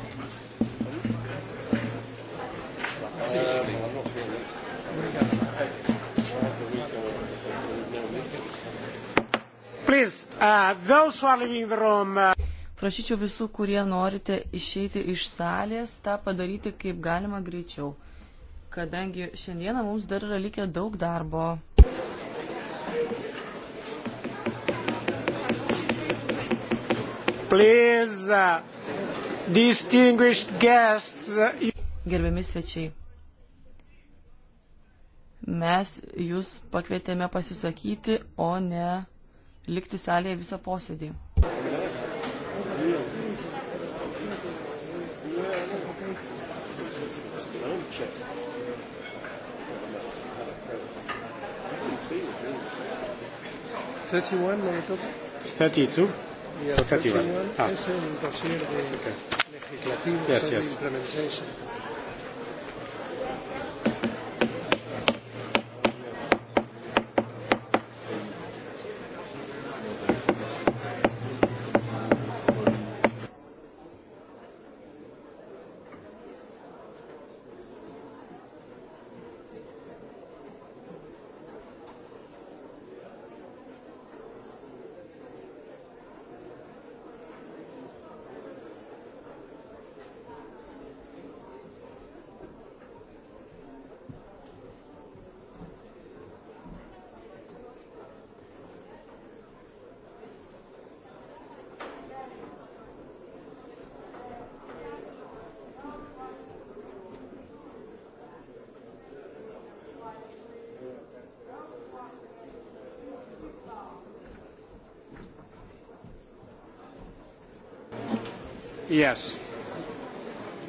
Please, uh, those who are leaving the room. Uh... Prašyčiau visų, kurie norite išeiti iš salės, tą padaryti kaip galima greičiau kadangi šiandieną mums dar yra likę daug darbo. Please, uh, distinguished guests. Uh, Gerbiami svečiai, mes jūs pakvietėme pasisakyti, o ne likti salėje visą posėdį. 31 no le toca? 32. Yeah, 31. 31 ah. is in dossier de okay. legislativo yes, yes. implementation. Yes.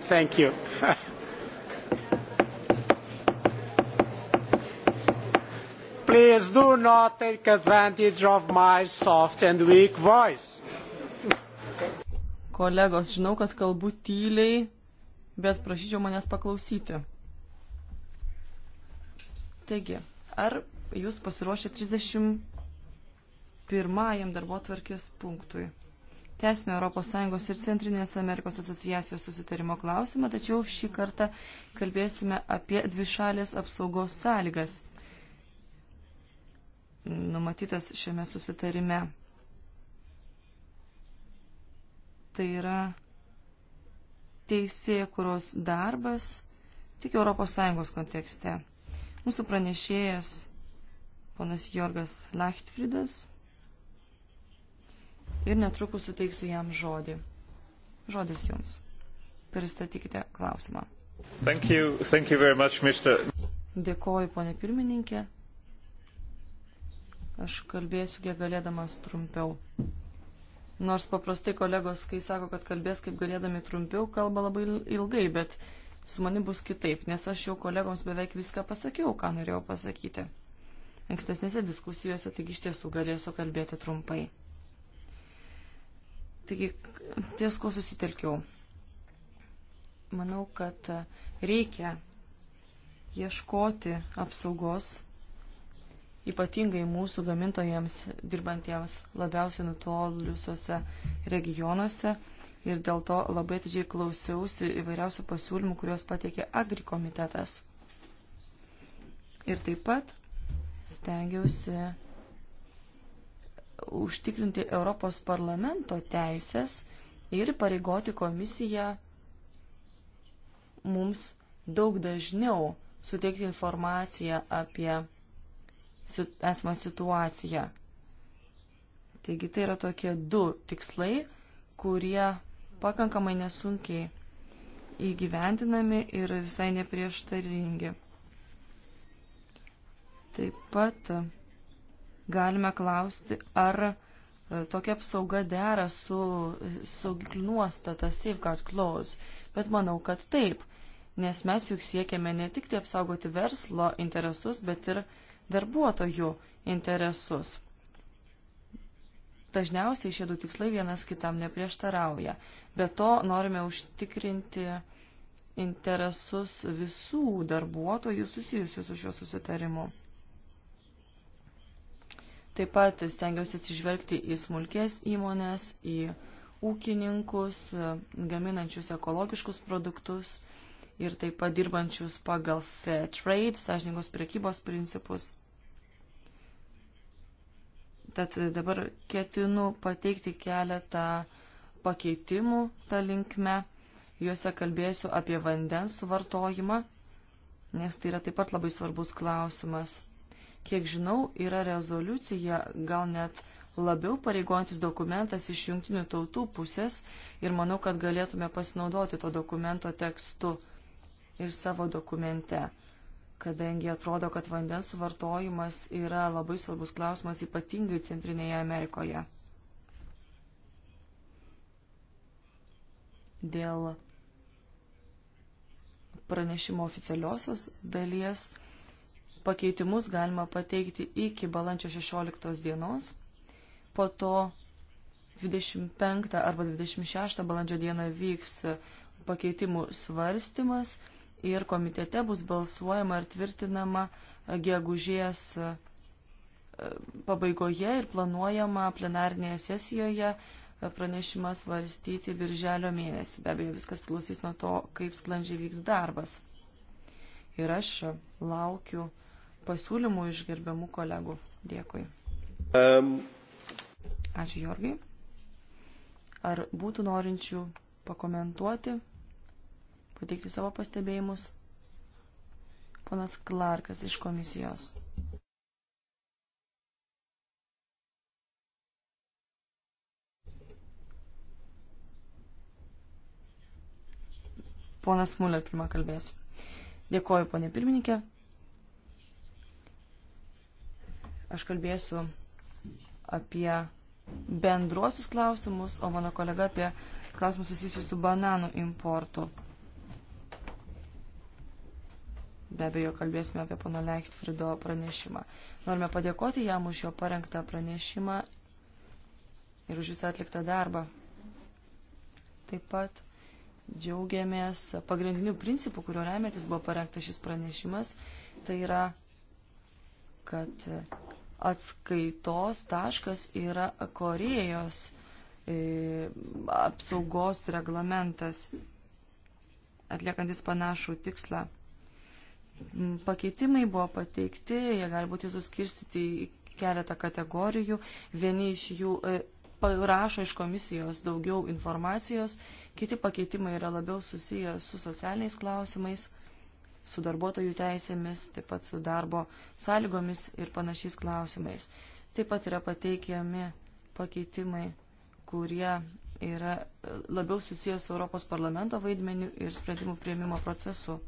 Thank you. *laughs* Please do not take advantage of my soft and weak voice. Kolegos, žinau, kad kalbu tyliai, bet prašyčiau manęs paklausyti. Taigi, ar jūs pasiruošę 31 darbo tvarkės punktui? Tęsime ES ir Centrinės Amerikos asociacijos susitarimo klausimą, tačiau šį kartą kalbėsime apie dvišalės apsaugos sąlygas numatytas šiame susitarime. Tai yra teisėkuros darbas tik ES kontekste. Mūsų pranešėjas ponas Jorgas Lachtfridas ir netrukus suteiksiu jam žodį. Žodis jums. Pristatykite klausimą. Thank you, thank you very much, Mr. Dėkoju, ponė pirmininkė. Aš kalbėsiu kiek galėdamas trumpiau. Nors paprastai kolegos, kai sako, kad kalbės kaip galėdami trumpiau, kalba labai ilgai, bet su mani bus kitaip, nes aš jau kolegoms beveik viską pasakiau, ką norėjau pasakyti. Ankstesnėse diskusijose tik iš tiesų galėsiu kalbėti trumpai. Taigi, ties ko susitelkiau. Manau, kad reikia ieškoti apsaugos ypatingai mūsų gamintojams dirbantiems labiausiai nutolusiuose regionuose. Ir dėl to labai atidžiai klausiausi įvairiausių pasiūlymų, kuriuos pateikė agrikomitetas. Ir taip pat stengiausi užtikrinti Europos parlamento teisės ir pareigoti komisiją mums daug dažniau suteikti informaciją apie esamą situaciją. Taigi tai yra tokie du tikslai, kurie pakankamai nesunkiai įgyvendinami ir visai neprieštaringi. Taip pat galime klausti, ar e, tokia apsauga dera su e, saugiklių nuostata Safeguard Clause, bet manau, kad taip, nes mes juk siekiame ne tik tai apsaugoti verslo interesus, bet ir darbuotojų interesus. Dažniausiai šie du tikslai vienas kitam neprieštarauja, bet to norime užtikrinti interesus visų darbuotojų susijusių su šiuo susitarimu. Taip pat stengiausi atsižvelgti į smulkės įmonės, į ūkininkus, gaminančius ekologiškus produktus ir taip pat dirbančius pagal fair trade, sąžiningos prekybos principus. Tad dabar ketinu pateikti keletą pakeitimų tą linkme. Juose kalbėsiu apie vandens suvartojimą, nes tai yra taip pat labai svarbus klausimas. Kiek žinau, yra rezoliucija, gal net labiau pareigojantis dokumentas iš jungtinių tautų pusės ir manau, kad galėtume pasinaudoti to dokumento tekstu ir savo dokumente, kadangi atrodo, kad vandens suvartojimas yra labai svarbus klausimas ypatingai Centrinėje Amerikoje. Dėl pranešimo oficialiosios dalies Pakeitimus galima pateikti iki balandžio 16 dienos, po to 25 arba 26 balandžio dieną vyks pakeitimų svarstymas ir komitete bus balsuojama ir tvirtinama gegužės e, pabaigoje ir planuojama plenarnėje sesijoje e, pranešimą svarstyti birželio mėnesį. Be abejo, viskas priklausys nuo to, kaip sklandžiai vyks darbas. Ir aš laukiu pasiūlymų iš gerbiamų kolegų. Dėkui. Um. Ačiū, Jorgai. Ar būtų norinčių pakomentuoti, pateikti savo pastebėjimus? Ponas Klarkas iš komisijos. Ponas Muller pirmą kalbės. Dėkoju, ponė pirmininkė. Aš kalbėsiu apie bendruosius klausimus, o mano kolega apie klausimus susijusius su bananų importu. Be abejo, kalbėsime apie pono Leichtfrido pranešimą. Norime padėkoti jam už jo parengtą pranešimą ir už visą atliktą darbą. Taip pat džiaugiamės pagrindiniu principu, kurio remiantis buvo parengtas šis pranešimas, tai yra, kad atskaitos taškas yra Korejos e, apsaugos reglamentas, atliekantis panašų tikslą. Mm, pakeitimai buvo pateikti, jie gali būti suskirstyti į keletą kategorijų. Vieni iš jų e, prašo iš komisijos daugiau informacijos, kiti pakeitimai yra labiau susiję su socialiniais klausimais. E, su darbuotojų teisėmis, taip pat su darbo sąlygomis ir panašiais klausimais. Taip pat yra pateikiami pakeitimai, kurie yra e, labiau susijęs su Europos parlamento vaidmeniu ir sprendimų prieimimo procesu.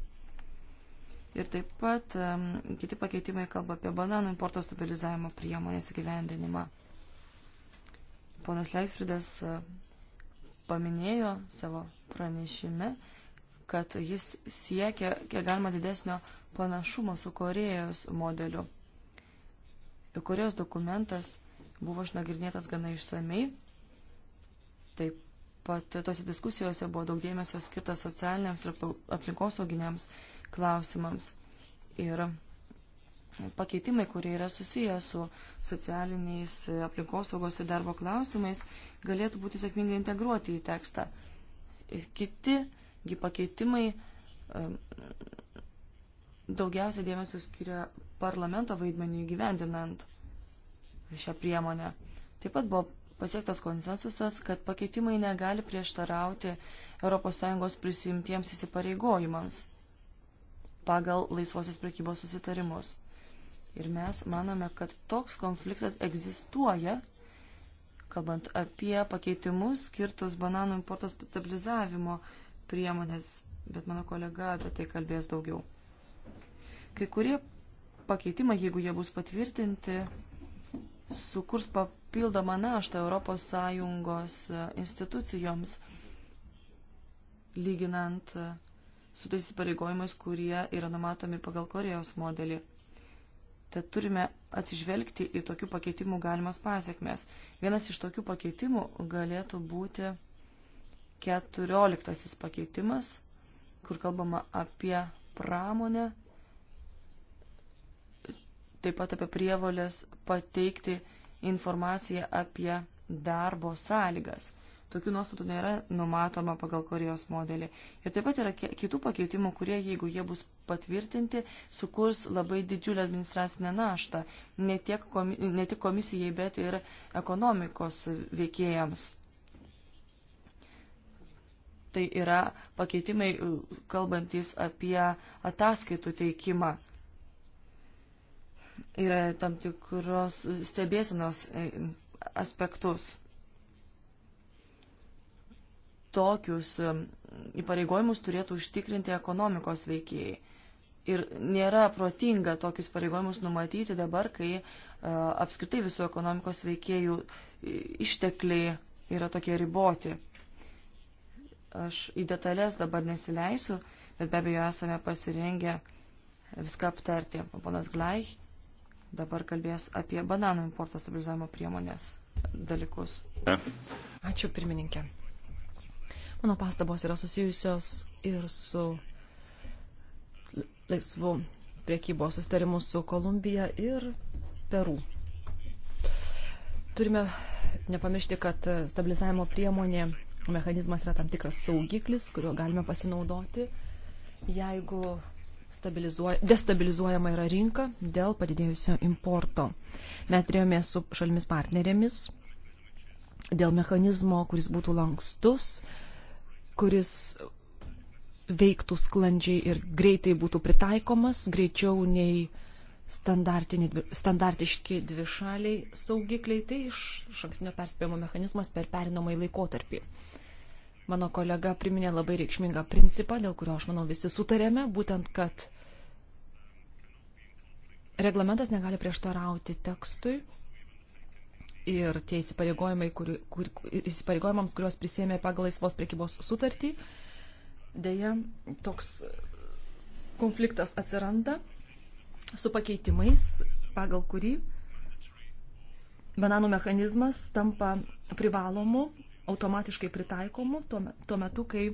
Ir taip pat um, kiti pakeitimai kalba apie bananų importo stabilizavimo priemonės gyvendinimą. Ponas Leifridas uh, paminėjo savo pranešime, uh, kad jis siekia kiek galima didesnio panašumo su Korejos modeliu. Korejos dokumentas buvo išnagrinėtas gana išsamei. Taip pat tose diskusijose buvo daug dėmesio skirta socialiniams ir aplinkosauginiams klausimams. Ir pakeitimai, kurie yra susiję su socialiniais aplinkosaugos ir darbo klausimais, galėtų būti sėkmingai integruoti į tekstą. Kiti Gi pakeitimai daugiausia dėmesio skiria parlamento vaidmenį gyvendinant šią priemonę. Taip pat buvo pasiektas konsensusas, kad pakeitimai negali prieštarauti ES prisimtiems įsipareigojimams pagal laisvosios prekybos susitarimus. Ir mes manome, kad toks konfliktas egzistuoja, kalbant apie pakeitimus skirtus bananų importo stabilizavimo priemonės, bet mano kolega apie tai kalbės daugiau. Kai kurie pakeitimai, jeigu jie bus patvirtinti, sukurs papildomą naštą ES institucijoms, lyginant su tais įpareigojimais, kurie yra numatomi pagal Korejos modelį. Tad turime atsižvelgti į tokių pakeitimų galimas pasiekmes. Vienas iš tokių pakeitimų galėtų būti 14 pakeitimas, kur kalbama apie pramonę, taip pat apie prievolės pateikti informaciją apie darbo sąlygas. Tokių nuostatų nėra numatoma pagal Korejos modelį. Ir taip pat yra kitų pakeitimų, kurie, jeigu jie bus patvirtinti, sukurs labai didžiulę administracinę naštą ne, tiek komi ne tik komisijai, bet ir ekonomikos veikėjams. Tai yra pakeitimai e, kalbantis apie ataskaitų teikimą. Yra tam tikros stebėsinos e, aspektus tokius e, įpareigojimus turėtų užtikrinti ekonomikos veikėjai. Ir nėra protinga tokius pareigojimus numatyti dabar, kai a, apskritai visų ekonomikos veikėjų ištekliai yra tokie riboti. Aš į detalės dabar nesileisiu, bet be abejo esame pasirengę viską aptarti. Ponas Glai dabar kalbės apie bananų importo stabilizavimo priemonės dalykus. Ačiū pirmininkė. Mano pastabos yra susijusios ir su laisvu priekybos sustarimu su Kolumbija ir Peru. Turime nepamiršti, kad stabilizavimo priemonė mechanizmas yra tam tikras saugiklis, kuriuo galime pasinaudoti, jeigu destabilizuojama yra rinka dėl padidėjusio importo. Mes turėjome su šalimis partnerėmis dėl mechanizmo, kuris būtų lankstus, kuris veiktų sklandžiai ir greitai būtų pritaikomas, greičiau nei standartiški dvišaliai saugikliai, tai iš, iš ankstinio perspėjimo mechanizmas per perinamąjį laikotarpį. Mano kolega priminė labai reikšmingą principą, dėl kurio, aš manau, visi sutarėme, būtent, kad reglamentas negali prieštarauti tekstui ir tie įsipareigojimai, kur, kur, įsipareigojimams, kuriuos prisėmė pagal laisvos priekybos sutartį, dėja toks konfliktas atsiranda su pakeitimais, pagal kurį bananų mechanizmas tampa privalomu automatiškai pritaikomu tuo metu, kai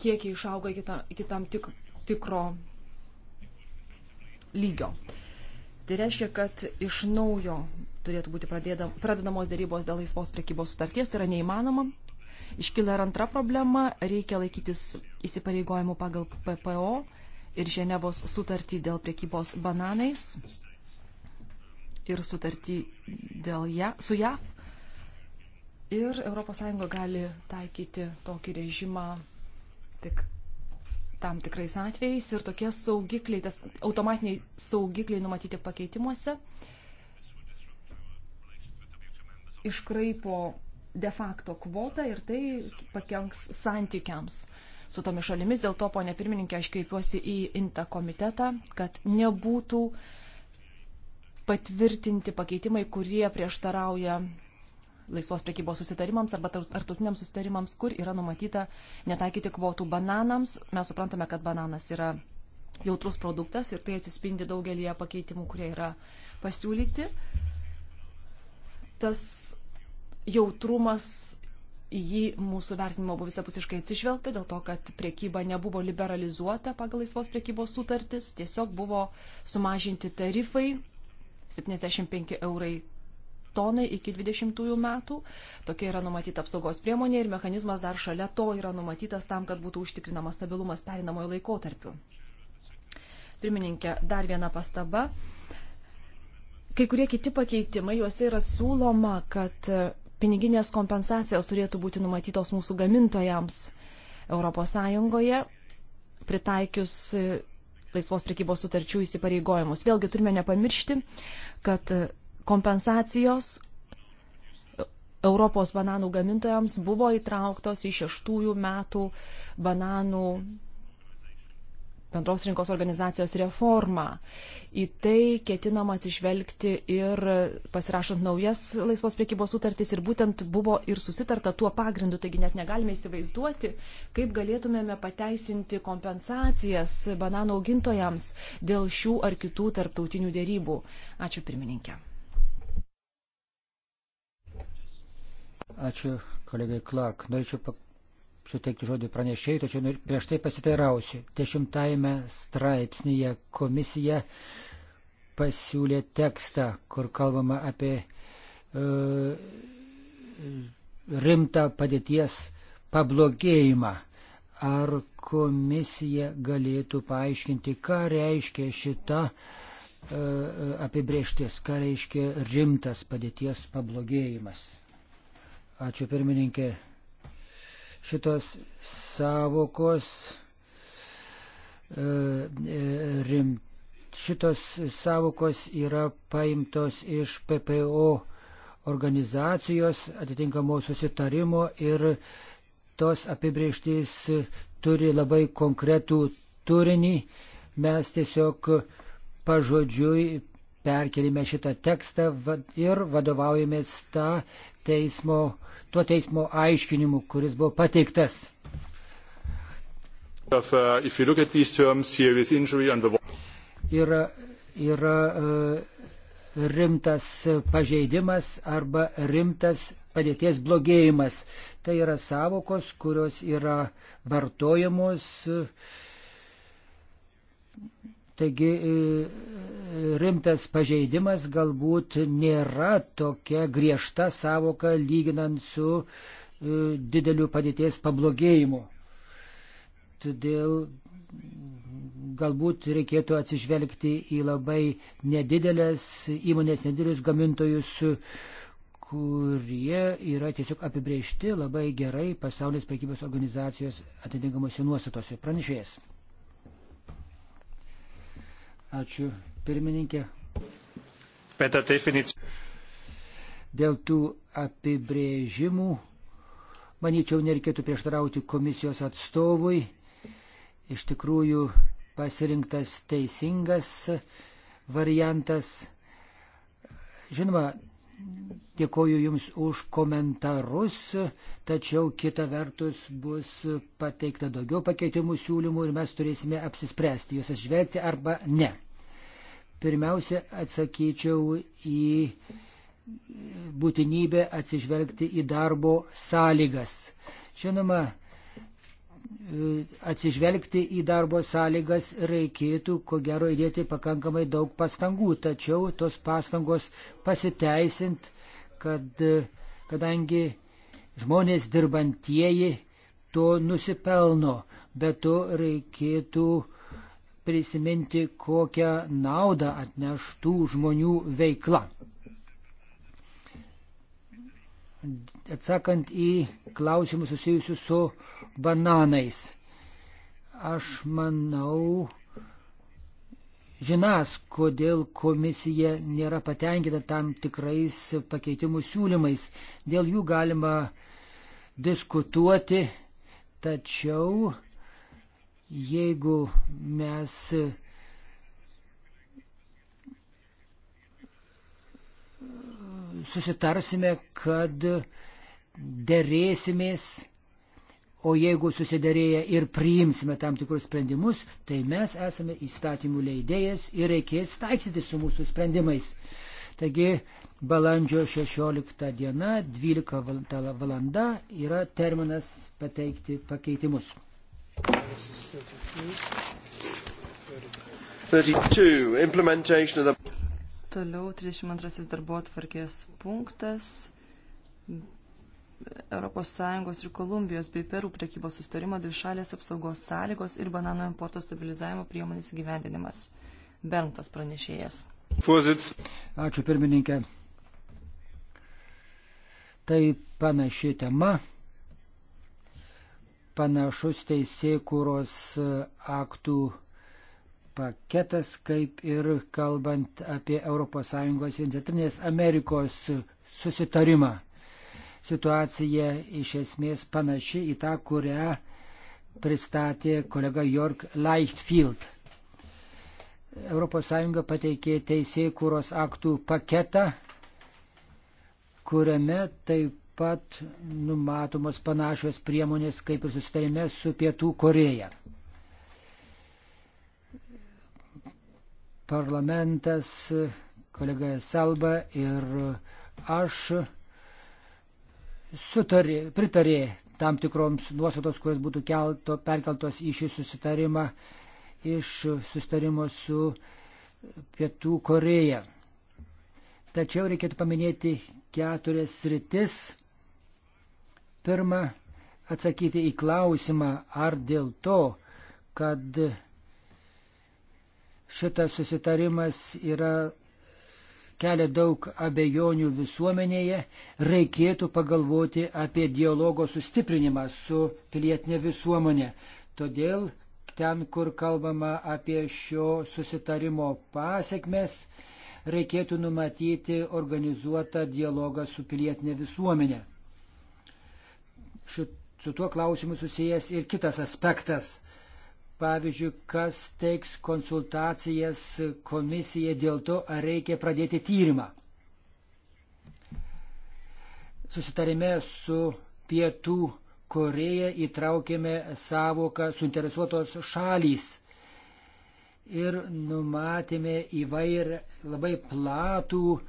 kiekiai išauga iki, ta, iki tam tik, tikro lygio. Tai reiškia, kad iš naujo turėtų būti pradėdam, pradedamos dėrybos dėl laisvos priekybos sutarties, tai yra neįmanoma. Iškyla ir antra problema, reikia laikytis įsipareigojimų pagal PPO ir Ženevos sutartį dėl priekybos bananais ir sutartį dėl ja, su JAV Ir ES gali taikyti tokį režimą tik tam tikrais atvejais ir tokie saugikliai, tas automatiniai saugikliai numatyti pakeitimuose iškraipo de facto kvotą ir tai pakenks santykiams su tomis šalimis. Dėl to, ponė pirmininkė, aš kreipiuosi į INTA komitetą, kad nebūtų patvirtinti pakeitimai, kurie prieštarauja laisvos priekybos susitarimams arba tartutiniams susitarimams, kur yra numatyta netaikyti kvotų bananams. Mes suprantame, kad bananas yra jautrus produktas ir tai atsispindi daugelį pakeitimų, kurie yra pasiūlyti. Tas jautrumas į jį mūsų vertinimo buvo visapusiškai atsižvelgta, dėl to, kad priekyba nebuvo liberalizuota pagal laisvos priekybos sutartis, tiesiog buvo sumažinti tarifai 75 eurai tonai iki 20 metų. Tokia yra numatyta apsaugos priemonė ir mechanizmas dar šalia to yra numatytas tam, kad būtų užtikrinamas stabilumas perinamojo laikotarpiu. Pirmininkė, dar viena pastaba. Kai kurie kiti pakeitimai, juose yra siūloma, kad piniginės kompensacijos turėtų būti numatytos mūsų gamintojams ES, pritaikius laisvos prekybos sutarčių įsipareigojimus. Vėlgi turime nepamiršti, kad kompensacijos Europos bananų gamintojams buvo įtrauktos į šeštųjų metų bananų bendros rinkos organizacijos reformą. Į tai ketinama atsižvelgti ir pasirašant naujas laisvos priekybos sutartys ir būtent buvo ir susitarta tuo pagrindu, taigi net negalime įsivaizduoti, kaip galėtumėme pateisinti kompensacijas bananų augintojams dėl šių ar kitų tarptautinių dėrybų. Ačiū pirmininkė. Ačiū kolegai Clark. Norėčiau suteikti žodį pranešėjai, tačiau prieš tai pasiteirausiu. Dešimtajame straipsnėje komisija pasiūlė tekstą, kur kalbama apie e, rimtą padėties pablogėjimą. Ar komisija galėtų paaiškinti, ką reiškia šita e, e apibrieštis, ką reiškia rimtas padėties pablogėjimas? Ačiū pirmininkė. Šitos savokos e, e, rim, šitos savokos yra paimtos iš PPO organizacijos atitinkamo susitarimo ir tos apibrieštys turi labai konkretų turinį. Mes tiesiog pažodžiui perkelime šitą tekstą ir vadovaujamės tą teismo, tuo teismo aiškinimu, kuris buvo pateiktas. Of, uh, terms, the... Yra, yra uh, rimtas pažeidimas arba rimtas padėties blogėjimas. Tai yra savokos, kurios yra vartojamos uh, Taigi e, rimtas pažeidimas galbūt nėra tokia griežta savoka lyginant su e, dideliu padėties pablogėjimu. Todėl galbūt reikėtų atsižvelgti į labai nedidelės įmonės, nedidelius gamintojus, kurie yra tiesiog apibriežti labai gerai pasaulinės prekybos organizacijos atitinkamuose nuostatose. Pranešėjas. Ačiū, pirmininkė. Peta tai definicija. Dėl tų apibrėžimų, manyčiau, nereikėtų prieštarauti komisijos atstovui. Iš tikrųjų, pasirinktas teisingas variantas. Žinoma, Dėkoju Jums už komentarus, tačiau kita vertus bus pateikta daugiau pakeitimų siūlymų ir mes turėsime apsispręsti, juos atžvelgti arba ne. Pirmiausia, atsakyčiau į būtinybę atsižvelgti į darbo sąlygas. Žinoma, atsižvelgti į darbo sąlygas reikėtų, ko gero, įdėti pakankamai daug pastangų, tačiau tos pastangos pasiteisint, kad, kadangi žmonės dirbantieji to nusipelno, bet to reikėtų prisiminti, kokią naudą atneštų žmonių veikla. Atsakant į klausimus susijusius su bananais. Aš manau, žinas, kodėl komisija nėra patenkinta tam tikrais pakeitimų siūlymais. Dėl jų galima diskutuoti, tačiau jeigu mes susitarsime, kad dėrėsimės O jeigu susidarėję ir priimsime tam tikrus sprendimus, tai mes esame įstatymų leidėjas ir reikės taiksyti su mūsų sprendimais. Taigi balandžio 16 diena, 12 valanda yra terminas pateikti pakeitimus. 32. Implementation of the... Toliau 32 darbo atvarkės punktas ES ir Kolumbijos bei Perų prekybos sustarimo dvišalės apsaugos sąlygos ir banano importo stabilizavimo priemonės gyvendinimas. Berntas pranešėjas. Fuzits. Ačiū pirmininkė. Tai panaši tema, panašus teisėkūros aktų paketas, kaip ir kalbant apie ES ir Centrinės Amerikos susitarimą situacija iš esmės panaši į tą, kurią pristatė kolega Jork Leichtfield. ES pateikė teisėjų kūros aktų paketą, kuriame taip pat numatomos panašios priemonės kaip ir susitarime su Pietų Koreja. Parlamentas, kolega Salba ir aš sutarė, pritarė tam tikroms nuostatos, kurios būtų kelto, perkeltos į šį susitarimą iš susitarimo su Pietų Koreja. Tačiau reikėtų paminėti keturias sritis. Pirma, atsakyti į klausimą, ar dėl to, kad šitas susitarimas yra kelia daug abejonių visuomenėje, reikėtų pagalvoti apie dialogo sustiprinimą su pilietinė visuomenė. Todėl ten, kur kalbama apie šio susitarimo pasiekmes, reikėtų numatyti organizuotą dialogą su pilietinė visuomenė. Šit, su tuo klausimu susijęs ir kitas aspektas pavyzdžiui, kas teiks konsultacijas komisija dėl to, ar reikia pradėti tyrimą. Susitarime su Pietų Koreja įtraukėme savoką suinteresuotos šalys ir numatėme įvair labai platų uh,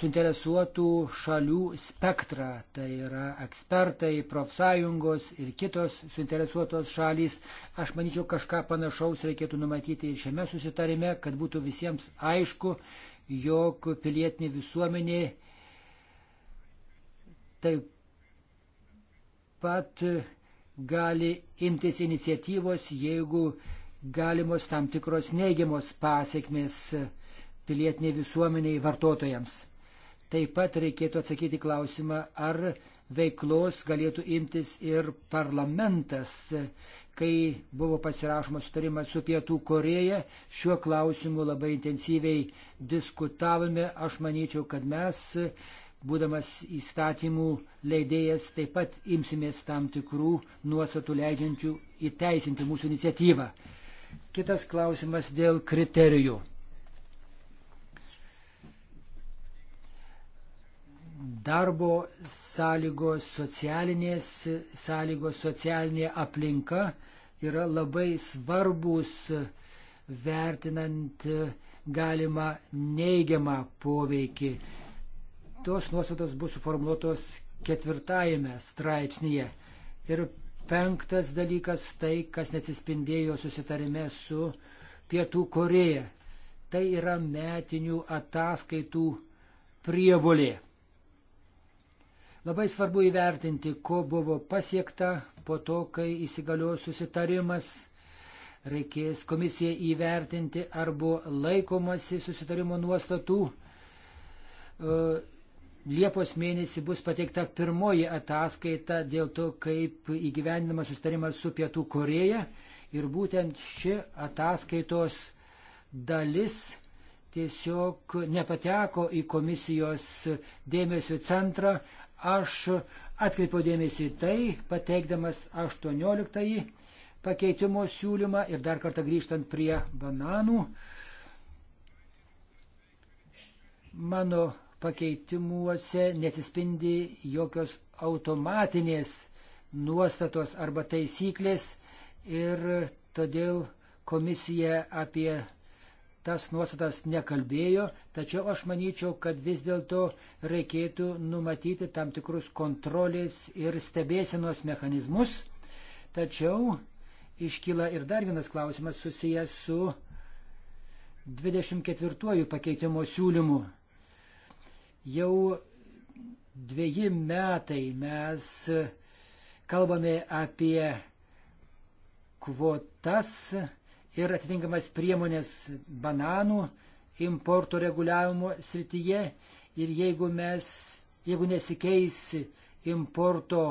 suinteresuotų šalių spektrą. Tai yra ekspertai, profsąjungos ir kitos suinteresuotos šalys. Aš manyčiau, kažką panašaus reikėtų numatyti ir šiame susitarime, kad būtų visiems aišku, jog pilietinė visuomenė taip pat gali imtis iniciatyvos, jeigu galimos tam tikros neigiamos pasiekmes pilietiniai visuomeniai vartotojams. Taip pat reikėtų atsakyti klausimą, ar veiklos galėtų imtis ir parlamentas. Kai buvo pasirašomas sutarimas su Pietų Koreja, šiuo klausimu labai intensyviai diskutavome. Aš manyčiau, kad mes, būdamas įstatymų leidėjas, taip pat imsimės tam tikrų nuostatų leidžiančių įteisinti mūsų iniciatyvą. Kitas klausimas dėl kriterijų. darbo sąlygos, socialinės sąlygos, socialinė aplinka yra labai svarbus vertinant galimą neigiamą poveikį. Tos nuostatos bus suformuotos ketvirtajame straipsnėje. Ir penktas dalykas tai, kas neatsispindėjo susitarime su Pietų Koreja. Tai yra metinių ataskaitų prievolė. Labai svarbu įvertinti, ko buvo pasiekta po to, kai įsigaliojo susitarimas. Reikės komisija įvertinti, ar buvo laikomasi susitarimo nuostatų. E, Liepos mėnesį bus pateikta pirmoji ataskaita dėl to, kaip įgyvendinamas sustarimas su Pietų Koreja. Ir būtent ši ataskaitos dalis tiesiog nepateko į komisijos dėmesio centrą, Aš atkreipiau dėmesį į tai, pateikdamas 18 pakeitimo siūlymą ir dar kartą grįžtant prie bananų. Mano pakeitimuose nesispindi jokios automatinės nuostatos arba taisyklės ir todėl komisija apie tas nuostatas nekalbėjo, tačiau aš manyčiau, kad vis dėlto reikėtų numatyti tam tikrus kontrolės ir stebėsenos mechanizmus. Tačiau iškyla ir dar vienas klausimas susijęs su 24 pakeitimo siūlymu. Jau dviejį metai mes kalbame apie kvotas ir atitinkamas priemonės bananų importo reguliavimo srityje. Ir jeigu mes, jeigu nesikeis importo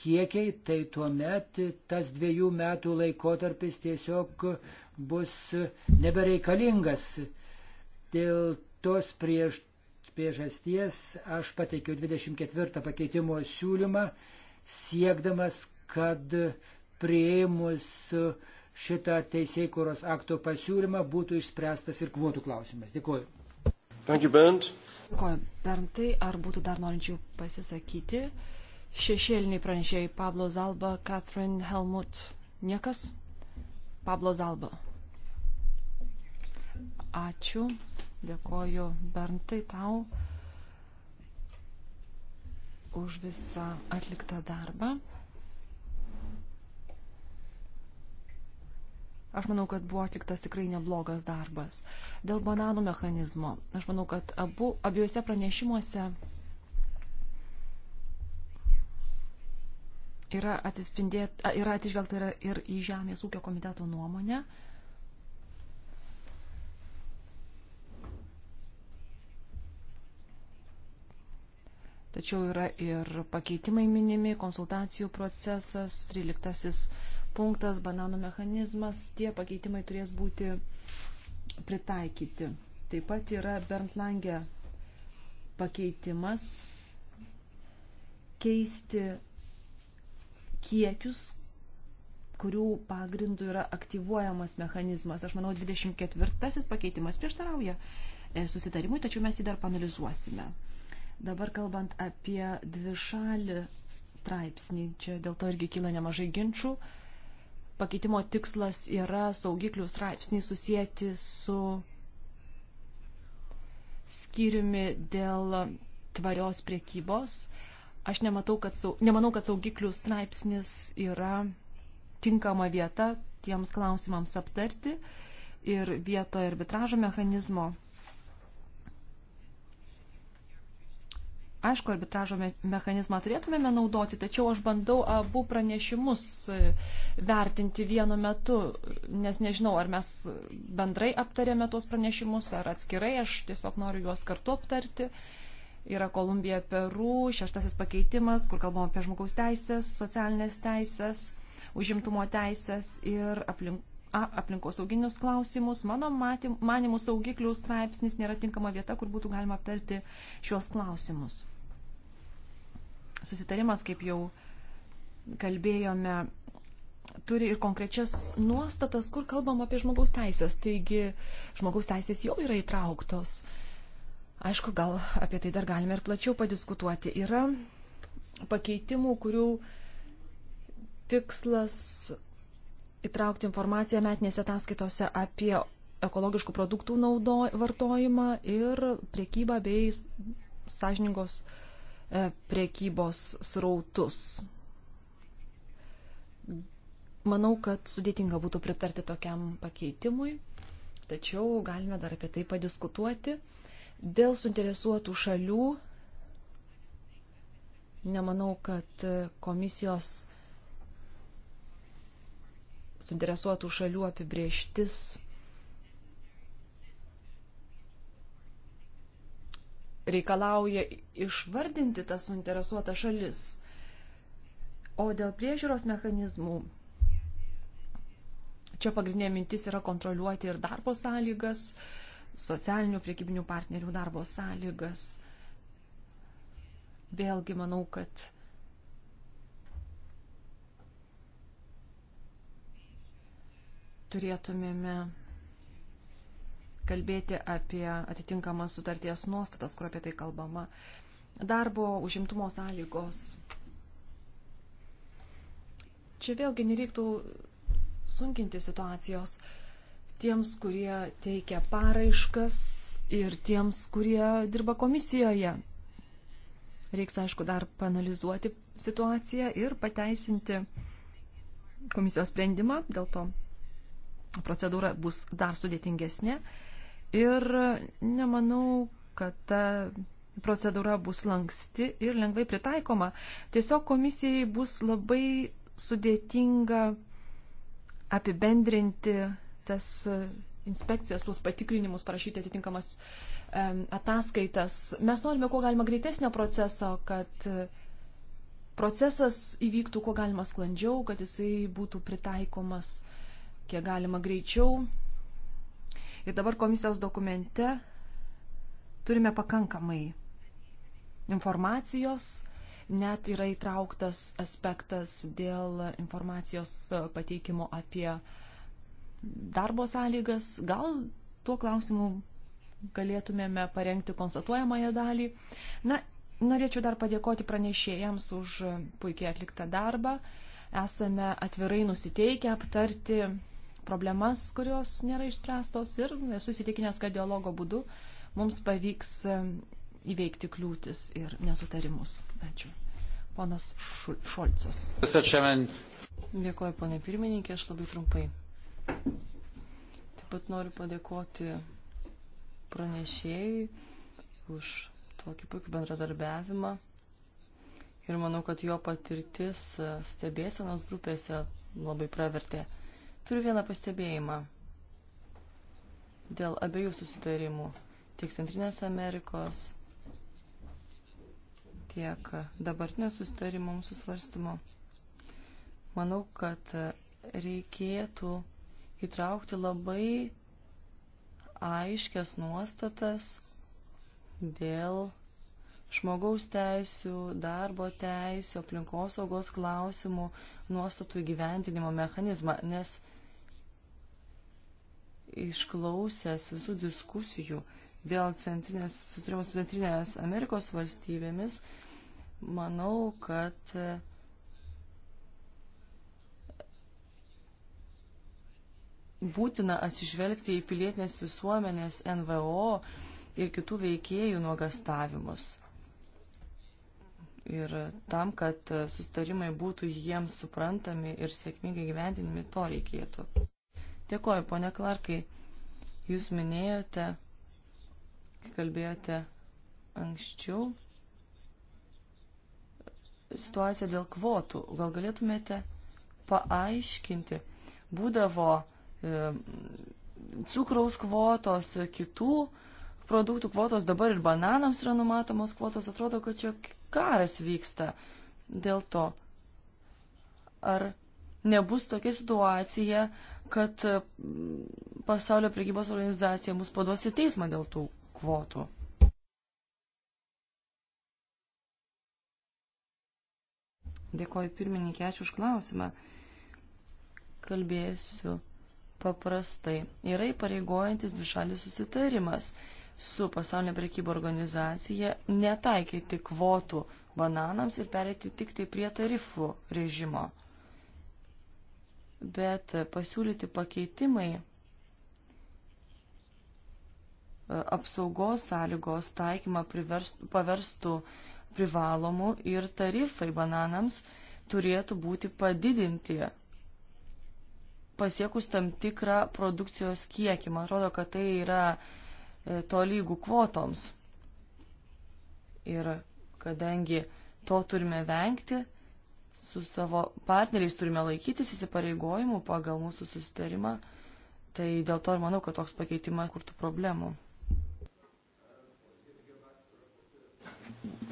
kiekiai, tai tuo met tas dviejų metų laikotarpis tiesiog bus nebereikalingas. Dėl tos prieš, priežasties aš pateikiau 24 pakeitimo siūlymą, siekdamas, kad prieimus uh, šitą teisėkūros akto pasiūlymą būtų išspręstas ir kvotų klausimas. Dėkuoju. Dėkuoju, Berntai. Ar būtų dar norinčių pasisakyti? Šešėliniai pranešėjai Pablo Zalba, Catherine Helmut. Niekas? Pablo Zalba. Ačiū. Dėkoju Berntai tau už visą atliktą darbą. Aš manau, kad buvo atliktas tikrai neblogas darbas. Dėl bananų mechanizmo. Aš manau, kad abu, abiejose pranešimuose yra, yra atsižvelgta yra ir į Žemės ūkio komiteto nuomonę. Tačiau yra ir pakeitimai minimi, konsultacijų procesas, 13 punktas, bananų mechanizmas, tie pakeitimai turės būti pritaikyti. Taip pat yra Berntlange pakeitimas keisti kiekius, kurių pagrindų yra aktyvuojamas mechanizmas. Aš manau, 24 pakeitimas prieštarauja e, susitarimui, tačiau mes jį dar panalizuosime. Dabar kalbant apie dvišalį straipsnį, čia dėl to irgi kyla nemažai ginčių. Uh, pakeitimo tikslas yra saugiklių straipsnį susijęti su skyriumi dėl tvarios priekybos. Aš nematau, kad sau, nemanau, kad saugiklių straipsnis yra tinkama vieta tiems klausimams aptarti ir vietoje arbitražo mechanizmo Aišku, arbitražo mechanizmą turėtumėme naudoti, tačiau aš bandau abu pranešimus e, vertinti vienu metu, nes nežinau, ar mes bendrai aptarėme tuos pranešimus, ar atskirai, aš tiesiog noriu juos kartu aptarti. Yra Kolumbija, Peru, šeštasis pakeitimas, kur kalbam apie žmogaus teisės, socialinės teisės, užimtumo teisės ir aplink, aplinkosauginius klausimus. Mano manimų saugiklių straipsnis nėra tinkama vieta, kur būtų galima aptarti šios klausimus. Susitarimas, kaip jau kalbėjome, turi ir konkrečias nuostatas, kur kalbam apie žmogaus teisės. Taigi žmogaus teisės jau yra įtrauktos. Aišku, gal apie tai dar galime ir plačiau padiskutuoti. Yra pakeitimų, kurių tikslas įtraukti informaciją metinėse ataskaitose apie ekologiškų produktų naudo, vartojimą ir priekybą bei sąžiningos e, priekybos srautus. Manau, kad sudėtinga būtų pritarti tokiam pakeitimui, tačiau galime dar apie tai padiskutuoti. Dėl suinteresuotų šalių nemanau, kad e, komisijos suinteresuotų šalių apibrieštis reikalauja išvardinti tas suinteresuotas šalis. O dėl priežiūros mechanizmų, čia pagrindinė mintis yra kontroliuoti ir darbo sąlygas, socialinių priekybinių partnerių darbo sąlygas. Vėlgi manau, kad turėtumėme kalbėti apie atitinkamas sutarties nuostatas, kur apie tai kalbama. Darbo užimtumo sąlygos. Čia vėlgi nereiktų sunkinti situacijos tiems, kurie teikia paraiškas ir tiems, kurie dirba komisijoje. Reiks, aišku, dar panalizuoti situaciją ir pateisinti komisijos sprendimą, dėl to procedūra bus dar sudėtingesnė ir nemanau, kad ta procedūra bus lanksti ir lengvai pritaikoma. Tiesiog komisijai bus labai sudėtinga apibendrinti tas e, inspekcijas, tuos patikrinimus, parašyti atitinkamas um, ataskaitas. Mes norime kuo galima greitesnio proceso, kad e, procesas įvyktų kuo galima sklandžiau, kad jisai būtų pritaikomas uh, kiek galima greičiau. Ir dabar komisijos dokumente turime pakankamai informacijos, net yra įtrauktas aspektas dėl informacijos pateikimo apie darbo sąlygas. Gal tuo klausimu galėtumėme parengti konstatuojamąją dalį. Na, norėčiau dar padėkoti pranešėjams už puikiai atliktą darbą. Esame atvirai nusiteikę aptarti problemas, kurios nėra išspręstos ir esu įsitikinęs, kad dialogo būdu mums pavyks įveikti kliūtis ir nesutarimus. Ačiū. Ponas Šolcas. Dėkuoju, ponė pirmininkė, aš labai trumpai. Taip pat noriu padėkoti pranešėjai už tokį puikų bendradarbiavimą. Ir manau, kad jo patirtis e, stebėsenos grupėse labai pravertė. Turiu vieną pastebėjimą dėl abiejų susitarimų, tiek Centrinės Amerikos, tiek dabartinio susitarimo mūsų svarstymo. Manau, kad reikėtų įtraukti labai aiškias nuostatas dėl žmogaus teisių, darbo teisių, aplinkosaugos klausimų, nuostatų įgyventinimo mechanizmą, nes išklausęs visų diskusijų dėl centrinės, sutrimo su centrinės Amerikos valstybėmis, manau, kad būtina atsižvelgti į pilietinės visuomenės NVO ir kitų veikėjų nuogastavimus. Ir tam, kad sustarimai būtų jiems suprantami ir sėkmingai gyventinami, to reikėtų. Dėkoju, ponia Klarkai. Jūs minėjote, kai kalbėjote anksčiau, situaciją dėl kvotų. Gal galėtumėte paaiškinti? Būdavo e, cukraus kvotos, kitų produktų kvotos, dabar ir bananams yra numatomos kvotos. Atrodo, kad čia karas vyksta dėl to. Ar nebus tokia situacija, e, kad mm, pasaulio prekybos organizacija mus paduos į teismą dėl tų kvotų. Dėkoju pirmininkė, ačiū už klausimą. Kalbėsiu paprastai. Yra įpareigojantis dvišalis susitarimas su pasaulio prekybo organizacija netaikyti kvotų bananams ir pereiti tik tai prie tarifų režimo bet pasiūlyti pakeitimai e, apsaugos sąlygos taikymą privers, paverstų privalomų ir tarifai bananams turėtų būti padidinti pasiekus tam tikrą produkcijos kiekį. Man atrodo, kad tai yra e, tolygų kvotoms. Ir kadangi to turime vengti, su savo partneriais turime laikytis įsipareigojimų pagal mūsų susitarimą. Tai dėl to ir manau, kad toks pakeitimas kurtų problemų.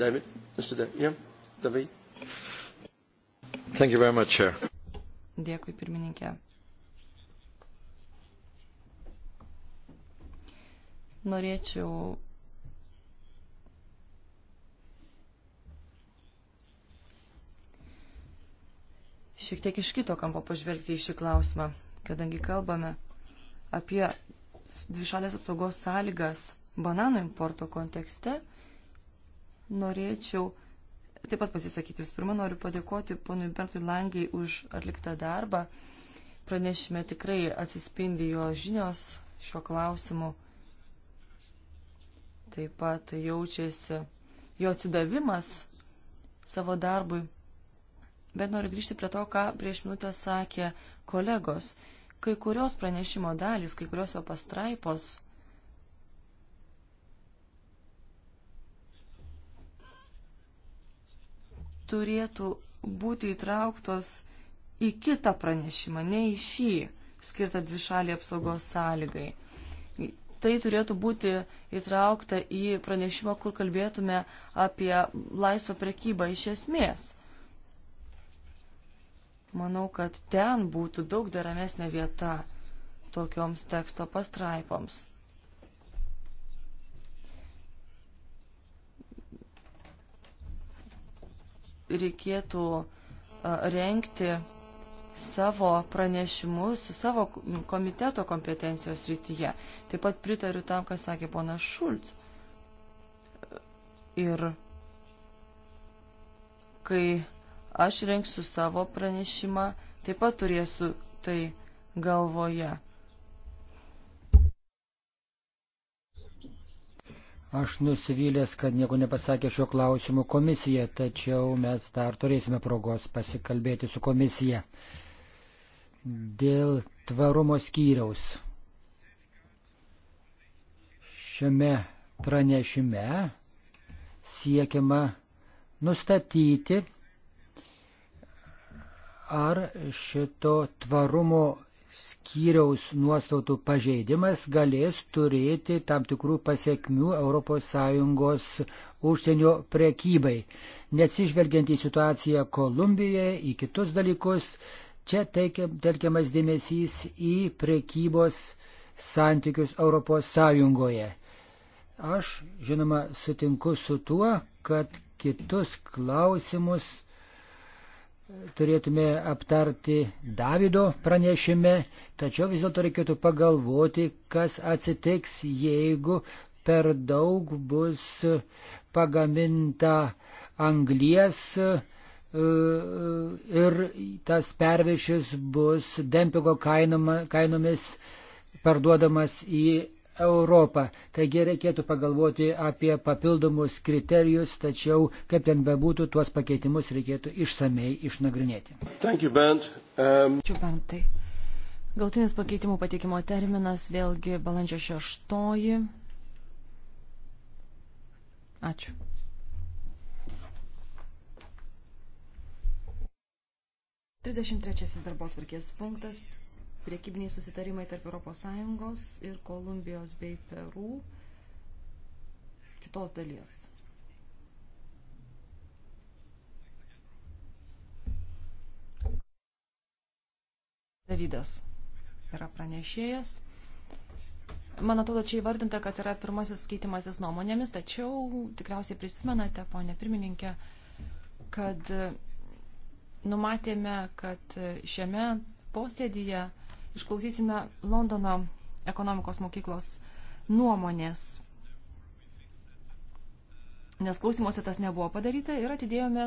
David, Mr. David. Yeah, David. Thank you very much, Chair. Dėkui, pirmininkė. Norėčiau šiek tiek iš kito kampo pažvelgti į šį klausimą, kadangi kalbame apie dvišalės apsaugos sąlygas bananų importo kontekste, norėčiau taip pat pasisakyti. Vis pirma, noriu padėkoti ponui Bertui Langiai už atliktą darbą. Pranešime tikrai atsispindi jo žinios šiuo klausimu. Taip pat jaučiasi jo atsidavimas savo darbui bet noriu grįžti prie to, ką prieš minutę sakė kolegos. Kai kurios pranešimo dalys, kai kurios jo pastraipos turėtų būti įtrauktos į kitą pranešimą, ne į šį skirtą dvišalį apsaugos sąlygai. Tai turėtų būti įtraukta į pranešimą, kur kalbėtume apie laisvą prekybą iš esmės. Manau, kad ten būtų daug deramesnė vieta tokioms teksto pastraipoms. Reikėtų renkti savo pranešimus savo komiteto kompetencijos rytyje. Taip pat pritariu tam, kas sakė ponas Šulc. Ir kai Aš renksiu savo pranešimą, taip pat turėsiu tai galvoje. Aš nusivylęs, kad nieko nepasakė šio klausimu komisija, tačiau mes dar turėsime progos pasikalbėti su komisija. Dėl tvarumo skyriaus. Šiame pranešime siekiama nustatyti ar šito tvarumo skyriaus nuostatų pažeidimas galės turėti tam tikrų pasiekmių ES užsienio prekybai. Neatsižvelgiant į situaciją Kolumbijoje, į kitus dalykus, čia telkiamas dėmesys į prekybos santykius ES. Aš, žinoma, sutinku su tuo, kad kitus klausimus turėtume aptarti Davido pranešime, tačiau vis dėlto reikėtų pagalvoti, kas atsitiks, jeigu per daug bus pagaminta anglies e, e, ir tas pervišis bus dempingo kainomis parduodamas į Europą. Taigi reikėtų pagalvoti apie papildomus kriterijus, tačiau, kaip ten bebūtų, tuos pakeitimus reikėtų išsamei išnagrinėti. Um, Ačiū, Bent. um... Bentai. Galtinis pakeitimų pateikimo terminas vėlgi balandžio 6. Ačiū. Trisdešimt trečiasis darbo atvarkės punktas priekybiniai susitarimai tarp ES ir Kolumbijos bei Perų kitos dalies. Davidas yra pranešėjas. Man atrodo, čia įvardinta, kad yra pirmasis keitimasis nuomonėmis, tačiau tikriausiai prisimenate, ponė pirmininkė, kad numatėme, kad šiame posėdyje išklausysime Londono ekonomikos mokyklos nuomonės. Nes klausimuose tas nebuvo padaryta ir atidėjome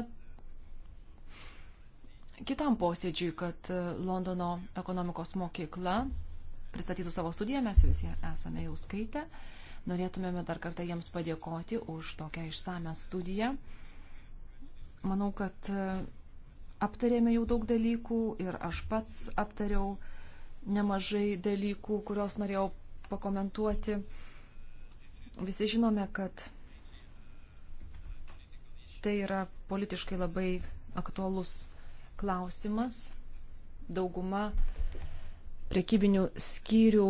kitam posėdžiui, kad e, Londono ekonomikos mokykla pristatytų savo studiją, mes visi esame jau skaitę. Norėtumėme dar kartą jiems padėkoti už tokią išsame studiją. Manau, kad e, aptarėme jau daug dalykų ir aš pats aptariau uh, nemažai dalykų, kuriuos norėjau pakomentuoti. Visi žinome, kad tai yra politiškai labai aktualus klausimas. Dauguma priekybinių skyrių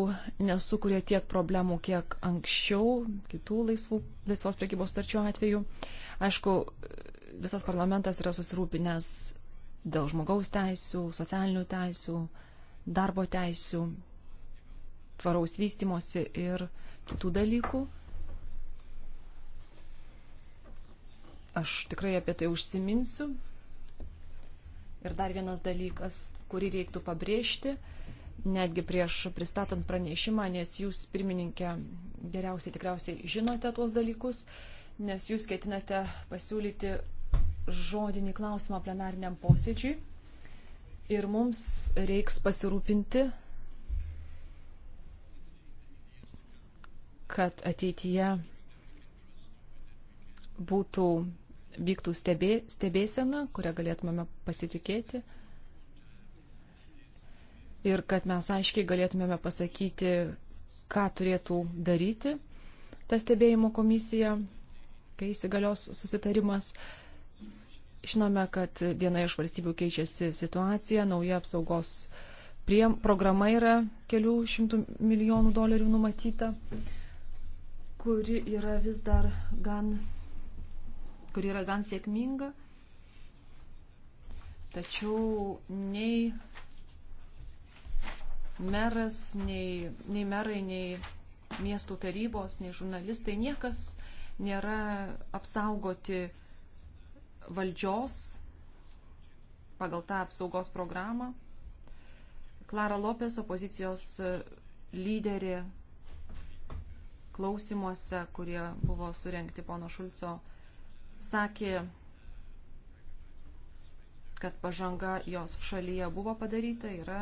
nesukuria tiek problemų, kiek anksčiau, kitų laisvų, laisvos priekybos starčių atveju. Aišku, visas parlamentas yra susirūpinęs dėl žmogaus teisų, socialinių teisų, darbo teisų, tvaraus vystimosi ir kitų dalykų. Aš tikrai apie tai užsiminsiu. Ir dar vienas dalykas, kurį reiktų pabrėžti, netgi prieš pristatant pranešimą, nes jūs, pirmininkė, geriausiai tikriausiai žinote tuos dalykus, nes jūs ketinate pasiūlyti žodinį klausimą plenariniam posėdžiui ir mums reiks pasirūpinti, kad ateityje būtų vyktų stebė, stebėsena, kurią galėtumėme pasitikėti. Ir kad mes aiškiai galėtumėme pasakyti, ką turėtų daryti ta stebėjimo komisija, kai įsigalios susitarimas. Uh, Žinome, kad viena iš valstybių keičiasi situacija, nauja apsaugos prie, programa yra kelių šimtų milijonų dolerių numatyta, kuri yra vis dar gan, kuri yra gan sėkminga. Tačiau nei meras, nei, nei merai, nei miestų tarybos, nei žurnalistai, niekas nėra apsaugoti valdžios pagal tą apsaugos programą. Klara Lopes, opozicijos e, lyderė, klausimuose, kurie buvo surenkti pono Šulco, sakė, kad pažanga jos šalyje buvo padaryta, yra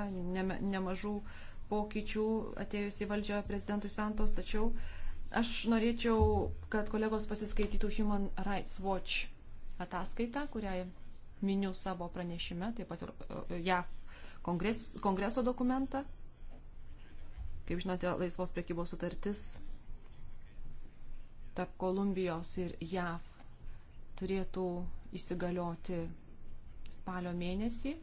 nemažų pokyčių atėjus į valdžią prezidentui Santos, tačiau aš norėčiau, kad kolegos pasiskaitytų Human Rights Watch ataskaitą, kurią miniu savo pranešime, taip pat ir e, e, JAV kongres, kongreso dokumentą. Kaip žinote, laisvos priekybos sutartis tarp Kolumbijos ir JAV turėtų įsigalioti spalio mėnesį.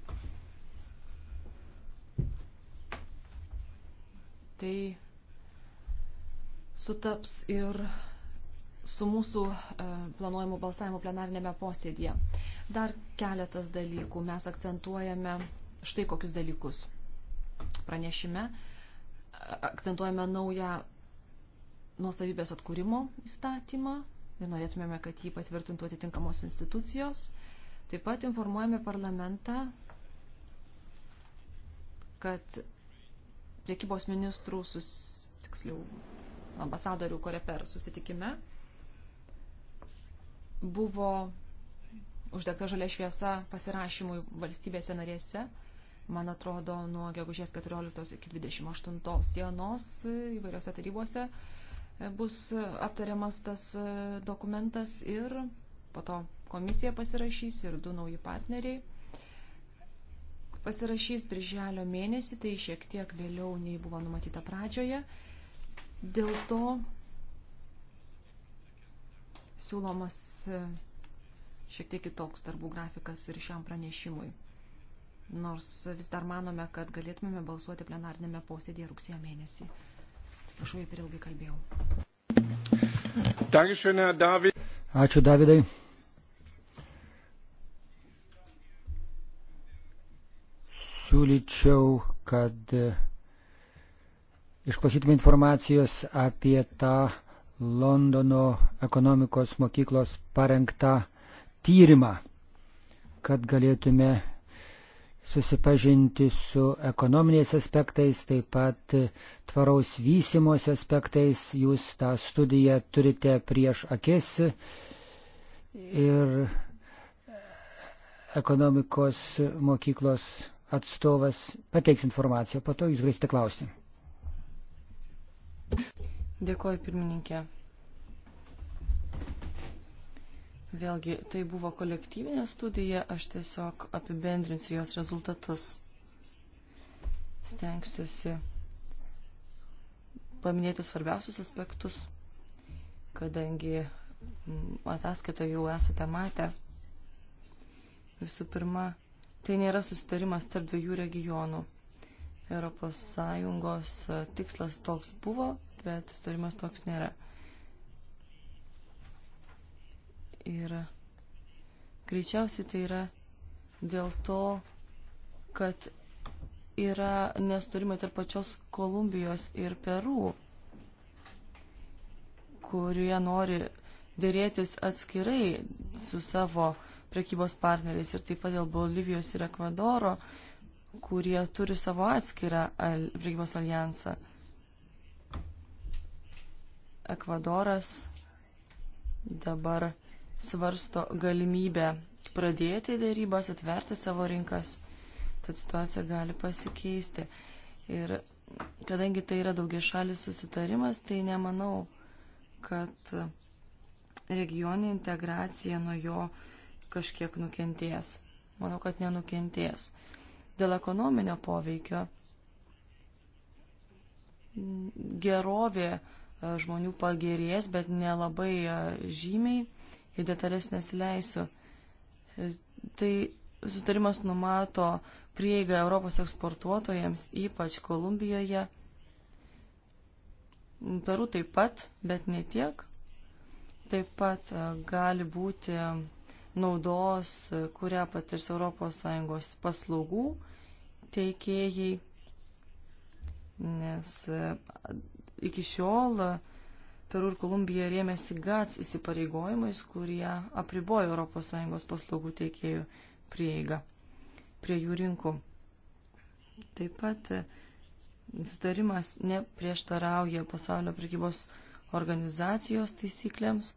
Tai sutaps ir su mūsų e, planuojamu balsavimu plenarinėme posėdėje. Dar keletas dalykų. Mes akcentuojame štai kokius dalykus. Pranešime akcentuojame naują nuosavybės atkūrimo įstatymą ir norėtumėme, kad jį patvirtintų atitinkamos institucijos. Taip pat informuojame parlamentą, kad priekybos ministrų, sus, tiksliau, ambasadorių Koreper susitikime buvo uždegta žalia šviesa pasirašymui valstybėse narėse. Man atrodo, nuo gegužės 14 iki 28 dienos įvairiose tarybose e, bus aptariamas tas e, dokumentas ir po to komisija pasirašys ir du nauji partneriai pasirašys birželio mėnesį, tai šiek tiek vėliau nei buvo numatyta pradžioje. Dėl to siūlomas e, šiek tiek kitoks darbų grafikas ir šiam pranešimui. Nors vis dar manome, kad galėtumėme balsuoti plenarnėme posėdėje rugsėjo mėnesį. Atsiprašau, jei per ilgai kalbėjau. Ačiū, Davidai. Siūlyčiau, kad e, išklausytume informacijos apie tą Londono ekonomikos mokyklos parengtą tyrimą, kad galėtume susipažinti su ekonominiais aspektais, taip pat tvaraus vystimos aspektais. Jūs tą studiją turite prieš akis ir ekonomikos mokyklos atstovas pateiks informaciją, po to jūs galėsite klausti. Dėkoju, pirmininkė. Vėlgi, tai buvo kolektyvinė studija, aš tiesiog apibendrinsiu jos rezultatus. Stengsiuosi paminėti svarbiausius aspektus, kadangi ataskaitą jau esate matę. Visų pirma, tai nėra susitarimas tarp dviejų regionų. Europos Sąjungos e, tikslas toks buvo, bet sutarimas toks nėra. Ir greičiausiai tai yra dėl to, kad yra nesutarimai tarp pačios Kolumbijos ir Peru, kurie nori dėrėtis atskirai su savo prekybos partneriais ir taip pat dėl Bolivijos ir Ekvadoro, kurie turi savo atskirą prekybos alijansą. Ekvadoras dabar svarsto galimybę pradėti dėrybas, atverti savo rinkas, tad situacija gali pasikeisti. Ir kadangi tai yra daugia šalis susitarimas, tai nemanau, kad regioninė integracija nuo jo kažkiek nukentės. Manau, kad nenukentės. Dėl ekonominio poveikio gerovė E, žmonių pagerės, bet nelabai e, žymiai į detalės nesileisiu. E, tai sutarimas numato prieigą Europos eksportuotojams, ypač Kolumbijoje, Peru taip pat, bet ne tiek. Taip pat gali būti naudos, kurią patirs ES paslaugų teikėjai, nes iki šiol e, Peru ir Kolumbija rėmėsi GATS įsipareigojimais, kurie apribojo ES paslaugų teikėjų prieigą prie jų rinkų. Taip pat e, sutarimas neprieštarauja pasaulio prekybos organizacijos taisyklėms.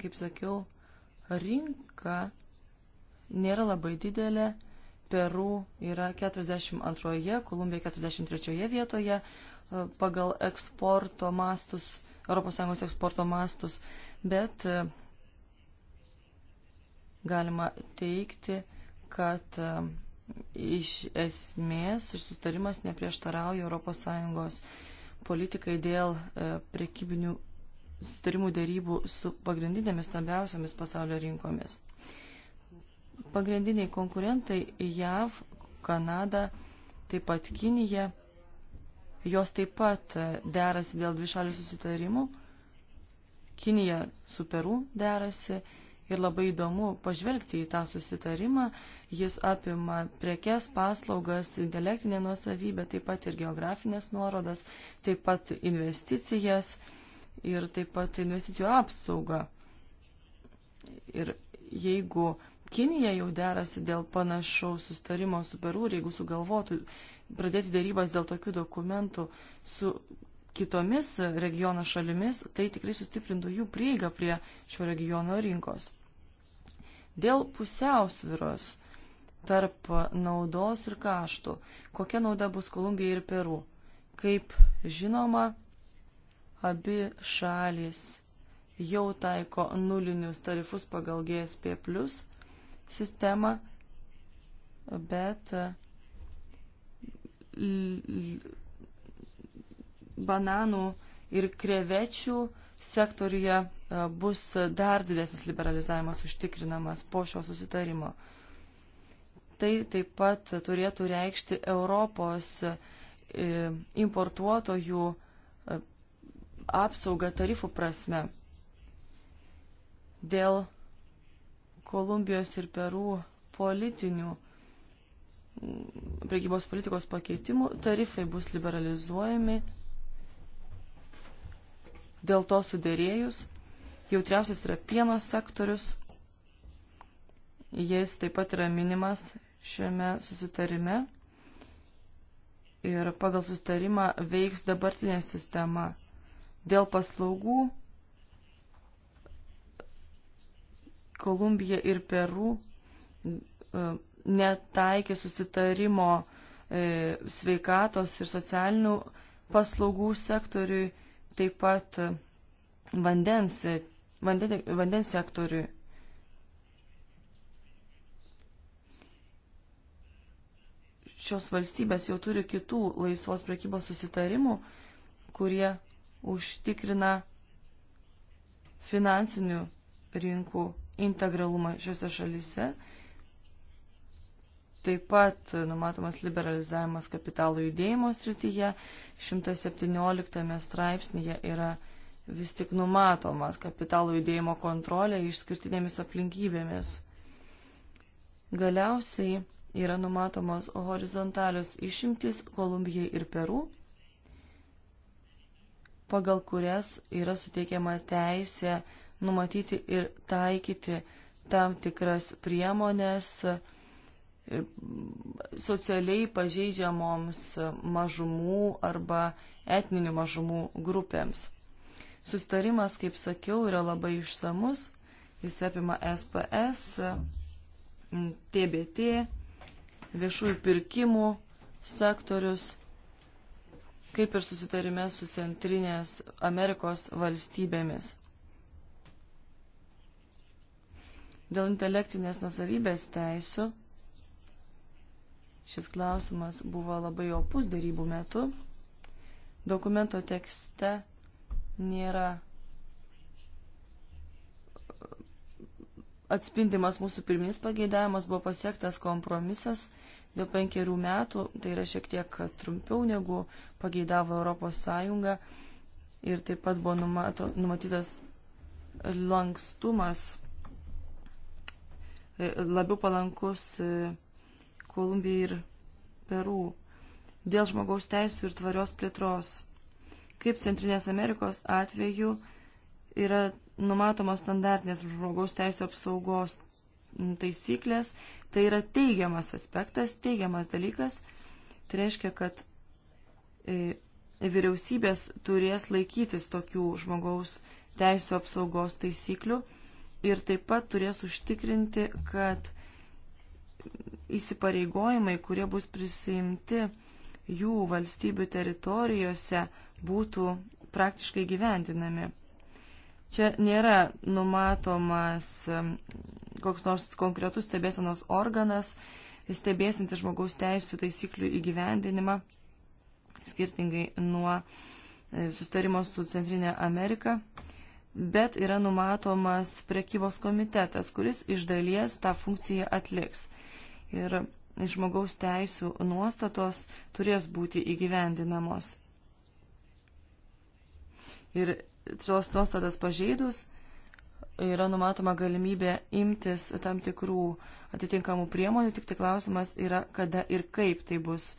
Kaip sakiau, rinka nėra labai didelė Peru yra 42, Kolumbija 43 vietoje e, pagal eksporto mastus, ES eksporto mastus, bet e, galima teikti, kad e, iš esmės ir sustarimas neprieštarauja ES politikai dėl prekybinių sustarimų dėrybų su pagrindinėmis stambiausiamis pasaulio rinkomis. Pagrindiniai konkurentai JAV, Kanada, taip pat Kinija, jos taip pat e, derasi dėl dvišalių susitarimų. Kinija su Peru derasi ir labai įdomu pažvelgti į tą susitarimą. Jis apima prekes, paslaugas, intelektinę nuosavybę, taip pat ir geografinės nuorodas, taip pat investicijas ir taip pat investicijų apsaugą. Ir jeigu Kinija jau derasi dėl panašaus sustarimo su Peru ir jeigu sugalvotų pradėti darybas dėl tokių dokumentų su kitomis regiono šalimis, tai tikrai sustiprintų jų prieigą prie šio regiono rinkos. Dėl pusiausviros tarp naudos ir kaštų. Kokia nauda bus Kolumbijai ir Peru? Kaip žinoma, abi šalis jau taiko nulinius tarifus pagal GSP, sistemą, bet e, bananų ir krevečių sektoriuje e, bus dar didesnis liberalizavimas užtikrinamas po šio susitarimo. Tai taip pat turėtų reikšti Europos e, importuotojų apsaugą tarifų prasme. Dėl Kolumbijos ir Perų politinių prekybos politikos pakeitimų, tarifai bus liberalizuojami. Dėl to sudėrėjus jautriausias yra pieno sektorius. Jis taip pat yra minimas šiame susitarime. Ir pagal susitarimą veiks dabartinė sistema. Dėl paslaugų Kolumbija ir Peru e, netaikė susitarimo e, sveikatos ir socialinių paslaugų sektoriui, taip pat vandens, vandens, vandens sektoriui. Šios valstybės jau turi kitų laisvos prekybos susitarimų, kurie užtikrina finansinių rinkų integralumą šiuose šalyse. Taip pat numatomas liberalizavimas kapitalo judėjimo srityje. 117 straipsnėje yra vis tik numatomas kapitalo judėjimo kontrolė išskirtinėmis aplinkybėmis. Galiausiai yra numatomos horizontalios išimtis Kolumbijai ir Peru, pagal kurias yra suteikiama teisė numatyti ir taikyti tam tikras priemonės e, socialiai pažeidžiamoms mažumų arba etninių mažumų grupėms. Sustarimas, kaip sakiau, yra labai išsamus. Jis apima SPS, TBT, viešųjų pirkimų sektorius, kaip ir susitarime su Centrinės Amerikos valstybėmis. Dėl intelektinės nusavybės teisų šis klausimas buvo labai opus darybų metu. Dokumento tekste nėra atspindimas mūsų pirminis pageidavimas, buvo pasiektas kompromisas dėl penkerių metų, tai yra šiek tiek trumpiau negu pageidavo Europos Sąjunga ir taip pat buvo numato, numatytas lankstumas E, labiau palankus e, Kolumbijai ir Peru dėl žmogaus teisų ir tvarios plėtros. Kaip Centrinės Amerikos atveju yra numatomos standartinės žmogaus teisų apsaugos taisyklės, tai yra teigiamas aspektas, teigiamas dalykas. Tai reiškia, kad e, vyriausybės turės laikytis tokių žmogaus teisų apsaugos taisyklių ir taip pat turės užtikrinti, kad įsipareigojimai, kurie bus prisimti jų valstybių teritorijose, būtų praktiškai gyvendinami. Čia nėra numatomas koks nors konkretus stebėsenos organas, stebėsinti žmogaus teisų taisyklių įgyvendinimą, skirtingai nuo e, sustarimo su Centrinė Amerika bet yra numatomas prekybos komitetas, kuris iš dalies tą funkciją atliks. Ir žmogaus teisų nuostatos turės būti įgyvendinamos. Ir šios nuostatas pažeidus yra numatoma galimybė imtis tam tikrų atitinkamų priemonių, tik tai klausimas yra, kada ir kaip tai bus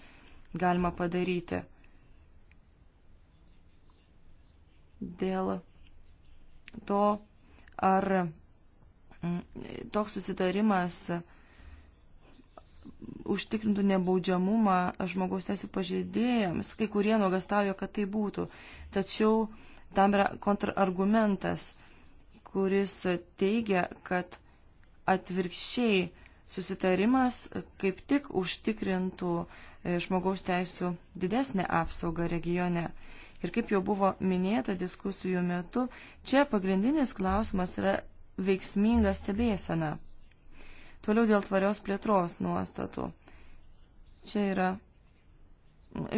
galima padaryti. Dėl to, ar mm, toks susitarimas užtikrintų nebaudžiamumą žmogaus teisų pažeidėjams. Kai kurie nuogastavo, kad tai būtų. Tačiau tam yra kontrargumentas, kuris teigia, kad atvirkščiai susitarimas kaip tik užtikrintų e, žmogaus teisų didesnę apsaugą regione. Ir kaip jau buvo minėta diskusijų metu, čia pagrindinis klausimas yra veiksminga stebėsena. Toliau dėl tvarios plėtros nuostatų. Čia yra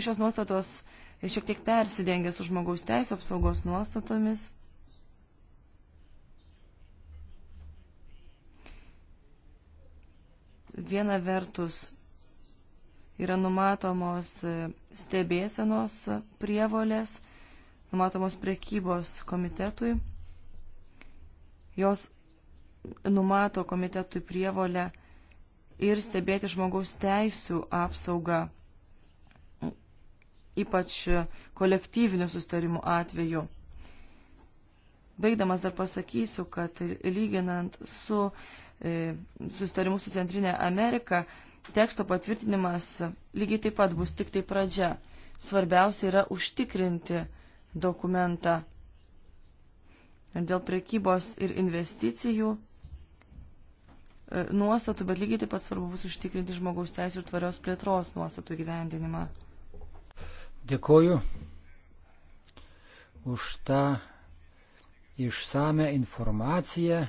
šios nuostatos šiek tiek persidengia su žmogaus teisų apsaugos nuostatomis. Viena vertus yra numatomos e, stebėsenos prievolės, numatomos prekybos komitetui. Jos numato komitetui prievolę ir stebėti žmogaus teisų apsaugą, ypač kolektyvinių sustarimų atveju. Baigdamas dar pasakysiu, kad lyginant su e, sustarimu su Centrinė Amerika, e, teksto patvirtinimas lygiai taip pat bus tik tai pradžia. Svarbiausia yra užtikrinti dokumentą dėl prekybos ir investicijų e, nuostatų, bet lygiai taip pat svarbu bus užtikrinti žmogaus teisų ir tvarios plėtros nuostatų gyvendinimą. Dėkoju už tą išsame informaciją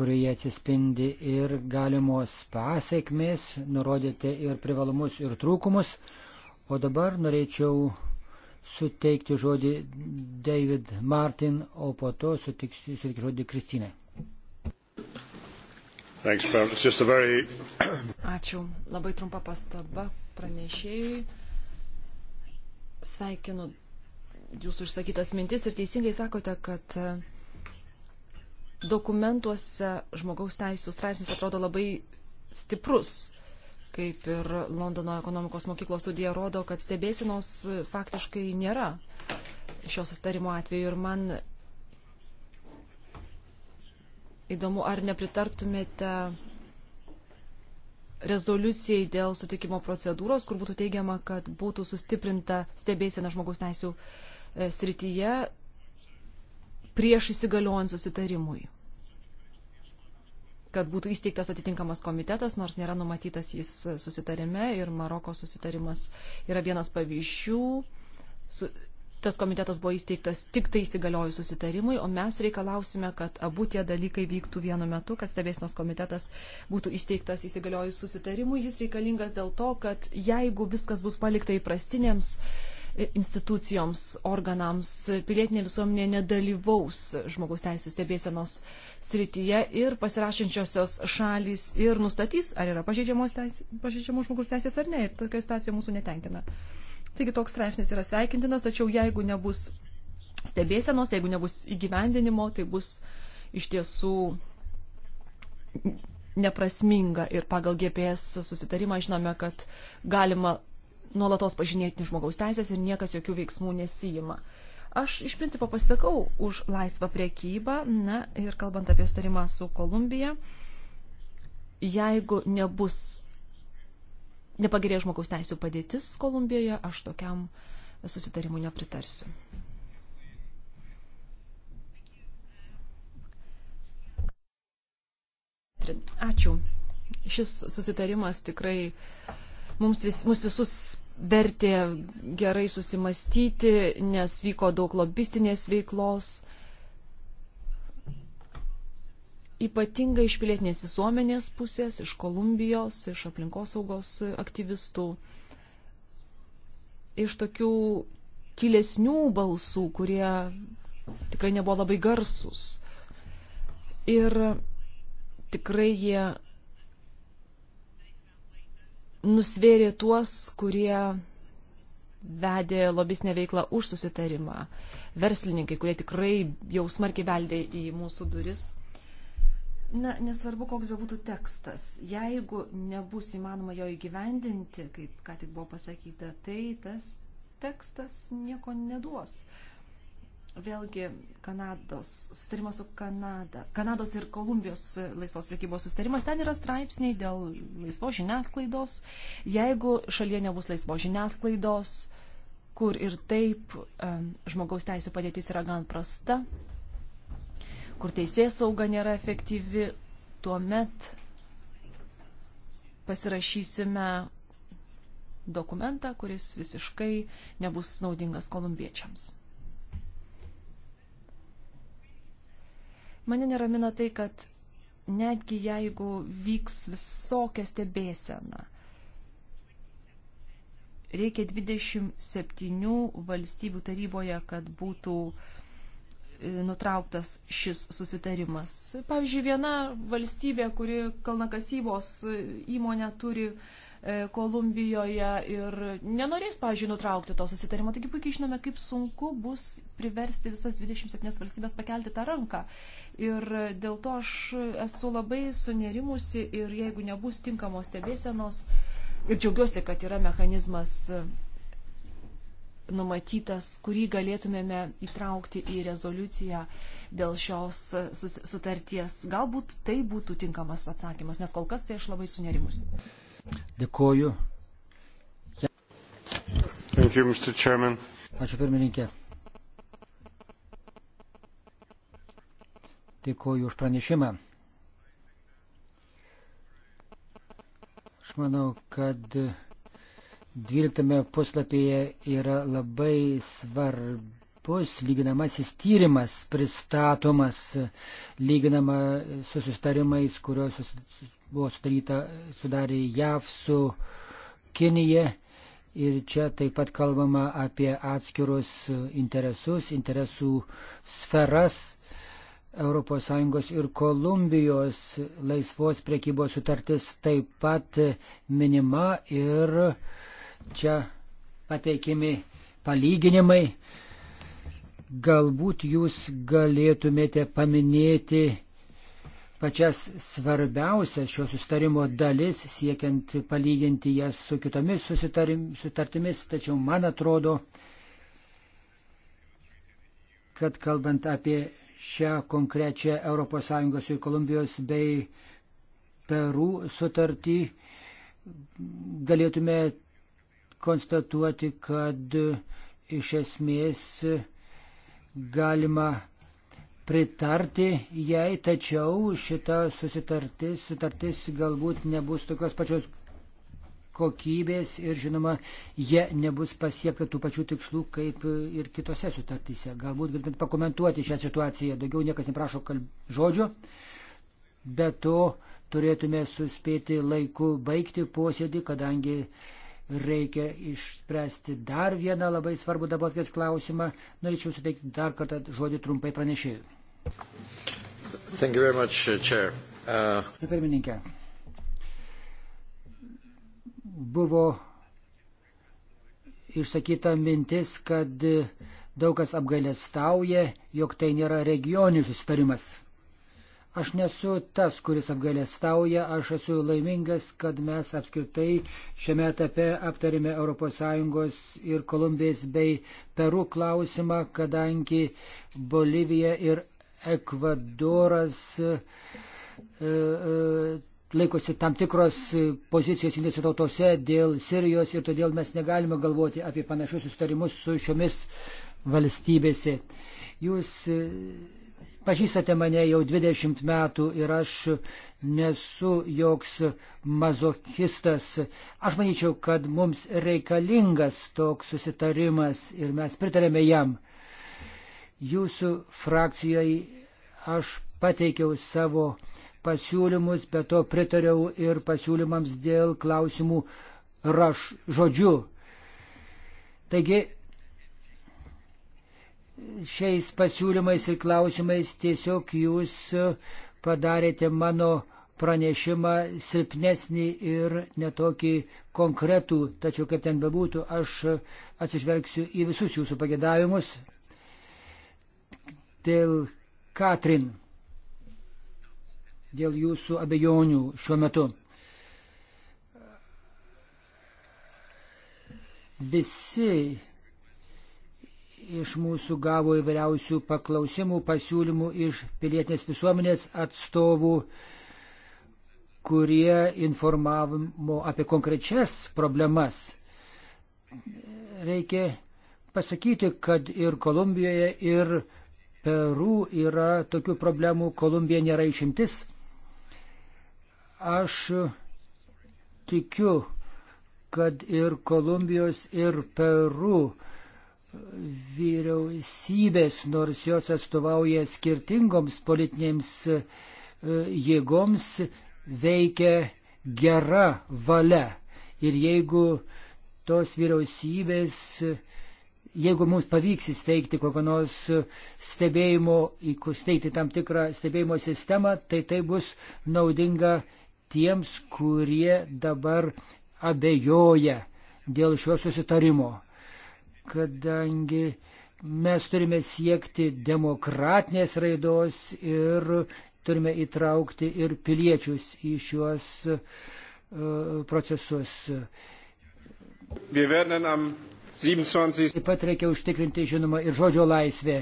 kurioje atsispindi ir galimos pasiekmės, nurodyti ir privalumus, ir trūkumus. O dabar norėčiau suteikti žodį David Martin, o po to suteiksiu suteikti žodį Kristinai. Very... *coughs* Ačiū. Labai trumpa pastaba pranešėjui. Sveikinu jūsų išsakytas mintis ir teisingai sakote, kad uh, Dokumentuose žmogaus teisų straipsnis atrodo labai stiprus, kaip ir Londono ekonomikos mokyklos studija rodo, kad stebėsinos faktiškai nėra šio sustarimo atveju ir man įdomu, ar nepritartumėte rezoliucijai dėl sutikimo procedūros, kur būtų teigiama, kad būtų sustiprinta stebėsena žmogaus teisų e, srityje, prieš įsigaliuojant susitarimui kad būtų įsteigtas atitinkamas komitetas, nors nėra numatytas jis susitarime ir Maroko susitarimas yra vienas pavyzdžių. Su, tas komitetas buvo įsteigtas tik tai įsigaliojus susitarimui, o mes reikalausime, kad abu tie dalykai vyktų vienu metu, kad stebėsinos komitetas būtų įsteigtas įsigaliojus susitarimui. Jis reikalingas dėl to, kad jeigu viskas bus palikta įprastinėms uh, institucijoms, organams, pilietinė visuomenė nedalyvaus žmogaus teisų stebėsenos srityje ir pasirašančiosios šalys ir nustatys, ar yra pažeidžiamos, teisė, pažeidžiamos žmogaus teisės ar ne. Ir tokia situacija mūsų netenkina. Taigi toks straipsnis yra sveikintinas, tačiau jeigu nebus stebėsenos, jeigu nebus įgyvendinimo, tai bus iš tiesų neprasminga ir pagal GPS susitarimą žinome, kad galima nuolatos pažinėti žmogaus teisės ir niekas jokių veiksmų nesijima. Aš iš principo pasisakau už laisvą priekybą, na ir kalbant apie starimą su Kolumbija, jeigu nebus, nepagerė žmogaus teisų padėtis Kolumbijoje, aš tokiam susitarimui nepritarsiu. Ačiū. Šis susitarimas tikrai uh, mums, vis, mums visus vertė gerai susimastyti, nes vyko daug lobistinės veiklos. Ypatingai iš pilietinės visuomenės pusės, iš Kolumbijos, iš aplinkosaugos aktyvistų, iš tokių kilesnių balsų, kurie tikrai nebuvo labai garsus. Ir tikrai jie nusvėrė tuos, kurie vedė lobisnę veiklą už susitarimą. Verslininkai, kurie tikrai jau smarkiai beldė į mūsų duris. Na, nesvarbu, koks bebūtų tekstas, jeigu nebus įmanoma jo įgyvendinti, kaip ką tik buvo pasakyta, tai tas tekstas nieko neduos. Uh, Vėlgi Kanados, sustarimas su Kanada, Kanados ir Kolumbijos laisvos priekybos sustarimas, ten yra straipsniai dėl laisvos žiniasklaidos. Jeigu šalyje nebus laisvos žiniasklaidos, kur ir taip žmogaus teisų padėtis yra gan prasta, kur teisės sauga nėra efektyvi, tuomet pasirašysime dokumentą, kuris visiškai nebus naudingas kolumbiečiams. Mane neramina tai, kad netgi jeigu vyks visokia stebėsena, reikia 27 valstybių taryboje, kad būtų e, nutrauktas šis susitarimas. Pavyzdžiui, viena valstybė, kuri kalnakasybos e, įmonę turi uh, E, Kolumbijoje ir nenorės, pažiūrėjau, nutraukti to susitarimo. Taigi puikiai žinome, kaip sunku bus priversti visas 27 valstybės pakelti tą ranką. Ir dėl to aš esu labai sunerimusi ir jeigu nebus tinkamos stebėsenos, ir džiaugiuosi, kad yra mechanizmas e, numatytas, kurį galėtumėme įtraukti į rezoliuciją dėl šios e, sutarties. Galbūt tai būtų tinkamas atsakymas, nes kol kas tai aš labai sunerimusi. Dėkuoju. Thank you, Mr. Chairman. Ačiū pirmininkė. Dėkuoju už pranešimą. Aš manau, kad 12 puslapyje yra labai svarbus lyginamasis tyrimas pristatomas, lyginama su sustarimais, kurios buvo sudaryta, sudarė JAV su Kinija. Ir čia taip pat kalbama apie atskirus interesus, interesų sferas. ES ir Kolumbijos laisvos priekybos sutartis taip pat minima ir čia pateikimi palyginimai. Galbūt jūs galėtumėte paminėti pačias svarbiausias šio sustarimo dalis, siekiant palyginti jas su kitomis sutartimis, tačiau man atrodo, kad kalbant apie šią konkrečią ES ir Kolumbijos bei Peru sutartį, galėtume konstatuoti, kad iš esmės galima pritarti jai, tačiau šita susitartis, sutartis galbūt nebus tokios pačios kokybės ir žinoma, jie nebus pasiekta tų pačių tikslų kaip ir kitose sutartyse. Galbūt galėtumėt pakomentuoti šią situaciją, daugiau niekas neprašo kalb... žodžio, bet to turėtume suspėti laiku baigti posėdį, kadangi reikia išspręsti dar vieną labai svarbų dabartės klausimą. Norėčiau suteikti dar kartą žodį trumpai pranešėjui. Thank you very much, uh, Chair. Uh... Pirmininkė. Buvo išsakyta mintis, kad daug kas apgailestauja, jog tai nėra regioninis susitarimas. Aš nesu tas, kuris apgailestauja, aš esu laimingas, kad mes apskritai šiame etape aptarėme ES ir Kolumbijos bei Peru klausimą, kadangi Bolivija ir Ekvadoras e, e, laikosi tam tikros pozicijos jungtinėse tautose dėl Sirijos ir todėl mes negalime galvoti apie panašius sustarimus su šiomis valstybėse. Jūs e, pažįstate mane jau 20 metų ir aš nesu joks mazochistas. Aš manyčiau, kad mums reikalingas toks susitarimas ir mes pritarėme jam. Jūsų frakcijai aš pateikiau savo pasiūlymus, bet to pritariau ir pasiūlymams dėl klausimų raš žodžiu. Taigi, šiais pasiūlymais ir klausimais tiesiog jūs padarėte mano pranešimą silpnesnį ir netokį konkretų, tačiau kaip ten bebūtų, aš atsižvelgsiu į visus jūsų pagėdavimus. Dėl Katrin, dėl jūsų abejonių šiuo metu. Visi iš mūsų gavo įvairiausių paklausimų, pasiūlymų iš pilietinės visuomenės atstovų, kurie informavimo apie konkrečias problemas. Reikia pasakyti, kad ir Kolumbijoje, ir Peru yra tokių problemų, Kolumbija nėra išimtis. Aš tikiu, kad ir Kolumbijos, ir Peru vyriausybės, nors jos atstovauja skirtingoms politinėms e, jėgoms, veikia gera valia. Ir jeigu tos vyriausybės jeigu mums pavyks įsteigti kokią nors stebėjimo, įsteigti tam tikrą stebėjimo sistemą, tai tai bus naudinga tiems, kurie dabar abejoja dėl šio susitarimo. Kadangi mes turime siekti demokratinės raidos ir turime įtraukti ir piliečius į šiuos uh, procesus. Wir werden am 27. Taip pat reikia užtikrinti, žinoma, ir žodžio laisvę.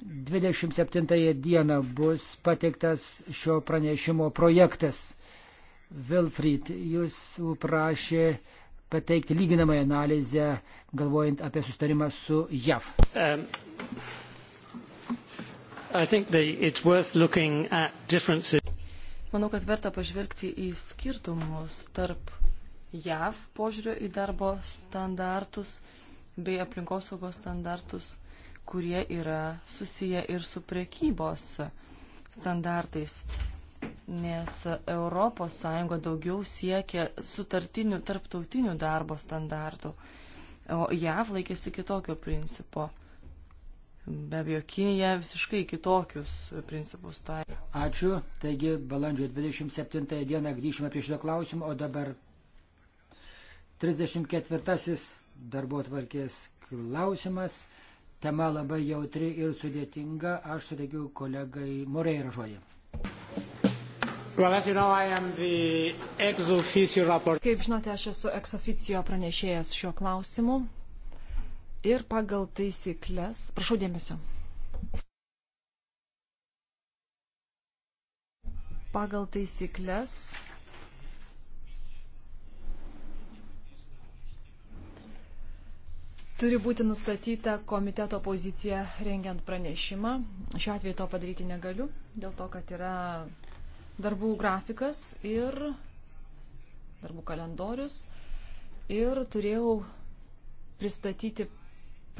27 dieną bus pateiktas šio pranešimo projektas. Vilfrid, jūs prašė pateikti lyginamąją analizę, galvojant apie sustarimą su JAV. Um, Manau, kad verta pažvelgti į skirtumus tarp JAV požiūrio į darbo standartus bei aplinkosaugos standartus, kurie yra susiję ir su priekybos standartais. Nes ES daugiau siekia sutartinių tarptautinių darbo standartų, o JAV laikėsi kitokio principo. Be abejo, Kinija visiškai kitokius principus taiko. Ačiū. Taigi, balandžio 27 dieną grįžime prie šito klausimo, o dabar 34 darbo atvarkės klausimas. Tema labai jautri ir sudėtinga. Aš suteikiu kolegai Moreira žodį. Well, you know, Kaip žinote, aš esu ex officio pranešėjas šiuo klausimu ir pagal taisyklės. Prašau dėmesio. Pagal taisyklės turi būti nustatyta komiteto pozicija rengiant pranešimą. Šiuo atveju to padaryti negaliu, dėl to, kad yra darbų grafikas ir darbų kalendorius. Ir turėjau pristatyti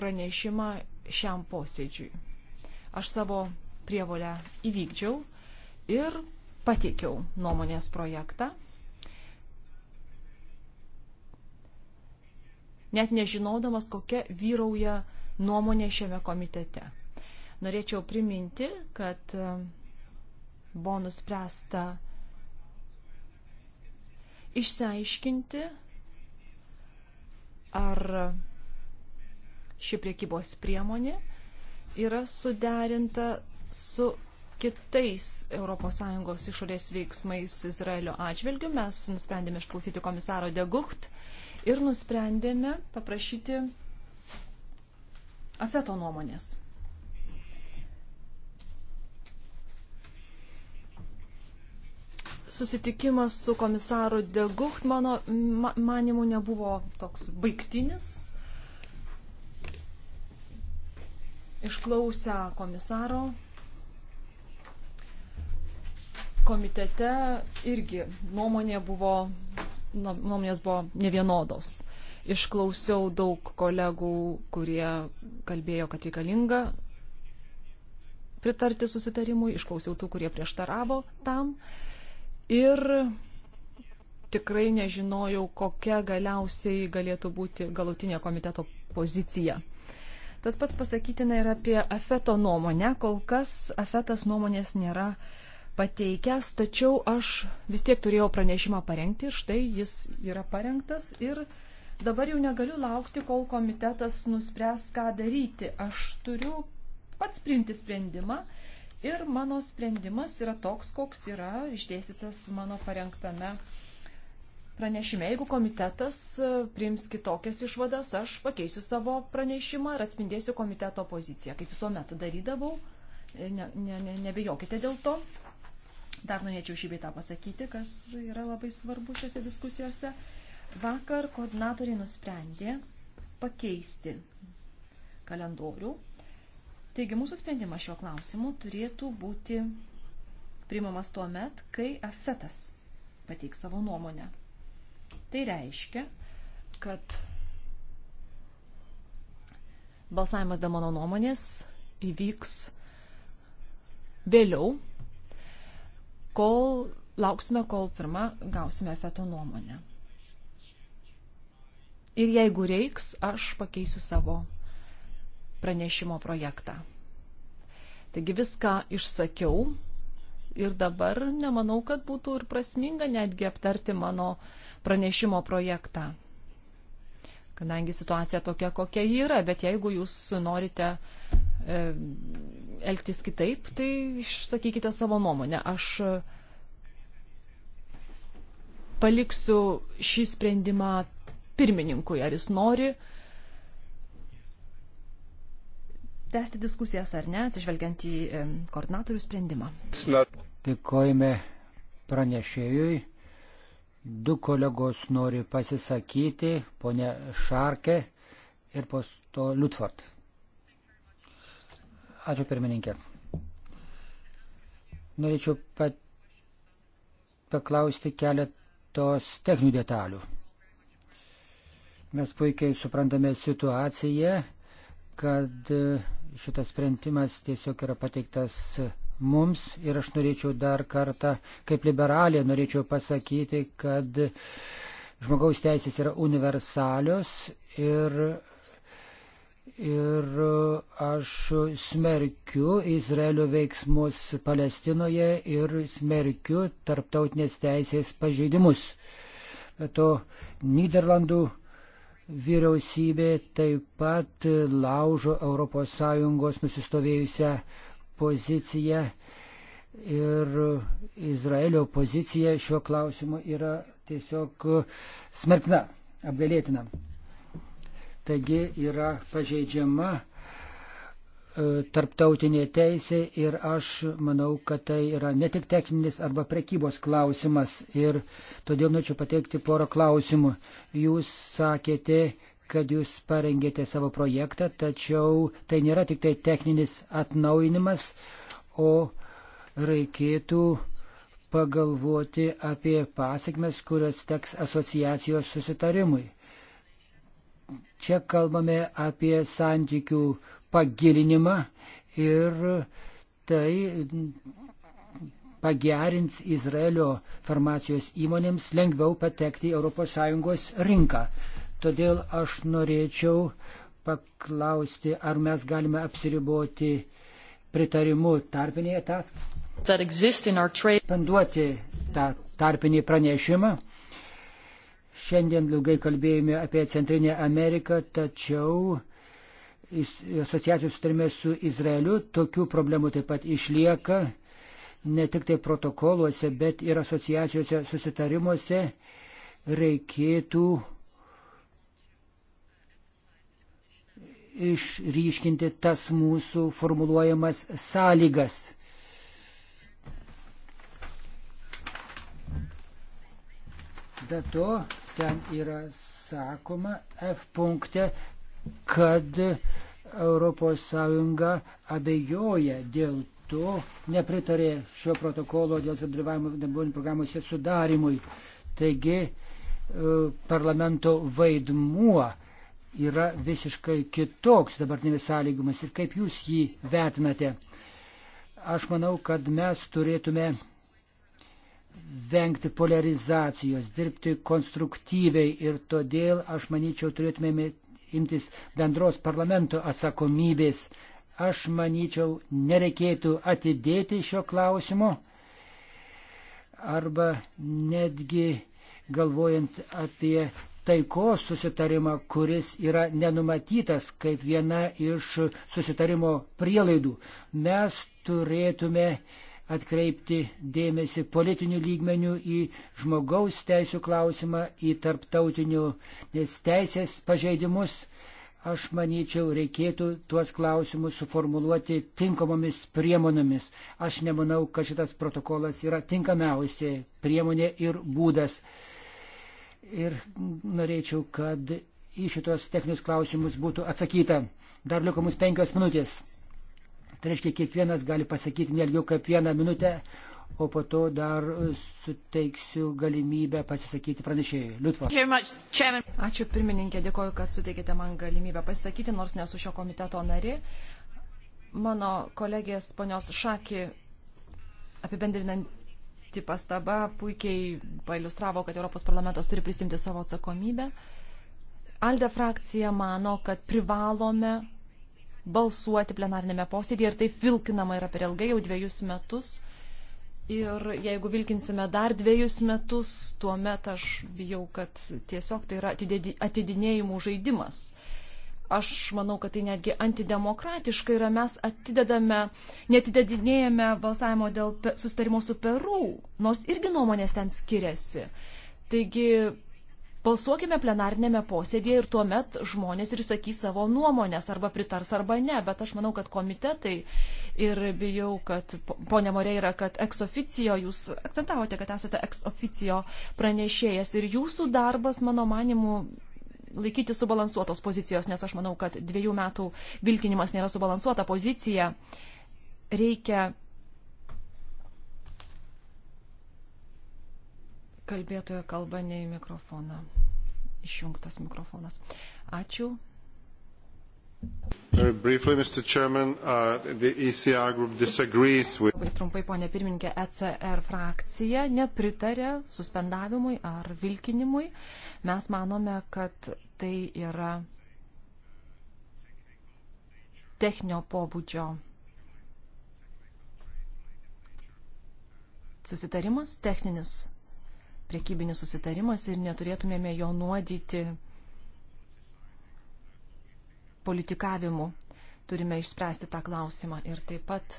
pranešimą šiam posėdžiui. Aš savo prievolę įvykdžiau ir pateikiau nuomonės projektą net nežinodamas, kokia vyrauja nuomonė šiame komitete. Norėčiau priminti, kad e, buvo nuspręsta išsiaiškinti, ar ši priekybos priemonė yra suderinta su kitais ES išorės veiksmais Izraelio atžvilgių. Mes nusprendėme išklausyti komisaro Degucht ir nusprendėme paprašyti afeto nuomonės. Susitikimas su komisaru Degucht mano ma, manimu nebuvo toks baigtinis. Išklausę komisaro komitete irgi nuomonė buvo Nu, nuomonės buvo nevienodos. Išklausiau daug kolegų, kurie kalbėjo, kad reikalinga pritarti susitarimui, išklausiau tų, kurie prieštaravo tam. Ir tikrai nežinojau, kokia galiausiai galėtų būti galutinė komiteto pozicija. Tas pats pasakytina ir apie Afeto nuomonę. Kol kas Afetas nuomonės nėra uh, pateikęs, tačiau aš vis tiek turėjau pranešimą parengti ir štai jis yra parengtas ir dabar jau negaliu laukti, kol komitetas nuspręs, ką daryti. Aš turiu pats priimti sprendimą ir mano sprendimas yra toks, koks yra išdėstytas mano parengtame pranešime, jeigu komitetas e, priims kitokias išvadas, aš pakeisiu savo pranešimą ir atspindėsiu komiteto poziciją, kaip visuomet darydavau. E, ne, ne, ne, nebejokite dėl to. Dar norėčiau šį beitą pasakyti, kas yra labai svarbu šiuose diskusijose. Vakar koordinatoriai nusprendė pakeisti kalendorių. Taigi mūsų sprendimas šiuo klausimu turėtų būti priimamas tuo met, kai afetas pateiks savo nuomonę. Tai reiškia, kad balsavimas dėl mano nuomonės įvyks vėliau kol lauksime, kol pirmą gausime feto nuomonę. Ir jeigu reiks, aš pakeisiu savo pranešimo projektą. Taigi viską išsakiau ir dabar nemanau, kad būtų ir prasminga netgi aptarti mano pranešimo projektą. Kadangi situacija tokia, kokia yra, bet jeigu jūs norite E, elgtis kitaip, tai išsakykite savo nuomonę. Aš e, paliksiu šį sprendimą pirmininkui, ar jis nori tęsti diskusijas ar ne, atsižvelgiant į e, koordinatorių sprendimą. Dėkojame pranešėjui. Du kolegos nori pasisakyti, ponė Šarkė ir po to Liutford. Ačiū pirmininkė. Norėčiau pat paklausti keletos techninių detalių. Mes puikiai suprantame situaciją, kad e, šitas sprendimas tiesiog yra pateiktas mums ir aš norėčiau dar kartą, kaip liberalė, norėčiau pasakyti, kad žmogaus teisės yra universalios ir Ir e, aš smerkiu Izraelio veiksmus Palestinoje ir smerkiu tarptautinės teisės pažeidimus. Be to, Niderlandų vyriausybė taip pat laužo ES nusistovėjusią poziciją ir Izraelio pozicija šiuo klausimu yra tiesiog smerkna, apgalėtina. Taigi yra pažeidžiama e, tarptautinė teisė ir aš manau, kad tai yra ne tik techninis arba prekybos klausimas ir todėl norėčiau pateikti porą klausimų. Jūs sakėte, kad jūs parengėte savo projektą, tačiau tai nėra tik tai techninis atnaujinimas, o reikėtų pagalvoti apie pasiekmes, kurios teks asociacijos susitarimui. Čia kalbame apie santykių pagilinimą ir tai pagerins Izraelio farmacijos įmonėms lengviau patekti į ES rinką. Todėl aš norėčiau paklausti, ar mes galime apsiriboti pritarimu tarpinėje ataskaitoje. Panduoti tą tarpinį pranešimą Šiandien ilgai kalbėjome apie Centrinę Ameriką, tačiau asociacijos sutarime su Izraeliu tokių problemų taip pat išlieka ne tik tai protokoluose, bet ir asociacijose susitarimuose reikėtų išryškinti tas mūsų formuluojamas sąlygas. Be to, ten yra sakoma F punkte, kad ES abejoja dėl to, nepritarė šio protokolo dėl subdalyvavimo darbuojimų programos sudarimui. Taigi e, parlamento vaidmuo yra visiškai kitoks dabartinis sąlygumas ir kaip jūs jį vertinate. Aš manau, kad mes turėtume vengti polarizacijos, dirbti konstruktyviai ir todėl aš manyčiau turėtumėme imtis bendros parlamento atsakomybės. Aš manyčiau, nereikėtų atidėti šio klausimo arba netgi galvojant apie taikos susitarimą, kuris yra nenumatytas kaip viena iš susitarimo prielaidų. Mes turėtume uh, atkreipti dėmesį politinių lygmenių į žmogaus teisų klausimą, į tarptautinius teisės pažeidimus. Aš manyčiau, reikėtų tuos klausimus suformuluoti tinkamomis priemonėmis. Aš nemanau, kad šitas protokolas yra tinkamiausia priemonė ir būdas. Ir norėčiau, kad į šitos techninius klausimus būtų atsakyta. Dar liko mums penkios minutės. Tai reiškia, kiekvienas gali pasakyti nelgiau kaip vieną minutę, o po to dar suteiksiu galimybę pasisakyti pranešėjui. Liutva. Ačiū pirmininkė, dėkoju, kad suteikite man galimybę pasisakyti, nors nesu šio komiteto nari. Mano kolegės ponios Šaki apibendrinanti pastaba puikiai pailustravo, kad Europos parlamentas turi prisimti savo atsakomybę. Alde frakcija mano, kad privalome balsuoti plenarinėme posėdėje ir tai vilkinama yra per ilgai, jau dviejus metus. Ir jeigu vilkinsime dar dviejus metus, tuomet aš bijau, kad tiesiog tai yra atidinėjimų žaidimas. Aš manau, kad tai netgi antidemokratiška yra, mes atidedame, netidedinėjame balsavimo dėl sustarimo su Peru, nors irgi nuomonės ten skiriasi. Taigi Balsuokime plenarinėme posėdėje ir tuomet žmonės ir sakys savo nuomonės arba pritars arba ne, bet aš manau, kad komitetai ir bijau, kad ponė Morė yra, kad eksoficijo, jūs akcentavote, kad esate eksoficijo pranešėjas ir jūsų darbas, mano manimu, laikyti subalansuotos pozicijos, nes aš manau, kad dviejų metų vilkinimas nėra subalansuota pozicija. Reikia Kalbėtojo kalba ne į mikrofoną. Išjungtas mikrofonas. Ačiū. Very briefly, Mr. Chairman, uh, the ECR group disagrees with... Labai trumpai, ponė pirmininkė, ECR frakcija nepritarė suspendavimui ar vilkinimui. Mes manome, kad tai yra techninio pobūdžio susitarimas, techninis priekybinis susitarimas ir neturėtumėme jo nuodyti politikavimu. Turime išspręsti tą klausimą ir taip pat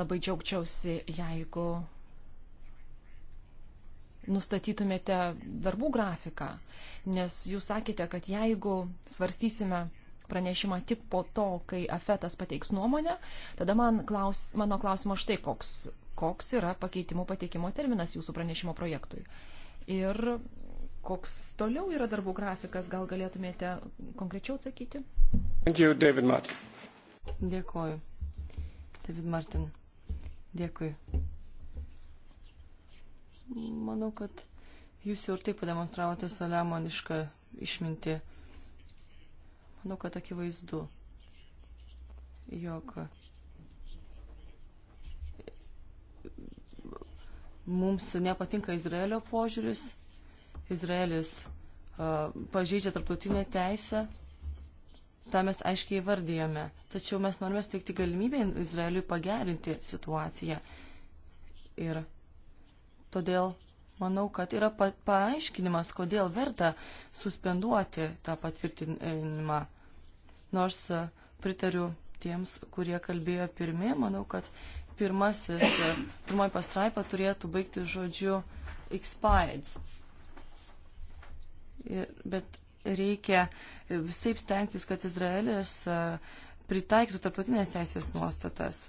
labai džiaugčiausi, jeigu nustatytumėte darbų grafiką, nes jūs sakėte, kad jeigu svarstysime pranešimą tik po to, kai Afetas pateiks nuomonę, tada man klaus, mano klausimas štai koks koks yra pakeitimų pateikimo terminas jūsų pranešimo projektui. Ir koks toliau yra darbų grafikas, gal galėtumėte konkrečiau atsakyti? Dėkui, David Martin. Dėkuoju. David Martin. Dėkui. Manau, kad jūs jau ir taip pademonstravote saliamonišką išmintį. Manau, kad akivaizdu, jog Mums nepatinka Izraelio požiūris. Izraelis uh, pažeidžia tarptautinę teisę. Ta mes aiškiai vardėjame. Tačiau mes norime steigti galimybę Izraeliui pagerinti situaciją. Ir todėl manau, kad yra pa paaiškinimas, kodėl verta suspenduoti tą patvirtinimą. Nors pritariu tiems, kurie kalbėjo pirmie, manau, kad pirmasis, e, pirmoji pastraipa turėtų baigti žodžiu expired. Ir, bet reikia visai stengtis, kad Izraelis e, pritaikytų tarptautinės teisės nuostatas.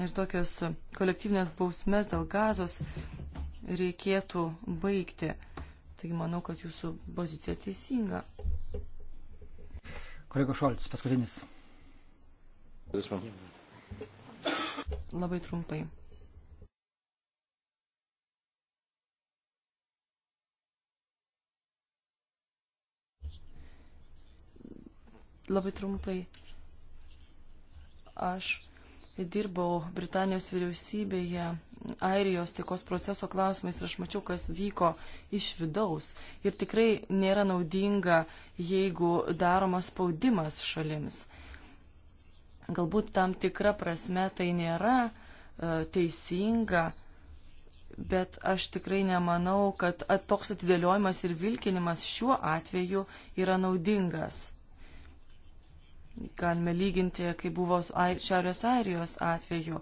Ir tokios kolektyvinės bausmės dėl gazos reikėtų baigti. Taigi manau, kad jūsų pozicija teisinga. Kolego Šolcis, paskutinis. This one labai trumpai. Labai trumpai. Aš dirbau Britanijos vyriausybėje Airijos taikos proceso klausimais ir aš mačiau, kas vyko iš vidaus. Ir tikrai nėra naudinga, jeigu daromas spaudimas šalims. Galbūt tam tikra prasme tai nėra e, teisinga, bet aš tikrai nemanau, kad toks atidėliojimas ir vilkinimas šiuo atveju yra naudingas. Galime lyginti, kai buvo Šiaurės Airijos atveju.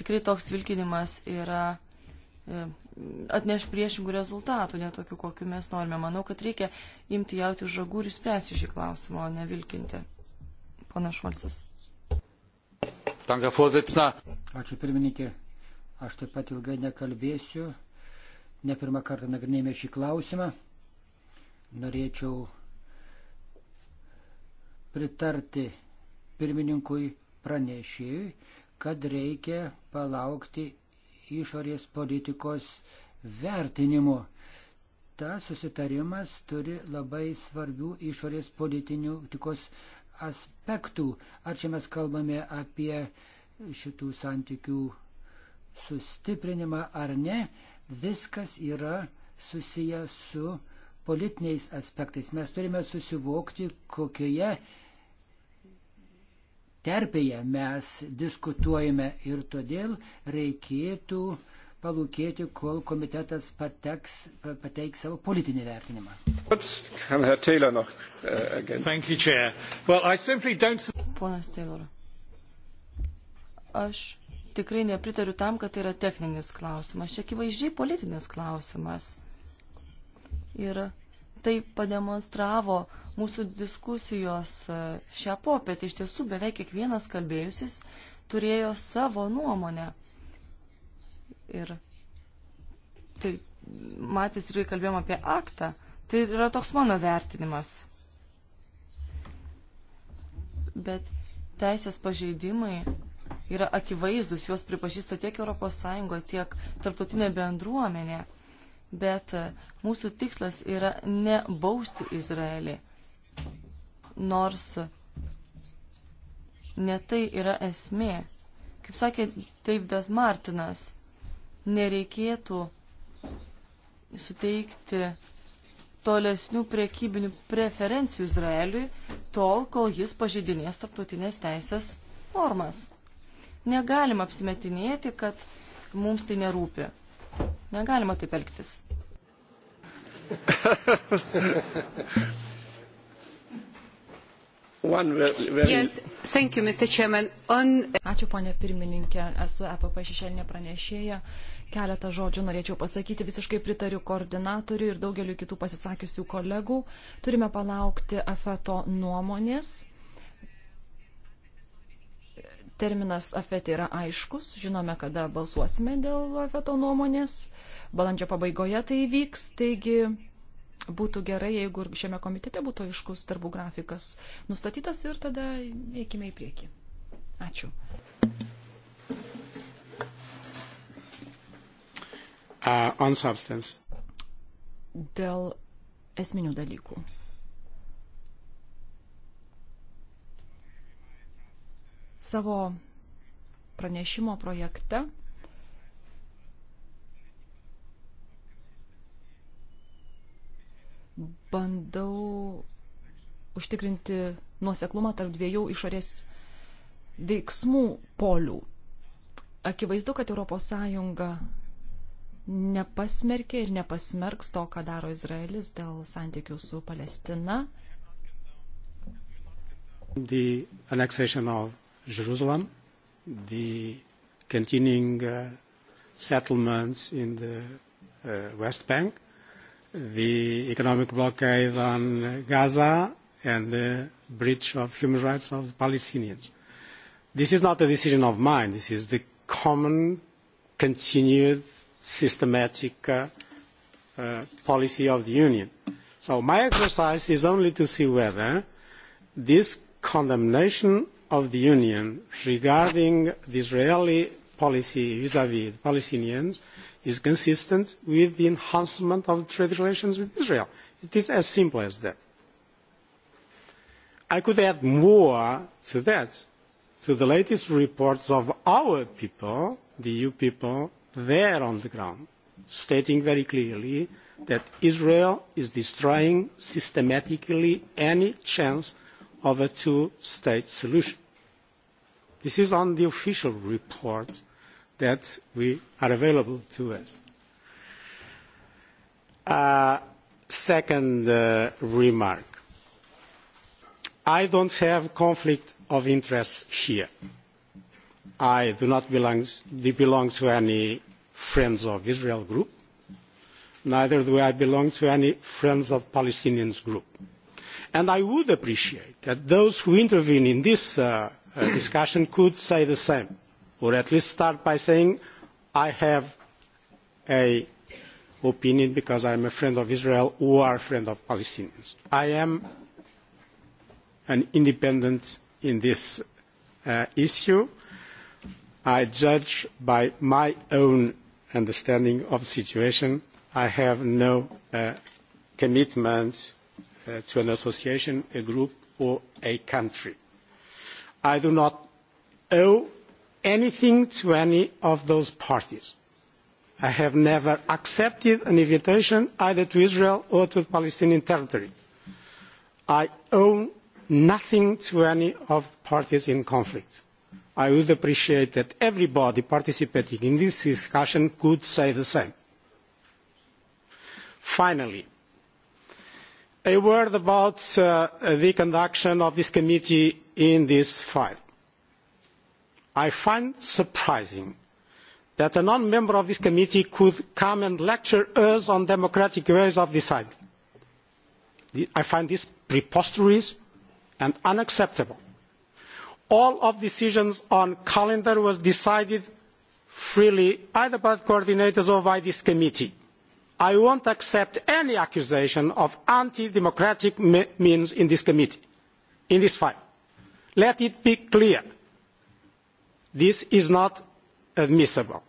Tikrai toks vilkinimas yra e, atneš priešingų rezultatų, ne tokių, kokiu mes norime. Manau, kad reikia imti jauti už žagų ir spręsti šį klausimą, o ne vilkinti. Pana Šolcas. Ačiū pirmininkė. Aš taip pat ilgai nekalbėsiu. Ne pirmą kartą nagrinėjame šį klausimą. Norėčiau pritarti pirmininkui pranešėjui, kad reikia palaukti išorės politikos vertinimo. Ta susitarimas turi labai svarbių išorės politikos vertinimų aspektų. Ar čia mes kalbame apie šitų santykių sustiprinimą ar ne, viskas yra susiję su politiniais aspektais. Mes turime susivokti, kokioje terpėje mes diskutuojame ir todėl reikėtų uh, palūkėti, kol komitetas pateks, pateiks savo politinį vertinimą. Äh, Ponas Taylor, aš tikrai nepritariu tam, kad tai yra techninis klausimas, čia akivaizdžiai politinis klausimas. Ir tai pademonstravo mūsų diskusijos e, šią popietę. Iš tiesų beveik kiekvienas kalbėjusis turėjo savo nuomonę. Ir tai matys ir kalbėjom apie aktą. Tai yra toks mano vertinimas. Bet teisės pažeidimai yra akivaizdus, juos pripažįsta tiek ES, tiek tarptautinė bendruomenė. Bet e, mūsų tikslas yra ne bausti Izraelį. Nors ne tai yra esmė. Kaip sakė Davidas Martinas, nereikėtų suteikti tolesnių priekybinių preferencijų Izraeliui tol, kol jis pažydinės tarptautinės teisės normas. Negalim apsimetinėti, kad mums tai nerūpi. Negalima taip elgtis. *laughs* Very... Yes, thank you, Mr. Chairman. On... Ačiū, ponė pirmininkė, esu EPP šešėlinė pranešėja. Keletą žodžių norėčiau pasakyti, visiškai pritariu koordinatoriui ir daugeliu kitų pasisakiusių kolegų. Turime palaukti afeto nuomonės. Terminas afet yra aiškus, žinome, kada balsuosime dėl afeto nuomonės. Balandžio pabaigoje tai vyks, taigi būtų gerai, jeigu ir šiame komitete būtų aiškus darbų grafikas nustatytas ir tada eikime į priekį. Ačiū. Uh, on substance. Dėl esminių dalykų. Savo pranešimo projekte bandau užtikrinti nuoseklumą tarp dviejų išorės veiksmų polių. Akivaizdu, kad ES nepasmerkė ir nepasmerks to, ką daro Izraelis dėl santykių su Palestina. The annexation of Jerusalem, the continuing uh, settlements in the uh, West Bank, uh, the economic blockade on Gaza and the breach of human rights of Palestinians. This is not a decision of mine. This is the common, continued, systematic uh, uh, policy of the Union. So my exercise is only to see whether this condemnation of the Union regarding the Israeli policy vis-à-vis -vis the Palestinians uh, is consistent with the enhancement of trade relations with Israel. It is as simple as that. I could add more to that, to the latest reports of our people, the EU people, there on the ground, stating very clearly that Israel is destroying systematically any chance of a two-state solution. This is on the official report that we are available to us. Uh, second uh, remark. I don't have conflict of interests here. I do not belong, belong to any Friends of Israel group. Neither do I belong to any Friends of Palestinians group. And I would appreciate that those who intervene in this uh, uh, discussion could say the same or at least start by saying, I have a opinion because I am a friend of Israel or a friend of Palestinians. I am an independent in this uh, issue. I judge by my own understanding of the situation. I have no uh, commitments uh, to an association, a group, or a country. I do not owe anything to any of those parties. I have never accepted an invitation either to Israel or to the Palestinian territory. I own nothing to any of the parties in conflict. I would appreciate that everybody participating in this discussion could say the same. Finally, a word about uh, the conduction of this committee in this file I find surprising that a non-member of this committee could come and lecture us on democratic ways of deciding. I find this preposterous and unacceptable. All of decisions on calendar was decided freely either by the coordinators or by this committee. I won't accept any accusation of anti-democratic me means in this committee, in this file. Let it be clear This is not admissible.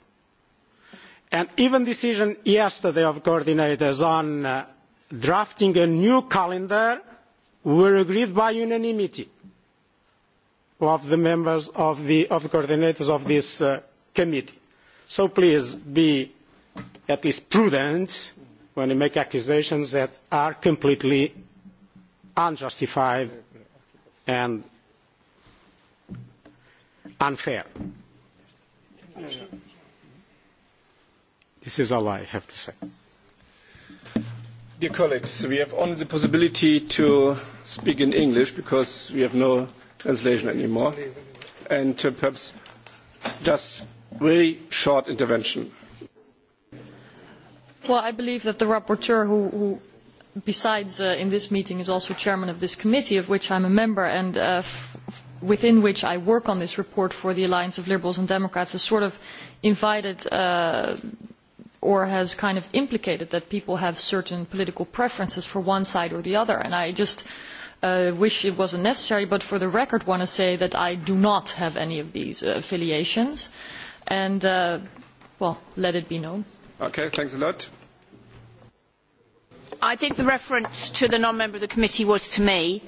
And even decision yesterday of coordinators on uh, drafting a new calendar were agreed by unanimity of the members of the, of the coordinators of this uh, committee. So please be at least prudent when you make accusations that are completely unjustified and unfair. This is all I have to say. Dear colleagues, we have only the possibility to speak in English because we have no translation anymore. And uh, perhaps just very short intervention. Well, I believe that the rapporteur who, who besides uh, in this meeting is also chairman of this committee of which I'm a member and uh, f within which I work on this report for the Alliance of Liberals and Democrats has sort of invited uh, or has kind of implicated that people have certain political preferences for one side or the other. And I just uh, wish it wasn't necessary, but for the record want to say that I do not have any of these uh, affiliations. And, uh, well, let it be known. Okay, thanks a lot. I think the reference to the non-member of the committee was to me. Uh,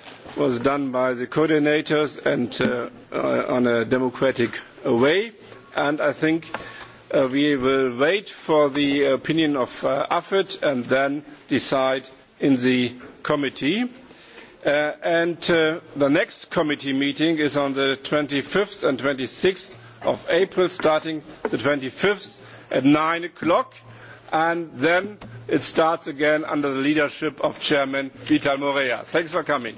was done by the coordinators and uh, uh, on a democratic way. And I think uh, we will wait for the opinion of uh, AFID and then decide in the committee. Uh, and uh, the next committee meeting is on the 25th and 26th of April, starting the 25th at 9 o'clock and then it starts again under the leadership of chairman vital moreira. thanks for coming.